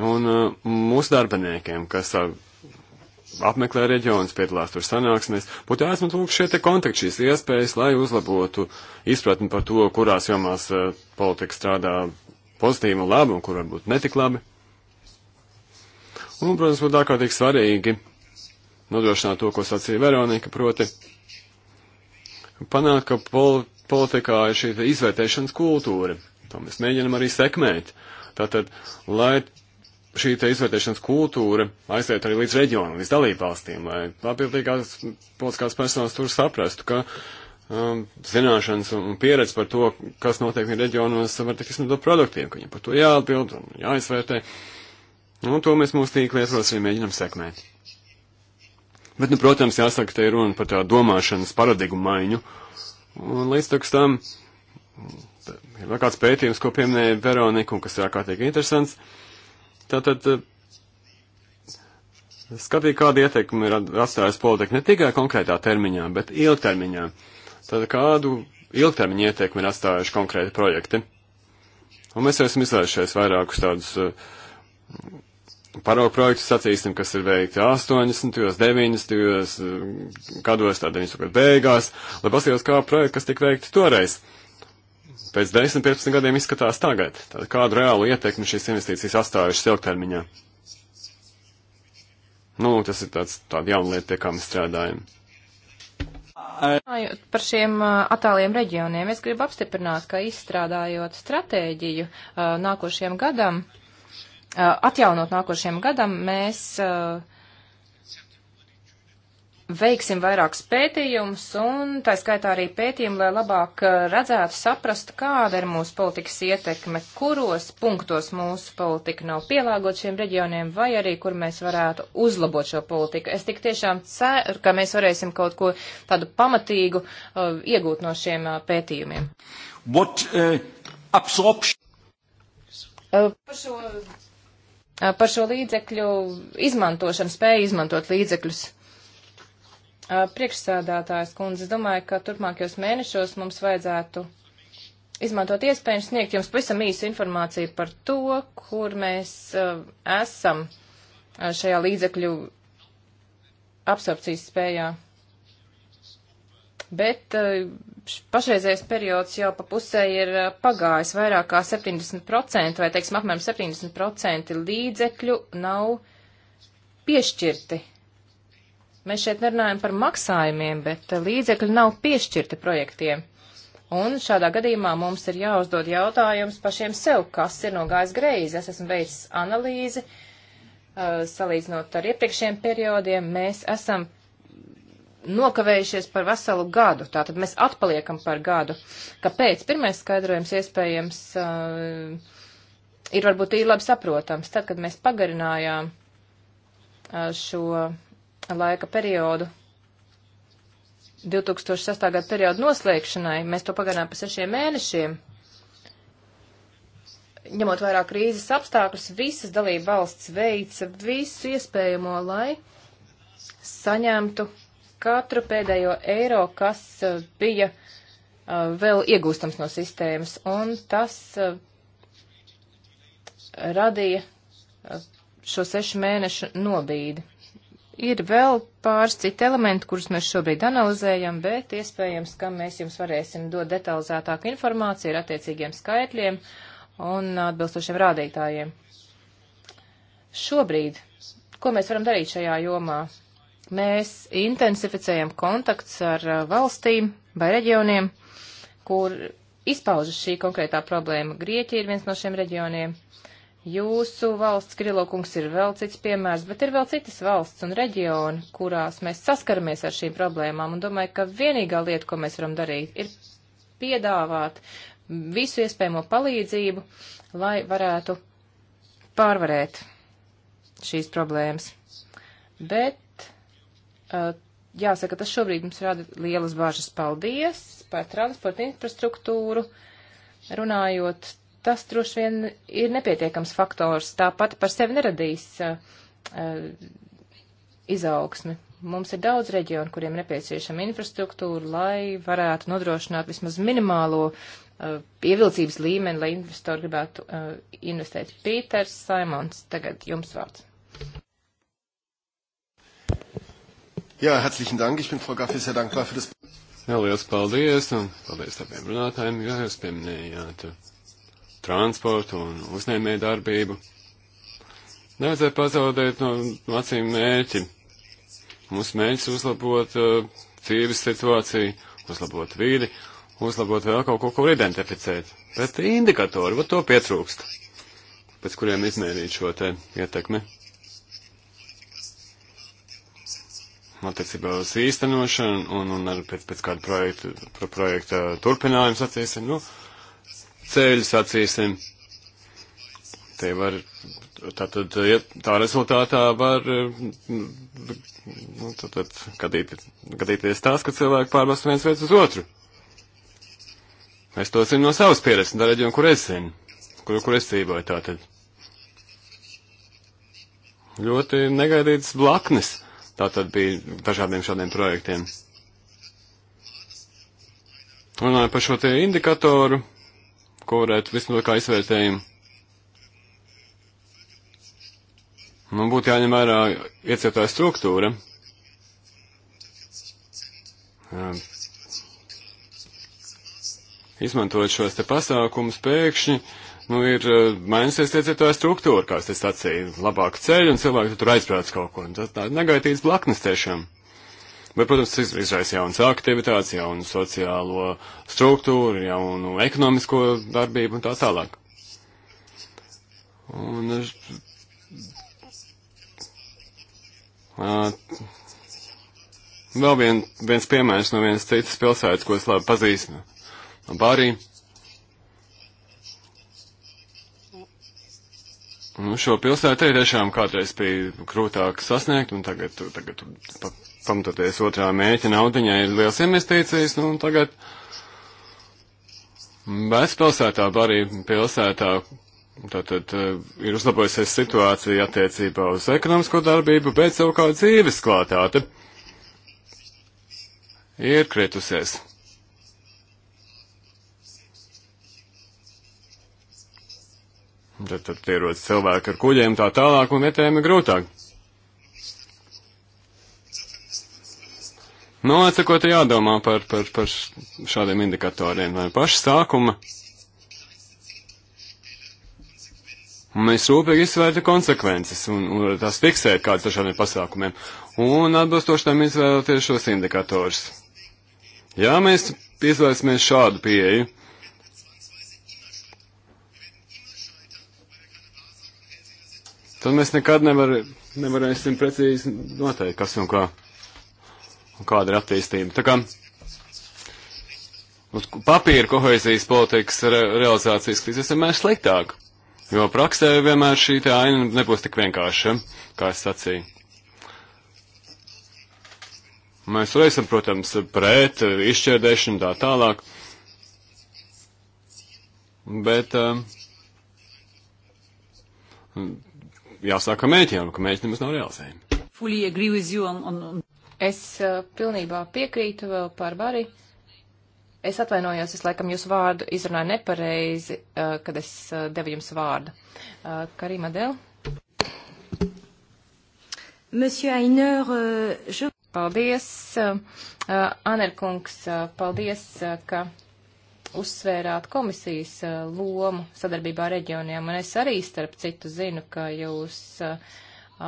un uh, mūsu darbiniekiem, kas uh, apmeklē reģionus, piedalās tur sanāksmēs, būtu jāizmanto šie te kontakti, šīs iespējas, lai uzlabotu izpratni par to, kurās jomās uh, politika strādā pozitīvi un labi, un kur varbūt netik labi. Un, protams, būtu ārkārtīgi svarīgi nodrošināt to, ko sacīja Veronika, proti panākt, ka pol politikā ir šī izvērtēšanas kultūra. To mēs mēģinam arī sekmēt. Tātad, lai šī izvērtēšanas kultūra aiziet arī līdz reģionam, līdz dalībvalstīm, lai atbildīgās politiskās personas tur saprastu, ka um, zināšanas un pieredze par to, kas notiek viņa reģionos, var tikt izmantot produktīvi, ka viņam par to jāatbild un jāizvērtē. Un to mēs mūsu tīkla ietvaros arī mēģinam sekmēt. Bet, nu, protams, jāsaka, te ir runa par tā domāšanas paradigmu maiņu. Uh, Un līdz tam ir vēl kāds pētījums, ko pieminēja Veronika, un kas ir ārkārtīgi interesants. Tātad eh, skatīt, kāda ietekme ir atstājusi politika ne tikai konkrētā termiņā, bet ilgtermiņā. Tad kādu ilgtermiņa ietekmi ir atstājuši konkrēti projekti. Un mēs jau esam izvēlējušies vairākus tādus eh, paraugu projektu sacīsim, kas ir veikti 80, 90, eh, gados, tā 90 gadu beigās, lai paskatās, kā projekti, kas tika veikti toreiz. Pēc 10, 15 gadiem izskatās tagad. Tātad kādu reālu ietekmi šīs investīcijas atstājušas ilgtermiņā. Nu, tas ir tāds, tāda jauna lieta, pie kā mēs strādājam. Runājot par šiem attāliem reģioniem, es gribu apstiprināt, ka izstrādājot stratēģiju nākošajam gadam, Eh, atjaunot nākošajam gadam, mēs eh, veiksim vairākus pētījumus un tā skaitā arī pētījumu, lai labāk eh, redzētu, saprastu, kāda ir mūsu politikas ietekme, kuros punktos mūsu politika nav pielāgot šiem reģioniem vai arī kur mēs varētu uzlabot šo politiku. Es tik tiešām ceru, ka mēs varēsim kaut ko tādu pamatīgu uh, iegūt no šiem uh, pētījumiem. What, uh, absorption? Uh, par šo par šo līdzekļu izmantošanu, spēju izmantot līdzekļus. Priekšsādātājs kundze, es domāju, ka turpmākajos mēnešos mums vajadzētu izmantot iespēju sniegt jums pavisam īsu informāciju par to, kur mēs uh, esam šajā līdzekļu absorpcijas spējā. Bet uh, pašreizējais periods jau pa pusē ir eh, pagājis vairāk kā 70% vai, teiksim, apmēram 70% līdzekļu nav piešķirti. Mēs šeit nerunājam par maksājumiem, bet eh, līdzekļi nav piešķirti projektiem. Un šādā gadījumā mums ir jāuzdod jautājums pašiem sev, kas ir nogājis greizi. Es esmu veicis analīzi, eh, salīdzinot ar iepriekšējiem periodiem, mēs esam nokavējušies par veselu gadu, tātad mēs atpaliekam par gadu. Kāpēc? Pirmais skaidrojums iespējams uh, ir varbūt ir labi saprotams. Tad, kad mēs pagarinājām uh, šo laika periodu 2006. gada periodu noslēgšanai, mēs to pagarinājām pa sešiem mēnešiem. Ņemot vairāk krīzes apstākļus, visas dalība valsts veica visu iespējamo, lai saņemtu katru pēdējo eiro, kas uh, bija uh, vēl iegūstams no sistēmas, un tas uh, radīja šo sešu mēnešu nobīdi. Ir vēl pāris citi elementi, kurus mēs šobrīd analizējam, bet iespējams, ka mēs jums varēsim dot detalizētāku informāciju ar attiecīgiem skaitļiem un atbilstošiem rādītājiem. Šobrīd, ko mēs varam darīt šajā jomā? Mēs intensificējam kontakts ar uh, valstīm vai reģioniem, kur izpaužas šī konkrētā problēma. Grieķija ir viens no šiem reģioniem. Jūsu valsts, Krilokungs, ir vēl cits piemērs, bet ir vēl citas valsts un reģioni, kurās mēs saskaramies ar šīm problēmām, un domāju, ka vienīgā lieta, ko mēs varam darīt, ir piedāvāt visu iespējamo palīdzību, lai varētu pārvarēt šīs problēmas. Bet Eh, jāsaka, tas šobrīd mums rada lielas bažas. Paldies par transporta infrastruktūru. Runājot, tas droši vien ir nepietiekams faktors. Tā pati par sevi neradīs uh, izaugsmi. Mums ir daudz reģionu, kuriem nepieciešama infrastruktūra, lai varētu nodrošināt vismaz minimālo uh, ievilcības līmeni, lai investori gribētu uh, investēt. Pīters Saimons, tagad jums vārds. Jā, herzlichen Dank. Ich bin Frau Gaffis sehr dankbar für das. Jā, liels paldies, un paldies abiem runātājiem, jo jūs pieminējāt transportu un uzņēmē darbību. Nevajadzētu pazaudēt no, no acīm mērķi. Mūsu mērķis uzlabot uh, dzīves situāciju, uzlabot vīdi, uzlabot vēl kaut ko, ko identificēt. Bet indikatori, vat to pietrūkst, pēc kuriem izmērīt šo te ietekmi. Ja attiecībā uz īstenošanu un, un arī pēc, pēc kāda projekta, pro projekta turpinājumu sacīsim, nu, ceļu sacīsim. Te var, tātad, ja tā rezultātā var, nu, tātad, gadīt, gadīties tās, ka cilvēki pārbāst viens veids uz otru. Es to zinu no savas pieredzes, tā reģiona, kur es zinu, kur, kur es dzīvoju, tātad. Ļoti negaidītas blaknes Tā tad bija dažādiem šādiem projektiem. Runājot par šo te indikatoru, ko varētu vismaz kā izvērtējumu. Nu, būtu jāņem vērā iecietāja struktūra. Uh, izmantojot šos te pasākumus, pēkšņi nu, ir eh, mainīsies iecietojā struktūra, kā es sacīju, labāk ceļi, un cilvēki tur aizbrauc kaut kur. Tas tā negaidīts blaknes tiešām. Bet, protams, tas izraisa jaunas aktivitātes, jaunu sociālo struktūru, jaunu ekonomisko darbību un tā tālāk. Un, uh, vēl vien, viens piemērs no vienas citas pilsētas, ko es labi pazīstu. Bārī. Nu, šo pilsētu ir tiešām kādreiz bija grūtāk sasniegt, un tagad, tagad pa, pamatoties otrā mēķa naudiņā ir liels investīcijas, nu, un tagad bezpilsētā, arī pilsētā, tātad eh, ir uzlabojusies situācija attiecībā uz ekonomisko darbību, bet savukārt dzīves klātāte ir kritusies. Tad, tad ierodas cilvēki ar kuģiem tā tālāk, un vietējiem ir grūtāk. Nu, atsakot, jādomā par, par, par šādiem indikatoriem vai paša sākuma. Un mēs rūpīgi izsvērtu konsekvences un, un tās fiksēt kādas ar šādiem pasākumiem. Un atbilstoši tam izvēlēties šos indikatorus. Ja mēs izvēlēsimies šādu pieeju, tad mēs nekad nevar, nevarēsim precīzi noteikt, kas un kā, un kāda ir attīstība. Tā kā uz papīra kohēzijas politikas re realizācijas krīzes vienmēr sliktāk, jo praksē vienmēr šī tā aina nebūs tik vienkārša, kā es sacīju. Mēs reizam, protams, pret izšķērdēšanu tā tālāk, bet um, jāsāk ar mēķi, un ka mēķi nemaz nav realizējami. Es uh, pilnībā piekrītu vēl par Bari. Es atvainojos, es laikam jūsu vārdu izrunāju nepareizi, uh, kad es uh, devu jums vārdu. Uh, Karima Del. Monsieur Ainer, uh, je... Paldies, uh, Anerkungs, uh, paldies, uh, ka uzsvērāt komisijas eh, lomu sadarbībā ar reģioniem, un es arī starp citu zinu, ka jūs eh,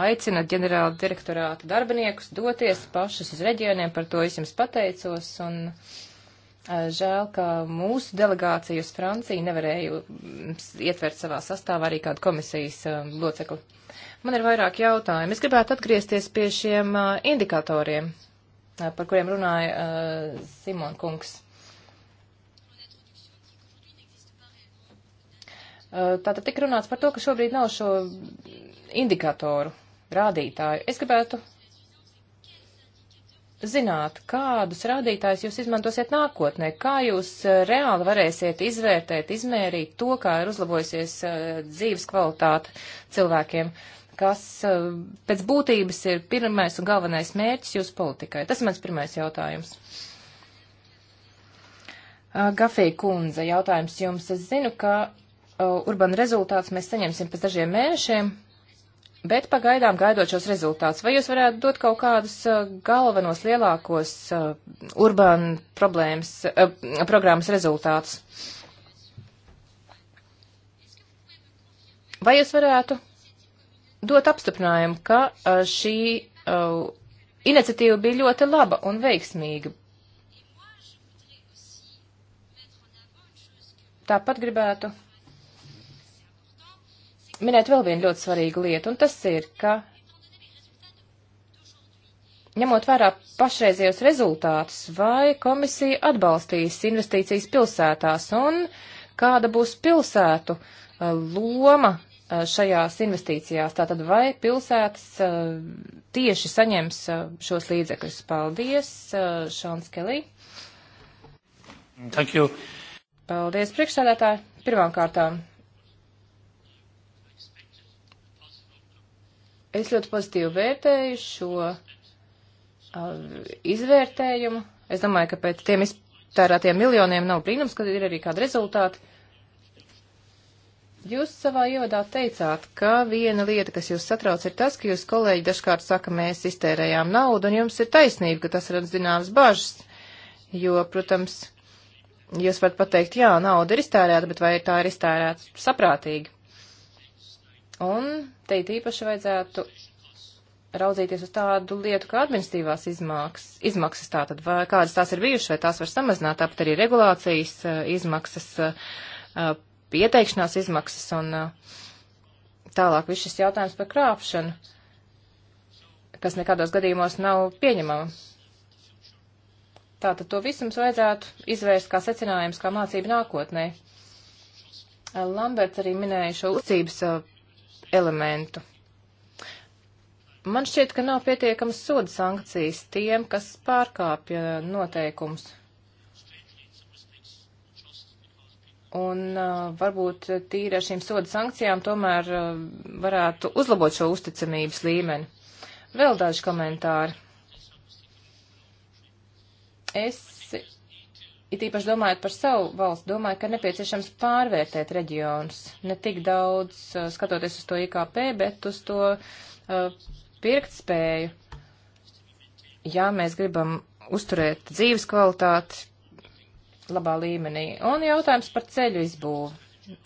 aicinat ģenerāla direktorāta darbiniekus doties pašus uz reģioniem, par to es jums pateicos, un eh, žēl, ka mūsu delegācija uz Franciju nevarēja mm, ietvert savā sastāvā arī kādu komisijas locekli. Man ir vairāk jautājumu. Es gribētu atgriezties pie šiem indikatoriem, par kuriem runāja Simon Kungs. Eh, tātad tik runāts par to, ka šobrīd nav šo indikatoru, rādītāju. Es gribētu zināt, kādus rādītājus jūs izmantosiet nākotnē, kā jūs eh, reāli varēsiet izvērtēt, izmērīt to, kā ir uzlabojusies eh, dzīves kvalitāte cilvēkiem, kas pēc būtības ir pirmais un galvenais mērķis jūsu politikai. Tas ir mans pirmais jautājums. Gafī kundze, jautājums jums. Es zinu, ka urbana rezultātus mēs saņemsim pēc dažiem mēnešiem, bet pagaidām gaidot šos rezultātus. Vai jūs varētu dot kaut kādus galvenos lielākos urbana problēmas, programmas rezultātus? Vai jūs varētu dot apstiprinājumu, ka šī uh, iniciatīva bija ļoti laba un veiksmīga? Tāpat gribētu minēt vēl vienu ļoti svarīgu lietu, un tas ir, ka ņemot vērā pašreizējos rezultātus, vai komisija atbalstīs investīcijas pilsētās un kāda būs pilsētu uh, loma uh, šajās investīcijās. Tātad vai pilsētas uh, tieši saņems šos līdzekļus? Paldies, Šāns Kelī. Thank you. Paldies, priekšsēdētāji. Pirmām kārtām Es ļoti pozitīvi vērtēju šo uh, izvērtējumu. Es domāju, ka pēc tiem iztērētiem miljoniem nav brīnums, ka ir arī kādi rezultāti. Jūs savā ievadā teicāt, ka viena lieta, kas jūs satrauc, ir tas, ka jūs kolēģi dažkārt saka, mēs iztērējām naudu, un jums ir taisnība, ka tas rada zināmas bažas, jo, protams, jūs varat pateikt, jā, nauda ir iztērēta, bet vai tā ir iztērēta saprātīgi? Un te īpaši vajadzētu raudzīties uz tādu lietu kā administratīvās izmaksas, izmaksas tātad, vai kādas tās ir bijušas, vai tās var samazināt, tāpat arī regulācijas uh, izmaksas, uh, pieteikšanās izmaksas un uh, tālāk viss šis jautājums par krāpšanu, kas nekādos gadījumos nav pieņemama. Tātad to visu mums vajadzētu izvērst kā secinājums, kā mācību nākotnē. Lamberts arī minēja šo uzcības elementu. Man šķiet, ka nav pietiekamas soda sankcijas tiem, kas pārkāpja noteikums. Un uh, varbūt tīri ar šīm soda sankcijām tomēr uh, varētu uzlabot šo uzticamības līmeni. Vēl daži komentāri. Es it īpaši domājot par savu valstu, domāju, ka nepieciešams pārvērtēt reģionus. Ne tik daudz uh, skatoties uz to IKP, bet uz to uh, pirktspēju. Jā, mēs gribam uzturēt dzīves kvalitāti labā līmenī. Un jautājums par ceļu izbūvu.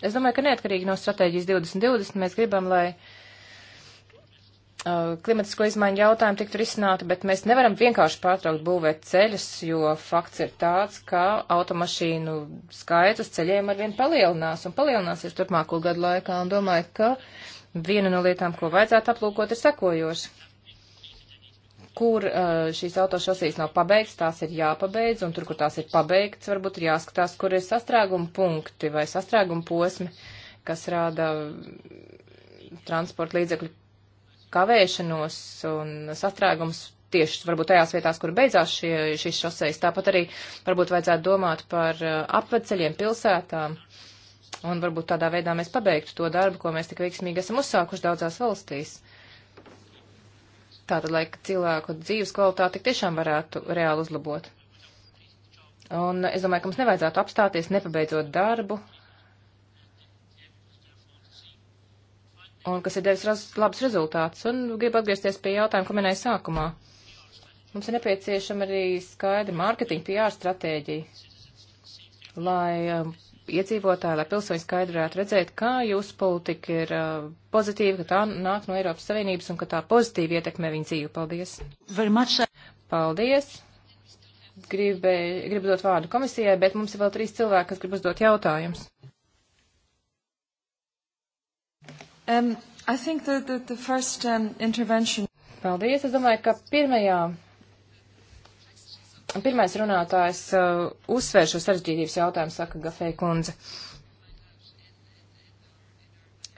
Es domāju, ka neatkarīgi no stratēģijas 2020 mēs gribam, lai uh, Eh, klimatisko izmaiņu jautājumi tiktu risināti, bet mēs nevaram vienkārši pārtraukt būvēt ceļus, jo fakts ir tāds, ka automašīnu skaits uz ceļiem arvien palielinās un palielināsies turpmāko gadu laikā, un domāju, ka viena no lietām, ko vajadzētu aplūkot, ir sekojoša. Kur eh, šīs autošosīs nav pabeigts, tās ir jāpabeidz, un tur, kur tās ir pabeigts, varbūt ir jāskatās, kur ir sastrēguma punkti vai sastrēguma posmi, kas rāda transporta līdzekļu kavēšanos un sastrēgums tieši varbūt tajās vietās, kur beidzās šie, šīs šoseis. Tāpat arī varbūt vajadzētu domāt par uh, apveceļiem pilsētām. Un varbūt tādā veidā mēs pabeigtu to darbu, ko mēs tik veiksmīgi esam uzsākuši daudzās valstīs. Tātad, lai cilvēku dzīves kvalitāti tiešām varētu reāli uzlabot. Un es domāju, ka mums nevajadzētu apstāties, nepabeidzot darbu, un kas ir devis raz, labus rezultātus. Un gribu atgriezties pie jautājuma, ko minēju sākumā. Mums ir nepieciešama arī skaidra mārketinga PR stratēģija, lai um, iedzīvotāji, lai pilsoņi skaidri varētu redzēt, kā jūsu politika ir uh, pozitīva, ka tā nāk no Eiropas Savienības un ka tā pozitīvi ietekmē viņu dzīvi. Paldies! Paldies! Gribē, gribu dot vārdu komisijai, bet mums ir vēl trīs cilvēki, kas grib uzdot jautājumus. Um, I think the, the, the first um, intervention. Paldies. Es domāju, ka pirmajā, pirmais runātājs uh, uzsvēr šo sarežģītības jautājumu, saka Gafē kundze.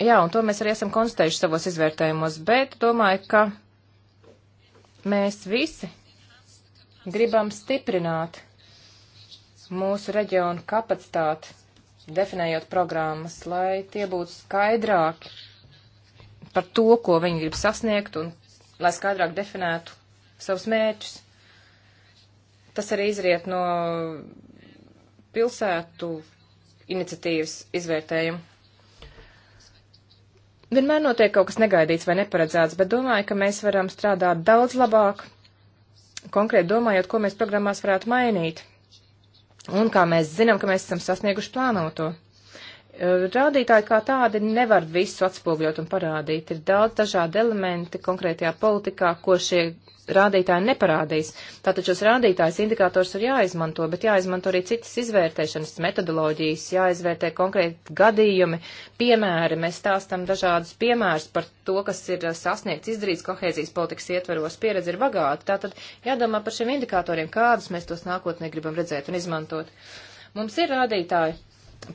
Jā, un to mēs arī esam konstatējuši savos izvērtējumos, bet domāju, ka mēs visi gribam stiprināt mūsu reģionu kapacitāti, definējot programmas, lai tie būtu skaidrāki par to, ko viņi grib sasniegt un lai skaidrāk definētu savus mērķus. Tas arī izriet no pilsētu iniciatīvas izvērtējumu. Vienmēr notiek kaut kas negaidīts vai neparedzēts, bet domāju, ka mēs varam strādāt daudz labāk, konkrēti domājot, ko mēs programmās varētu mainīt. Un kā mēs zinām, ka mēs esam sasnieguši plānoto. Eh, rādītāji kā tādi nevar visu atspogļot un parādīt. Ir daudz dažādi elementi konkrētajā politikā, ko šie rādītāji neparādīs. Tātad šos rādītājus indikators ir jāizmanto, bet jāizmanto arī citas izvērtēšanas metodoloģijas, jāizvērtē konkrēti gadījumi, piemēri. Mēs stāstam dažādus piemērus par to, kas ir sasniegts, izdarīts kohēzijas politikas ietveros, pieredze ir bagāta. Tātad jādomā par šiem indikatoriem, kādus mēs tos nākotnē gribam redzēt un izmantot. Mums ir rādītāji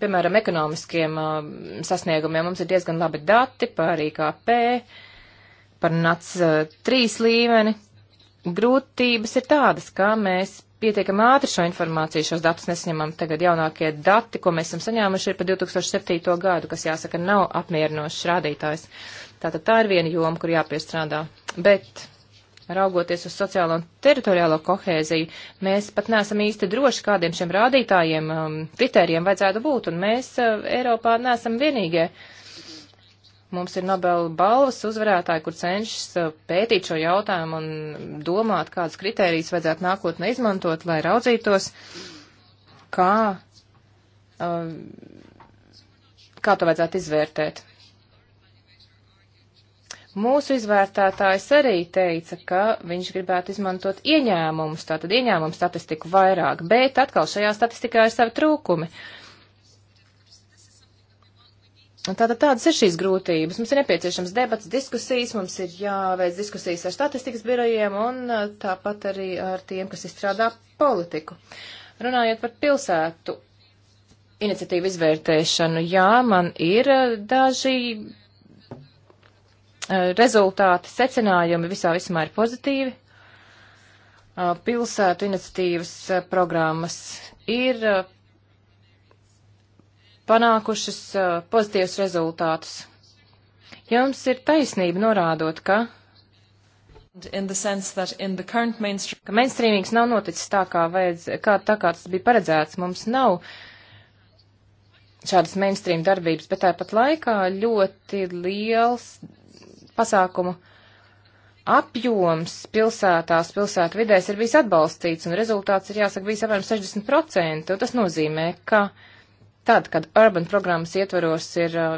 piemēram, ekonomiskiem uh, sasniegumiem. Mums ir diezgan labi dati par IKP, par NAC 3 uh, līmeni. Grūtības ir tādas, kā mēs pietiekami ātri šo informāciju, šos datus nesaņemam. Tagad jaunākie dati, ko mēs esam saņēmuši, ir par 2007. gadu, kas jāsaka nav apmierinošs rādītājs. Tātad tā ir viena joma, kur jāpiestrādā. Bet raugoties uz sociālo un teritoriālo kohēziju, mēs pat neesam īsti droši, kādiem šiem rādītājiem, um, kritērijiem vajadzētu būt, un mēs uh, Eiropā neesam vienīgie. Mums ir Nobel balvas uzvarētāji, kur cenšas uh, pētīt šo jautājumu un domāt, kādas kritērijas vajadzētu nākotnē izmantot, lai raudzītos, kā, uh, kā to vajadzētu izvērtēt. Mūsu izvērtētājs arī teica, ka viņš gribētu izmantot ieņēmumus, tātad ieņēmumu statistiku vairāk, bet atkal šajā statistikā ir savi trūkumi. Tātad tādas ir šīs grūtības. Mums ir nepieciešams debats, diskusijas, mums ir jāveic diskusijas ar statistikas birojiem un tāpat arī ar tiem, kas izstrādā politiku. Runājot par pilsētu iniciatīvu izvērtēšanu, jā, man ir daži Eh, rezultāti, secinājumi visā vismā ir pozitīvi. Eh, pilsētu iniciatīvas eh, programmas ir panākušas pozitīvus rezultātus. Jums ir taisnība norādot, ka mainstream... ka mainstreamings nav noticis tā, kā, vajadz, kā, tā kā tas bija paredzēts. Mums nav šādas mainstream darbības, bet tāpat laikā ļoti liels pasākumu apjoms pilsētās, pilsētu vidēs ir bijis atbalstīts, un rezultāts ir jāsaka bijis apmēram 60%. Tas nozīmē, ka tad, kad urban programmas ietvaros ir uh,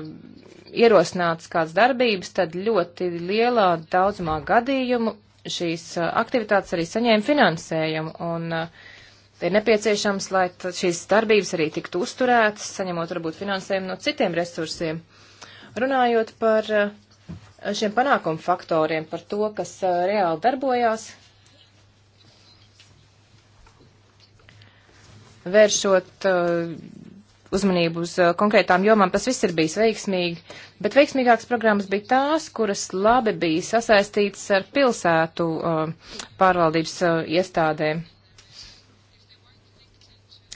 ierosināts kāds darbības, tad ļoti lielā daudzumā gadījumu šīs uh, aktivitātes arī saņēma finansējumu, un uh, ir nepieciešams, lai šīs darbības arī tiktu uzturētas, saņemot varbūt finansējumu no citiem resursiem. Runājot par uh, šiem panākumu faktoriem, par to, kas uh, reāli darbojās, vēršot uh, uzmanību uz uh, konkrētām jomām, tas viss ir bijis veiksmīgi, bet veiksmīgākas programmas bija tās, kuras labi bija sasaistītas ar pilsētu pārvaldības iestādēm.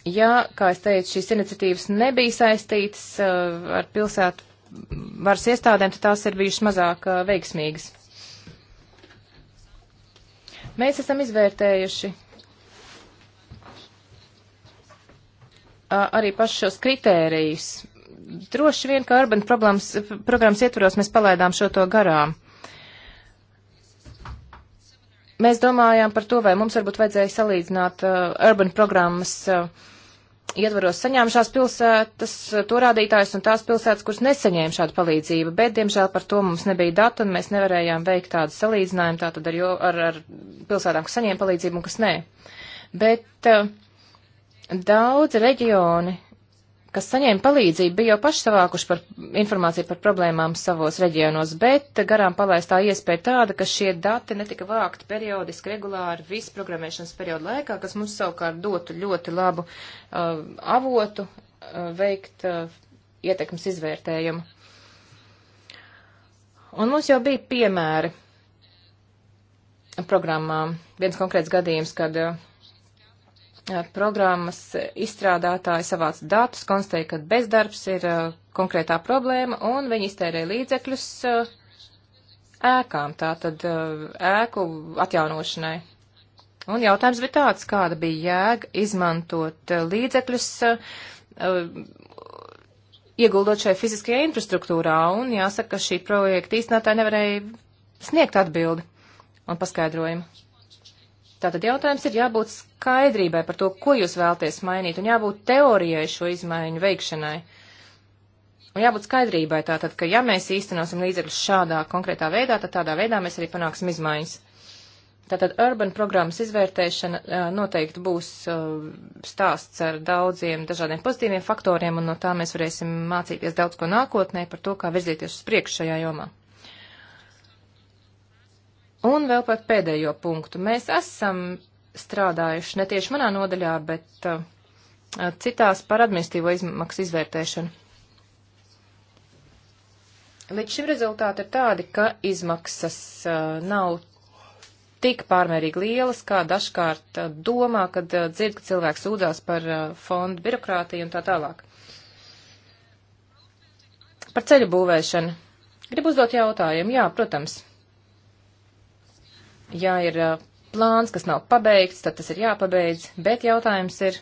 Ja, kā es teicu, šīs iniciatīvas nebija saistītas ar pilsētu varas iestādēm, tad tās ir bijušas mazāk uh, veiksmīgas. Mēs esam izvērtējuši arī pašus šos kritērijus. Droši vien, ka Urban problēmas, programmas ietvaros mēs palaidām šo to garām. Mēs domājām par to, vai mums varbūt vajadzēja salīdzināt uh, Urban programmas uh, ietvaros saņēmušās pilsētas, eh, to rādītājus un tās pilsētas, kuras nesaņēma šādu palīdzību, bet, diemžēl, par to mums nebija datu un mēs nevarējām veikt tādu salīdzinājumu tātad ar, jo, ar, ar pilsētām, kas saņēma palīdzību un kas nē. Bet uh, daudzi reģioni kas saņēma palīdzību, bija jau paši savākuši par informāciju par problēmām savos reģionos, bet garām palaistā iespēja tāda, ka šie dati netika vākti periodiski, regulāri, visu programmēšanas periodu laikā, kas mums savukārt dotu ļoti labu uh, avotu uh, veikt uh, ietekmes izvērtējumu. Un mums jau bija piemēri programmām. Viens konkrēts gadījums, kad uh, programmas izstrādātāji savāc datus, konstatēja, ka bezdarbs ir uh, konkrētā problēma, un viņi iztērē līdzekļus uh, ēkām, tātad uh, ēku atjaunošanai. Un jautājums bija tāds, kāda bija jēga izmantot līdzekļus, ieguldot šai fiziskajā infrastruktūrā, un jāsaka, ka šī projekta īstenātāji nevarēja sniegt atbildi un paskaidrojumu. Tātad jautājums ir jābūt skaidrībai par to, ko jūs vēlties mainīt, un jābūt teorijai šo izmaiņu veikšanai. Un jābūt skaidrībai tātad, ka ja mēs īstenosim līdzekļus šādā konkrētā veidā, tad tādā veidā mēs arī panāksim izmaiņas. Tātad urban programmas izvērtēšana noteikti būs stāsts ar daudziem dažādiem pozitīviem faktoriem, un no tā mēs varēsim mācīties daudz ko nākotnē par to, kā virzīties uz priekšu šajā jomā. Un vēl par pēdējo punktu. Mēs esam strādājuši ne tieši manā nodaļā, bet uh, uh, citās par administīvo izmaksu izvērtēšanu. Līdz šim rezultāti ir tādi, ka izmaksas uh, nav tik pārmērīgi lielas, kā dažkārt uh, domā, kad uh, dzird, ka cilvēks sūdzās par uh, fondu birokrātiju un tā tālāk. Par ceļu būvēšanu. Gribu uzdot jautājumu. Jā, protams ja ir uh, plāns, kas nav pabeigts, tad tas ir jāpabeidz, bet jautājums ir,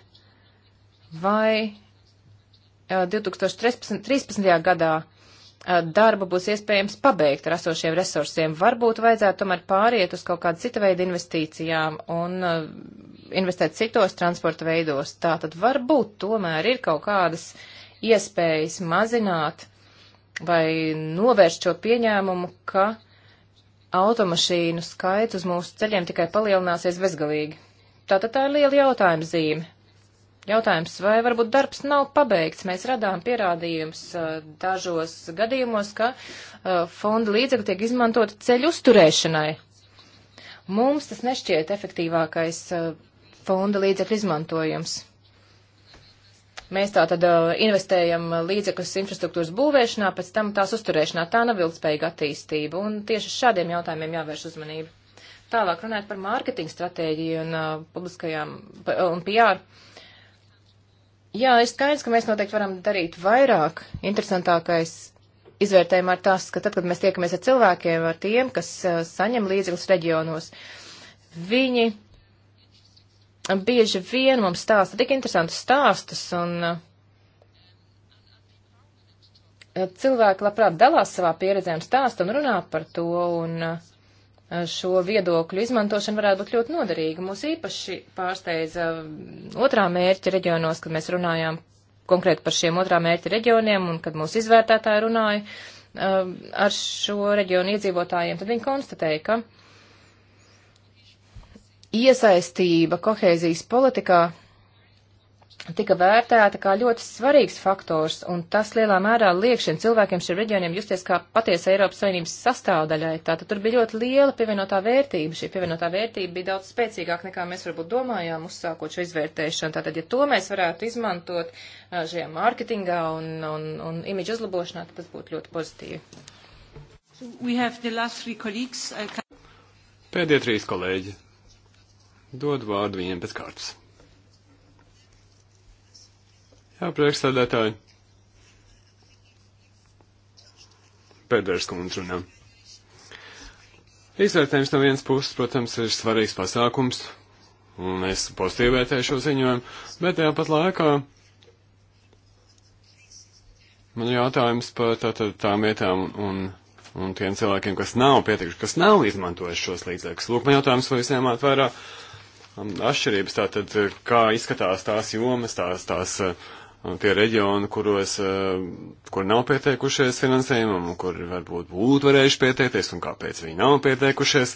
vai 2013. Uh, gadā uh, darbu būs iespējams pabeigt ar esošiem resursiem. Varbūt vajadzētu tomēr pāriet uz kaut kādu citu veidu investīcijām un investēt citos transporta veidos. Tā tad varbūt tomēr ir kaut kādas iespējas mazināt vai novērst šo pieņēmumu, ka uh, automašīnu skaits uz mūsu ceļiem tikai palielināsies bezgalīgi. Tātad tā ir liela jautājuma zīme. Jautājums, vai varbūt darbs nav pabeigts? Mēs radām pierādījumus uh, dažos gadījumos, ka uh, fonda līdzekļi tiek izmantoti ceļu uzturēšanai. Mums tas nešķiet efektīvākais uh, fonda līdzekļu izmantojums. Mēs tā tad uh, investējam līdzekļus infrastruktūras būvēšanā, pēc tam tās uzturēšanā. Tā nav ilgspējīga attīstība, un tieši šādiem jautājumiem jāvērš uzmanība. Tālāk runājot par mārketinga stratēģiju un uh, publiskajām uh, un PR. Jā, ir skaidrs, ka mēs noteikti varam darīt vairāk. Interesantākais izvērtējumā ir tas, ka tad, kad mēs tiekamies ar cilvēkiem, ar tiem, kas uh, saņem līdzekļus reģionos, viņi bieži vien mums stāsta tik interesantus stāstus, un eh, cilvēki labprāt dalās savā pieredzē un stāsta un runā par to, un eh, šo viedokļu izmantošana varētu būt ļoti noderīga. Mūs īpaši pārsteidza mm, otrā mērķa reģionos, kad mēs runājām konkrēti par šiem otrā mērķa reģioniem, un kad mūsu izvērtētāji runāja eh, ar šo reģionu iedzīvotājiem, tad viņi konstatēja, ka iesaistība kohēzijas politikā tika vērtēta kā ļoti svarīgs faktors, un tas lielā mērā liek šiem cilvēkiem, šiem reģioniem justies kā patiesa Eiropas Savienības sastāvdaļai. Tātad tur bija ļoti liela pievienotā vērtība. Šī pievienotā vērtība bija daudz spēcīgāka nekā mēs varbūt domājām, uzsākot šo izvērtēšanu. Tātad, ja to mēs varētu izmantot šajā mārketingā un, un, un imidžu uzlabošanā, tad tas būtu ļoti pozitīvi. Pēdējie trīs kolēģi. Dod vārdu viņiem pēc kārtas. Jā, priekšstādētāji. Pēdējais kundze runā. Izvērtējums no vienas puses, protams, ir svarīgs pasākums, un es pozitīvi vērtēju šo ziņojumu, bet tāpat laikā man ir jautājums par tā, tā, tām vietām un, un tiem cilvēkiem, kas nav pietiekuši, kas nav izmantojuši šos līdzekļus. Lūk, man jautājums, vai jūs ņēmāt vairāk atšķirības, tātad eh, kā izskatās tās jomas, tās, tās eh, tie reģioni, kuros, eh, kur nav pieteikušies finansējumam, kur varbūt būtu varējuši pieteikties un kāpēc viņi nav pieteikušies.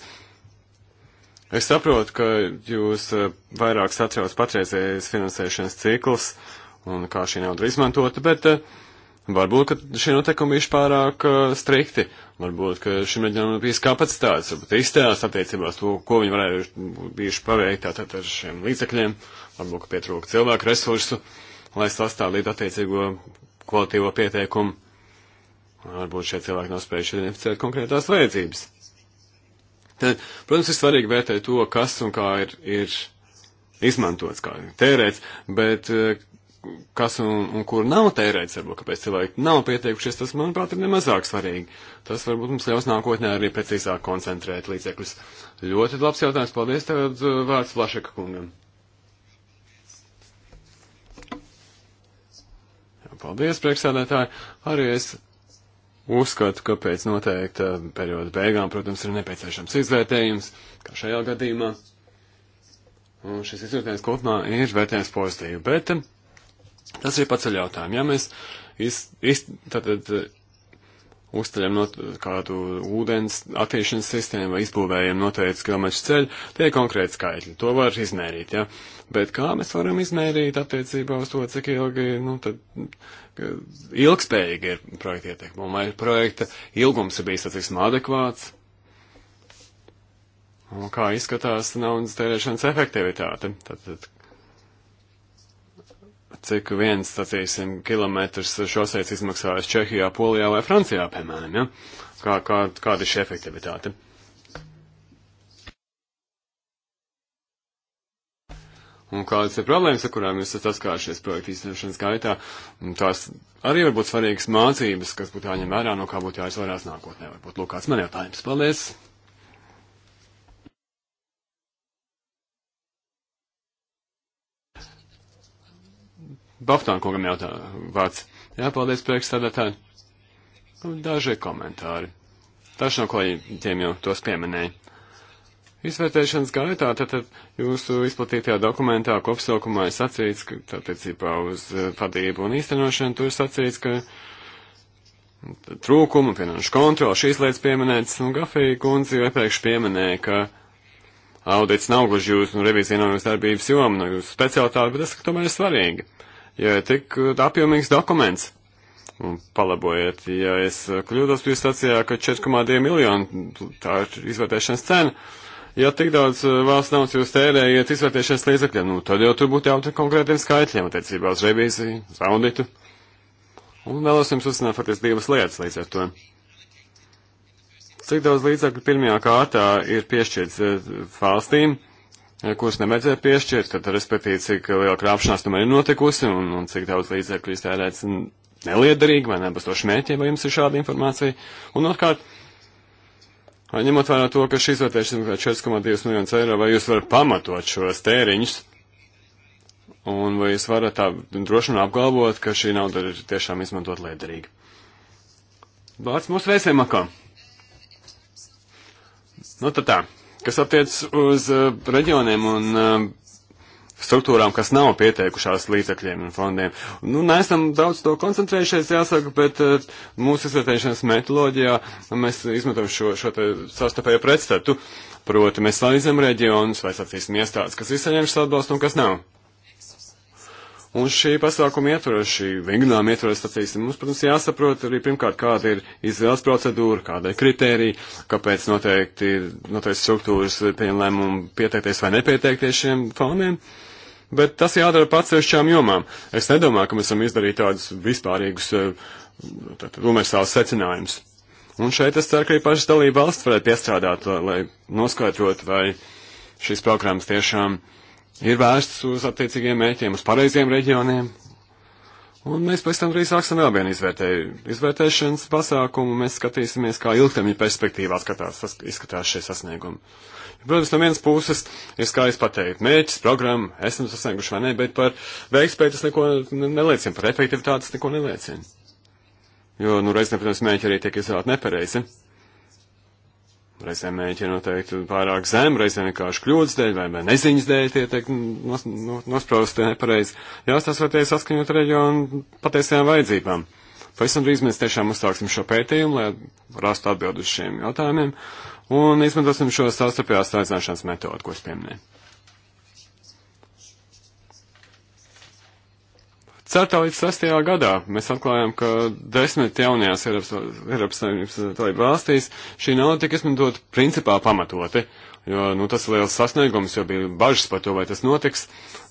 Es saprotu, ka jūs vairāk satrauc patreizējais finansēšanas cikls un kā šī nauda izmantota, bet uh, Varbūt, ka šie noteikumi ir pārāk uh, strikti. Varbūt, ka šim reģionam ir bijis kapacitātes, varbūt izstāsts attiecībās to, ko viņi varēja bijuši paveikt tātad ar šiem līdzekļiem. Varbūt, ka pietrūka cilvēku resursu, lai sastādītu attiecīgo kvalitīvo pieteikumu. Varbūt šie cilvēki nav spējuši identificēt konkrētās vajadzības. Tad, protams, ir svarīgi vērtēt to, kas un kā ir, ir izmantots, kā ir tērēts, bet uh, kas un, un kur nav tērēts, varbūt, kāpēc cilvēki nav pieteikušies, tas, manuprāt, ir nemazāk svarīgi. Tas varbūt mums ļaus nākotnē arī precīzāk koncentrēt līdzekļus. Ļoti labs jautājums. Paldies tev, vārds Flašeka kungam. Jā, paldies, priekšsēdētāji. Arī es uzskatu, ka pēc noteikta perioda beigām, protams, ir nepieciešams izvērtējums, kā šajā gadījumā. Un šis izvērtējums kopumā ir vērtējums pozitīvi, bet Tas ir pats ar jautājumu. Ja mēs iz, iz, tātad, eh, uztaļam not, kādu ūdens attīrīšanas sistēmu vai izbūvējam noteikts kilometrs ceļu, tie ir konkrēti skaitļi. To var izmērīt, ja. Bet kā mēs varam izmērīt attiecībā uz to, cik ilgi, nu, tad ilgspējīgi ir projekta ietekme, vai projekta ilgums ir bijis, atcīm, adekvāts, un kā izskatās naudas tērēšanas efektivitāte. Tad, tad cik viens, sacīsim, kilometrs šoseis izmaksājas Čehijā, Polijā vai Francijā, piemēram, ja? Kā, kā, kāda ir šī efektivitāte? Un kādas ir problēmas, ar kurām jūs esat saskāršies projekta īstenošanas gaitā? Tās arī var būt svarīgas mācības, kas būtu jāņem vērā, no kā būtu jāizvairās nākotnē. Varbūt lūk kāds man jautājums. Paldies! Baftāna kungam jautā vārds. Jā, paldies priekšstādātāji. Daži komentāri. Taču no kolēģiem jau tos pieminēja. Izvērtēšanas gaitā, tātad jūsu izplatītajā dokumentā kopsaukumā ir sacīts, ka attiecībā uz eh, vadību un īstenošanu tur sacīts, ka trūkumu, finanšu kontroli, šīs lietas pieminētas, un Gafija kundze jau iepriekš pieminēja, ka audits nav gluži jūsu nu, revizija no jūsu darbības joma, no jūsu specialitāte, bet tas tomēr ir svarīgi ja ir tik uh, apjomīgs dokuments. Un palabojiet, ja es uh, kļūdos, jūs sacījāt, ka 4,2 miljonu tā ir izvērtēšanas cena. Ja tik daudz uh, valsts naudas jūs tērējiet izvērtēšanas līdzekļiem, nu tad jau tur būtu jābūt konkrētiem skaitļiem attiecībā uz revīziju, uz auditu. Un vēlos jums uzsināt faktiski divas lietas līdz ar to. Cik daudz līdzekļu pirmajā kārtā ir piešķirts valstīm? Uh, kuras nemēdzēja piešķirt, tad, respektīvi, cik liela krāpšanās tomēr ir notikusi un, un cik daudz līdzekļu iztērēts neliederīgi vai nebalstoši mērķiem, vai jums ir šāda informācija. Un otrkārt, ņemot vērā to, ka šīs vērtēs 4,2 miljonus eiro, vai jūs varat pamatot šos tēriņus, un vai jūs varat tā droši un apgalvot, ka šī nauda ir tiešām izmantot liederīgi. Vārds mūsu vēsēm akam. Nu tad tā. tā. Kas attiec uz uh, reģioniem un uh, struktūrām, kas nav pieteikušās līdzekļiem un fondiem. Nu, neesam daudz to koncentrējušies, jāsaka, bet uh, mūsu izvērtēšanas metoloģijā mēs izmetam šo, šo te sastapēju pretstatu. Proti, mēs salīdzinām reģionus vai sacīsim iestādes, kas izsaņemšas atbalstu un kas nav. Un šī pasākuma ietvaros, šī vingrinājuma ietvaros, sacīsim, mums, protams, jāsaprot arī pirmkārt, kāda ir izvēles procedūra, kāda ir kriterija, kāpēc noteikti, noteikti struktūras pieņem lēmumu pieteikties vai nepieteikties šiem fondiem. Bet tas jādara pats sevišķām jomām. Es nedomāju, ka mēs varam izdarīt tādus vispārīgus, eh, tātad, universālus secinājumus. Un šeit es ceru, ka arī pašas dalība valsts varētu piestrādāt, lai noskaidrotu, vai šīs programmas tiešām uh, ir vērsts uz attiecīgiem mēķiem, uz pareiziem reģioniem. Un mēs pēc tam drīz sāksim vēl vienu izvērtē, izvērtēšanas pasākumu, mēs skatīsimies, kā ilgtermiņa perspektīvā skatās, sas, izskatās šie sasniegumi. Protams, no vienas puses ir skaisti pateikt mērķis, programma, esam sasnieguši vai nē, bet par veikspēju tas neko neliecina, par efektivitāti tas neko neliecina. Jo, nu, reizēm, protams, mērķi arī tiek izvēlēti nepareizi. Ja? Reizēm mēģi ir noteikti pārāk zem, reizēm vienkārši kļūdas dēļ vai, vai neziņas dēļ tie tiek nos, nos, nosprausti nepareizi. Jāstāsoties saskaņot reģionu patiesajām vajadzībām. Pavisam drīz mēs tiešām uzsāksim šo pētījumu, lai rastu atbildi uz šiem jautājumiem un izmantosim šo savstarpējās aicināšanas metodu, ko es pieminēju. 4. līdz 6. gadā mēs atklājām, ka desmit jaunajās Eiropas, Eiropas Savienības dalību valstīs šī nauda tika izmantot principā pamatoti, jo, nu, tas liels sasniegums, jo bija bažas par to, vai tas notiks,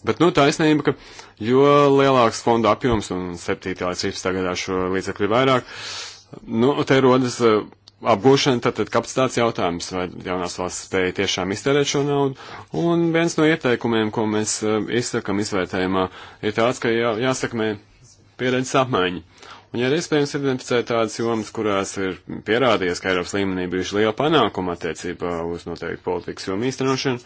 bet, nu, taisnība, ka jo lielāks fonda apjoms un 7. līdz 16. gadā šo līdzekļu vairāk, nu, te rodas uh, apgūšana, tad, tad kapacitātes jautājums, vai jaunās valsts spēja tiešām iztērēt šo naudu. Un viens no ieteikumiem, ko mēs eh, izsakam izvērtējumā, ir tāds, ka jā, jāsakmē pieredzes apmaiņa. Un, ja ir iespējams identificēt tādas jomas, kurās ir pierādījies, ka Eiropas līmenī bijuši liela panākuma attiecībā uz noteikti politikas jomu īstenošanu,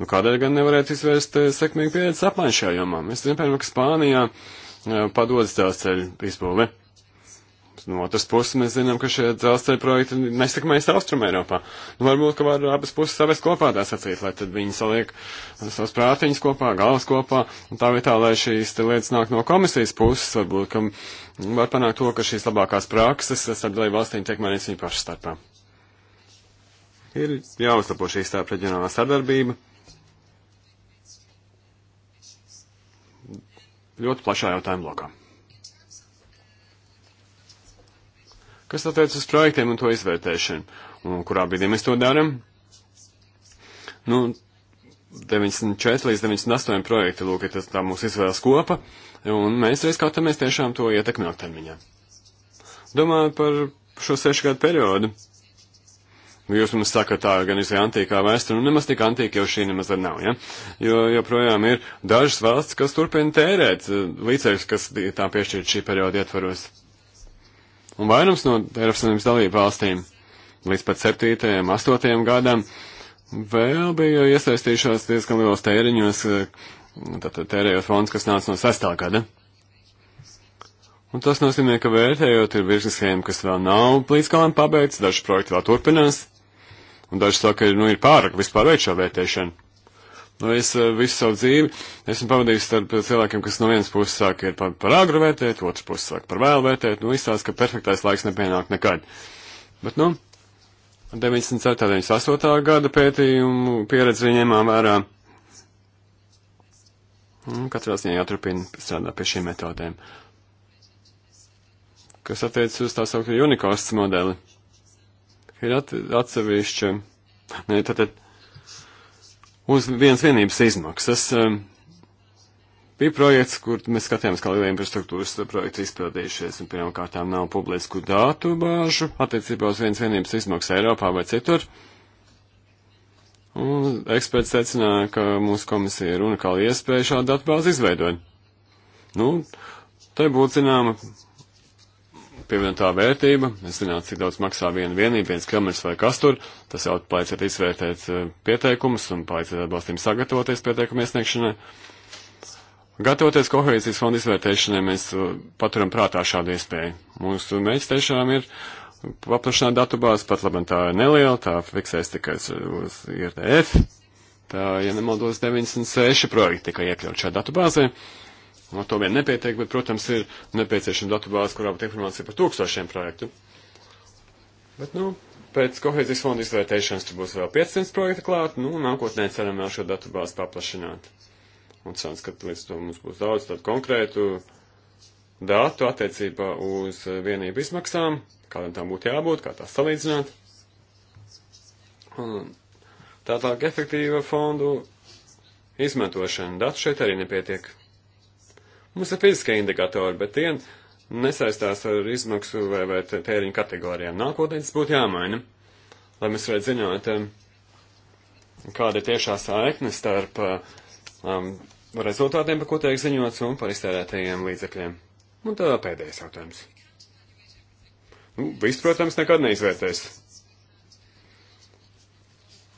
nu kādēļ gan nevarētu izvērst eh, sekmīgu pieredzes apmaiņu šajā jomā? Mēs, piemēram, ka Spānijā eh, padodas tās ceļu izpildi. No otras puses mēs zinām, ka šie dzelzceļa projekti nesakmējas Austrum Eiropā. Nu, varbūt, ka var abas puses savest kopā tā sacīt, lai tad viņi saliek savus prātiņus kopā, galvas kopā, un tā vietā, lai šīs lietas nāk no komisijas puses, varbūt, ka var panākt to, ka šīs labākās prakses starp dalību valstīm tiek mainīts viņu pašu starpā. Ir jāuzlabo šī starp reģionālā sadarbība. Ļoti plašā jautājuma blokā. kas attiec uz projektiem un to izvērtēšanu. Un kurā brīdī mēs to darām? Nu, 94 līdz 98 projekti, lūk, ir tas tā mūsu izvēles kopa, un mēs reiz skatāmies tiešām to ietekmi ilgtermiņā. Domāju par šo sešu gadu periodu. Jūs mums sakat, tā gan ir antīkā vēsture, un nu, nemaz tik antīka jau šī nemaz arī nav, ja? Jo joprojām ir dažas valsts, kas turpina tērēt eh, līdzekļus, kas tā piešķirt šī perioda ietvaros. Un vairums no Eiropas Savienības dalību valstīm līdz pat 7. un 8. gadam vēl bija iesaistījušās diezgan lielos tēriņos, eh, tātad tērējot fonds, kas nāca no 6. gada. Un tas nozīmē, ka vērtējot ir virkni schēma, kas vēl nav līdz galam pabeigts, daži projekti vēl turpinās, un daži saka, ka nu, ir pārāk vispār veikt šo vērtēšanu. Nu, es eh, visu savu dzīvi esmu pavadījis starp cilvēkiem, kas no vienas puses sāk iet par, par agru vērtēt, otrs puses sāk par vēlu vērtēt. Nu, izstāsta, ka perfektais laiks nepienāk nekad. Bet, nu, 97. 98. gada pētījumu pieredzi ņēmām vērā. Katrā ziņā jāturpina strādāt pie šīm metodēm. Kas attiecas uz tā sauktu unikosts modeli. Ir at, atsevišķa, ne, tātad. Tā, uz vienas vienības izmaksas. Um, bija projekts, kur mēs skatījāmies, kā lieliem infrastruktūras projekti izpildījušies, un pirmām kārtām nav publisku dātu bāžu attiecībā uz vienas vienības izmaksu Eiropā vai citur. Un eksperts secināja, ka mūsu komisija ir unikāla iespēja šādu datu bāzi izveidot. Nu, te būtu zināma pievienotā vērtība. Es zinātu, cik daudz maksā viena vienība, viens kilometrs vai kas tur. Tas jau palīdzētu izvērtēt eh, pieteikumus un palīdzētu atbalstīm sagatavoties pieteikumu iesniegšanai. Gatavoties kohēzijas fonda izvērtēšanai, mēs eh, paturam prātā šādu iespēju. Mūsu mērķis tiešām ir paplašināt datubāzi, pat labi tā ir neliela, tā fiksēs tikai uz IRDF. Tā, ja nemaldos, 96 projekti tika iekļaut šajā datubāzē. No to vien nepietiek, bet, protams, ir nepieciešama datubāze, kurā būtu informācija par tūkstošiem projektu. Bet, nu, pēc kohēzijas fonda izvērtēšanas tur būs vēl 500 projektu klāt, nu, nākotnē ceram vēl šo datubāzi paplašināt. Un cerams, ka līdz to mums būs daudz tādu konkrētu datu attiecībā uz vienību izmaksām, kādam tām būtu jābūt, kā tās salīdzināt. Un tālāk efektīva fondu izmantošana. Datu šeit arī nepietiek. Mums ir fiziskie indikatori, bet tie nesaistās ar izmaksu vai, vai tēriņu kategorijām. Nākotnē tas būtu jāmaina, lai mēs varētu ziņot, kāda ir tiešā saikne starp um, rezultātiem, par ko tiek ziņots, un par iztērētajiem līdzekļiem. Un tā pēdējais jautājums. Nu, viss, protams, nekad neizvērtēs.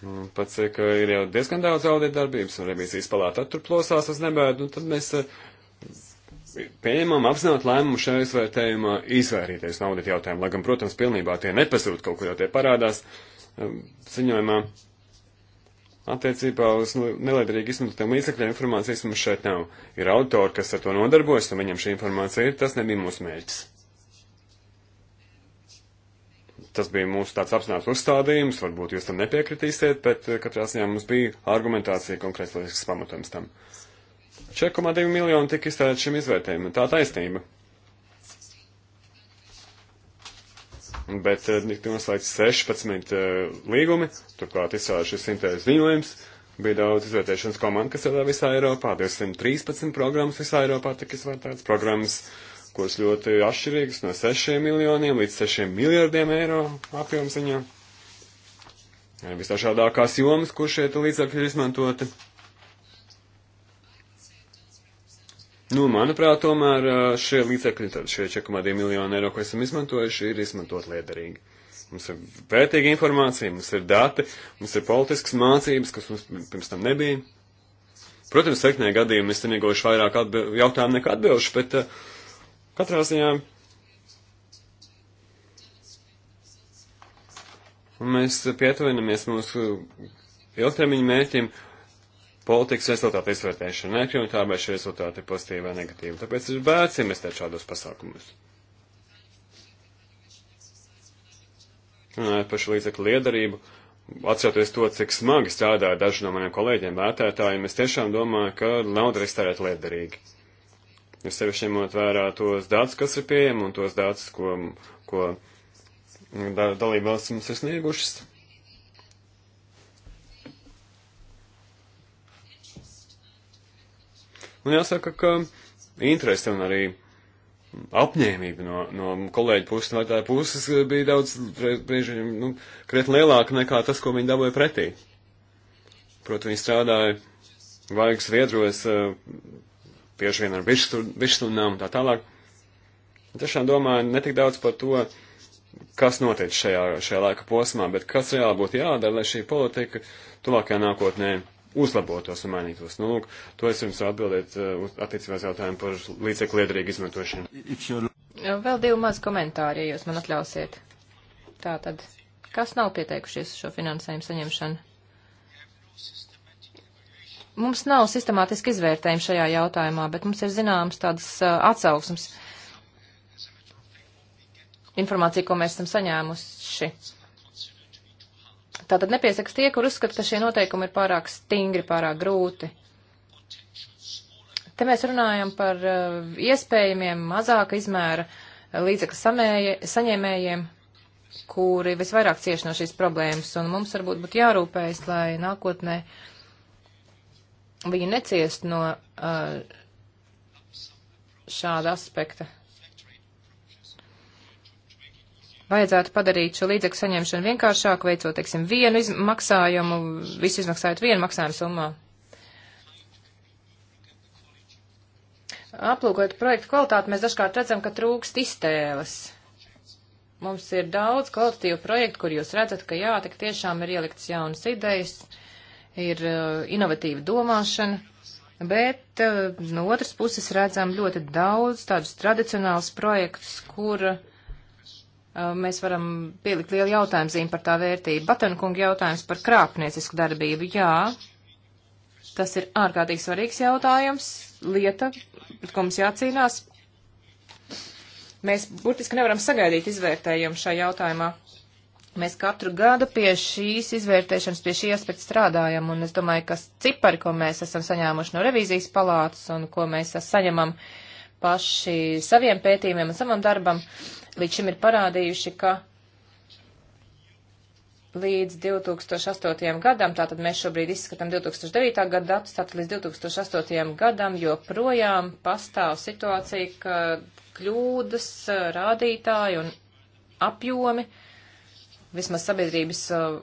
Nu, pats, ka ir jau diezgan daudz audita darbības, un revīzijas palāta atturplosās uz nebēdu, un nu, tad mēs pieņemam apzināti lēmumu šajā izvērtējumā izvairīties no audita jautājuma, lai gan, protams, pilnībā tie nepazūd kaut kur jau tie parādās um, ziņojumā. Attiecībā uz nu, neliederīgi izmantotiem līdzekļiem informācijas mums šeit nav. Ir autori, kas ar to nodarbojas, un viņam šī informācija ir, tas nebija mūsu mērķis tas bija mūsu tāds apzināts uzstādījums, varbūt jūs tam nepiekritīsiet, bet eh, katrā ziņā mums bija argumentācija konkrēts loģisks pamatojums tam. 4,2 miljoni tika iztērēti šim izvērtējumam. Tā taisnība. Bet eh, tika noslēgts 16 uh, eh, līgumi, turklāt izsāra šis simtēs ziņojums. Bija daudz izvērtēšanas komandu, kas strādā visā Eiropā. 213 programmas visā Eiropā tika izvērtētas. Programmas, kuras ļoti atšķirīgas no 6 miljoniem līdz 6 miljardiem eiro apjomziņā. Visdažādākās jomas, kur šie līdzekļi ir izmantoti. Nu, manuprāt, tomēr šie līdzekļi, tad šie 4,2 miljoni eiro, ko esam izmantojuši, ir izmantot liederīgi. Mums ir vērtīga informācija, mums ir dati, mums ir politiskas mācības, kas mums pirms tam nebija. Protams, seknē gadījumā es negošu vairāk jautājumu nekā atbilžu, bet uh, katrā ziņā mēs pietuvinamies mūsu ilgtermiņa mērķim politikas rezultātu izvērtēšana nekļūtā, vai šie rezultāti ir pozitīvi vai negatīvi. Tāpēc ir vērts investēt šādos pasākumus. Runājot par šo līdzekļu liederību, atceroties to, cik smagi strādāja daži no maniem kolēģiem vērtētājiem, es tiešām domāju, ka nauda ir iztērēta liederīgi. Es sevišķi ņemot vērā tos datus, kas ir pieejami, un tos datus, ko, ko da, dalībvalsts mums ir sniegušas. Un jāsaka, ka interese un arī apņēmība no, no kolēģa puses, no tā puses bija daudz, brīži, nu, krietni lielāka nekā tas, ko viņi dabūja pretī. Protams, viņi strādāja vaigas viedros, eh, bieži vien ar višstundām un tā tālāk. Tiešām domāju ne tik daudz par to, kas notiek šajā, šajā laika posmā, bet kas reāli būtu jādara, lai šī politika tuvākajā nākotnē uzlabotos un mainītos. Nu, lūk, to es jums atbildēt eh, uh, attiecībās jautājumu par līdzekļu liederīgu izmantošanu. Vēl divi mazi komentāri, ja jūs man atļausiet. Tā tad, kas nav pieteikušies šo finansējumu saņemšanu? Mums nav sistemātiski izvērtējumi šajā jautājumā, bet mums ir zināmas tādas uh, atsauksmes. Informācija, ko mēs esam saņēmuši Tātad nepiesakas tie, kur uzskata, ka šie noteikumi ir pārāk stingri, pārāk grūti. Te mēs runājam par eh, iespējamiem mazāka izmēra eh, līdzekļu saņēmējiem, kuri visvairāk cieši no šīs problēmas, un mums varbūt būtu jārūpējas, lai nākotnē viņi neciest no eh, šāda aspekta. vajadzētu padarīt šo līdzekļu saņemšanu vienkāršāku, veicot, teiksim, vienu maksājumu, visu izmaksājot vienu maksājumu summā. Aplūkojot projektu kvalitāti, mēs dažkārt redzam, ka trūkst iztēles. Mums ir daudz kvalitatīvu projektu, kur jūs redzat, ka jā, tik tiešām ir ieliktas jaunas idejas, ir uh, inovatīva domāšana, bet uh, no otras puses redzam ļoti daudz tādus tradicionālus projektus, kur uh, Uh, mēs varam pielikt lielu jautājumu zīmu par tā vērtību. Batenkunga jautājums par krāpniecisku darbību. Jā, tas ir ārkārtīgi svarīgs jautājums, lieta, pret ko mums jācīnās. Mēs burtiski nevaram sagaidīt izvērtējumu šajā jautājumā. Mēs katru gadu pie šīs izvērtēšanas, pie šī aspekta strādājam, un es domāju, ka cipari, ko mēs esam saņēmuši no revīzijas palātas un ko mēs saņemam uh, paši saviem pētījumiem un savam darbam līdz šim ir parādījuši, ka līdz 2008. gadam, tātad mēs šobrīd izskatām 2009. gada datus, tātad līdz 2008. gadam joprojām pastāv situācija, ka kļūdas rādītāji un apjomi vismaz sabiedrības uh,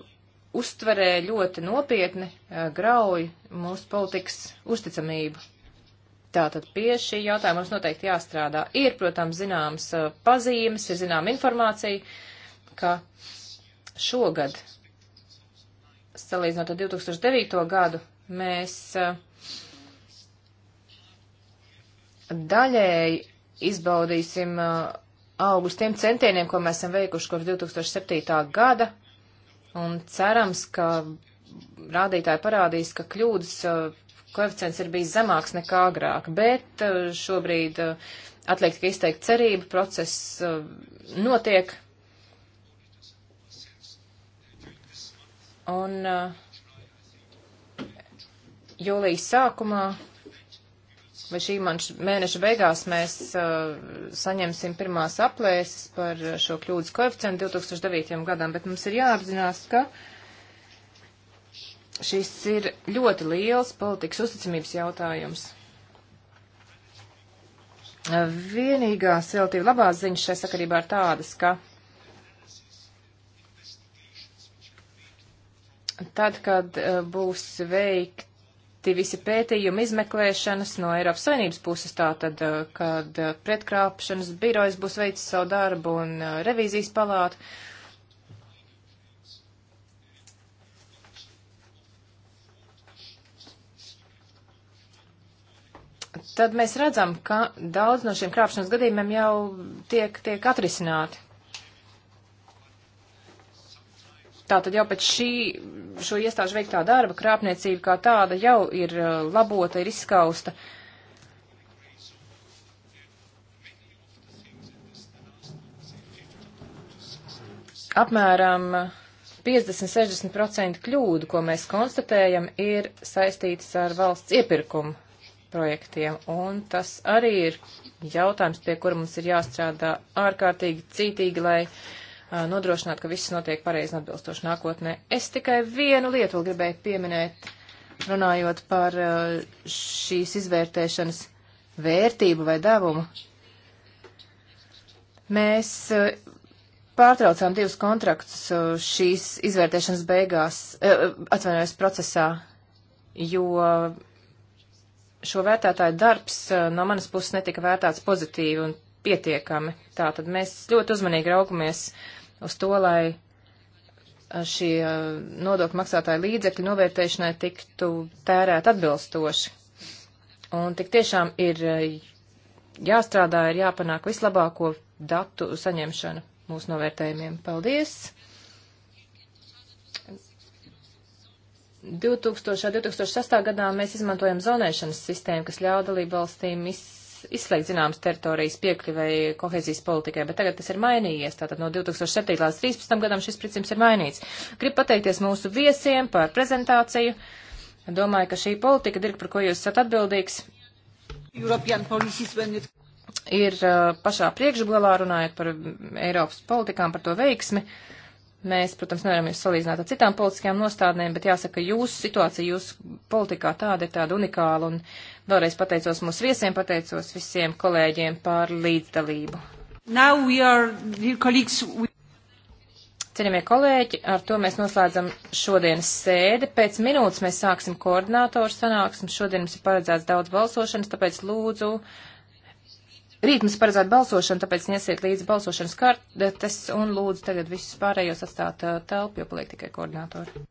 uztverē ļoti nopietni uh, grauj mūsu politikas uzticamību. Tātad pie šī jautājuma mums noteikti jāstrādā. Ir, protams, zināmas uh, pazīmes, ir zināma informācija, ka šogad, salīdzinot ar 2009. gadu, mēs uh, daļēji izbaudīsim uh, augus tiem centieniem, ko mēs esam veikuši kopš 2007. gada, un cerams, ka rādītāji parādīs, ka kļūdas koeficients ir bijis zemāks nekā agrāk, bet eh, šobrīd eh, atliek tikai izteikt cerību, process eh, notiek. Un jūlijas sākumā vai šī mēneša beigās mēs uh, saņemsim pirmās aplēses par šo kļūdas koeficientu 2009. gadam, bet mums ir jāapzinās, ka uh, Šis ir ļoti liels politikas uzticamības jautājums. Vienīgās relatīvi labās ziņas šai sakarībā ir tādas, ka tad, kad e, būs veikti visi pētījumi izmeklēšanas no Eiropas Savienības puses, tātad, e, kad e, pretkrāpšanas birojas būs veicis savu darbu un revīzijas palātu, tad mēs redzam, ka daudz no šiem krāpšanas gadījumiem jau tiek, tiek atrisināti. Tātad jau pēc šī, šo iestāžu veiktā darba krāpniecība kā tāda jau ir uh, labota, ir izskausta. Apmēram 50-60% kļūdu, ko mēs konstatējam, ir saistītas ar valsts iepirkumu projektiem, un tas arī ir jautājums, pie kura mums ir jāstrādā ārkārtīgi cītīgi, lai uh, nodrošinātu, ka viss notiek pareizi un atbilstoši nākotnē. Es tikai vienu lietu vēl gribēju pieminēt, runājot par uh, šīs izvērtēšanas vērtību vai devumu. Mēs uh, pārtraucām divus kontraktus šīs izvērtēšanas beigās, atvainojos procesā, jo šo vērtētāju darbs eh, no manas puses netika vērtēts pozitīvi un pietiekami. Tātad mēs ļoti uzmanīgi raugamies uz to, lai eh, šī eh, nodokļu maksātāja līdzekļu novērtēšanai tiktu tērēt atbilstoši. Un tik tiešām ir jāstrādā, ir jāpanāk vislabāko datu saņemšana mūsu novērtējumiem. Paldies! 2000. 2006. gadā mēs izmantojam zonēšanas sistēmu, kas ļauj dalību valstīm iz, izslēgt zināmas teritorijas piekļuvēji kohēzijas politikai, bet tagad tas ir mainījies. Tātad no 2007. līdz 2013. gadam šis princips ir mainīts. Gribu pateikties mūsu viesiem par prezentāciju. Domāju, ka šī politika, Dirk, par ko jūs esat atbildīgs, ir uh, pašā priekšgalā runājot par Eiropas politikām, par to veiksmi. Uh, Mēs, protams, nevaram jūs salīdzināt ar citām politiskajām nostādnēm, bet jāsaka, jūsu situācija, jūsu politikā tāda ir tāda unikāla, un vēlreiz pateicos mūsu viesiem, pateicos visiem kolēģiem par līdzdalību. Are, we... Ceļamie kolēģi, ar to mēs noslēdzam šodienas sēdi. Pēc minūtes mēs sāksim koordinātoru sanāksmi. Šodien mums ir paredzēts daudz balsošanas, tāpēc lūdzu. Rīt mums paredzētu balsošanu, tāpēc nesiet līdzi balsošanas kartes un lūdzu tagad visus pārējos atstāt uh, telpu, jo paliek tikai koordinātori.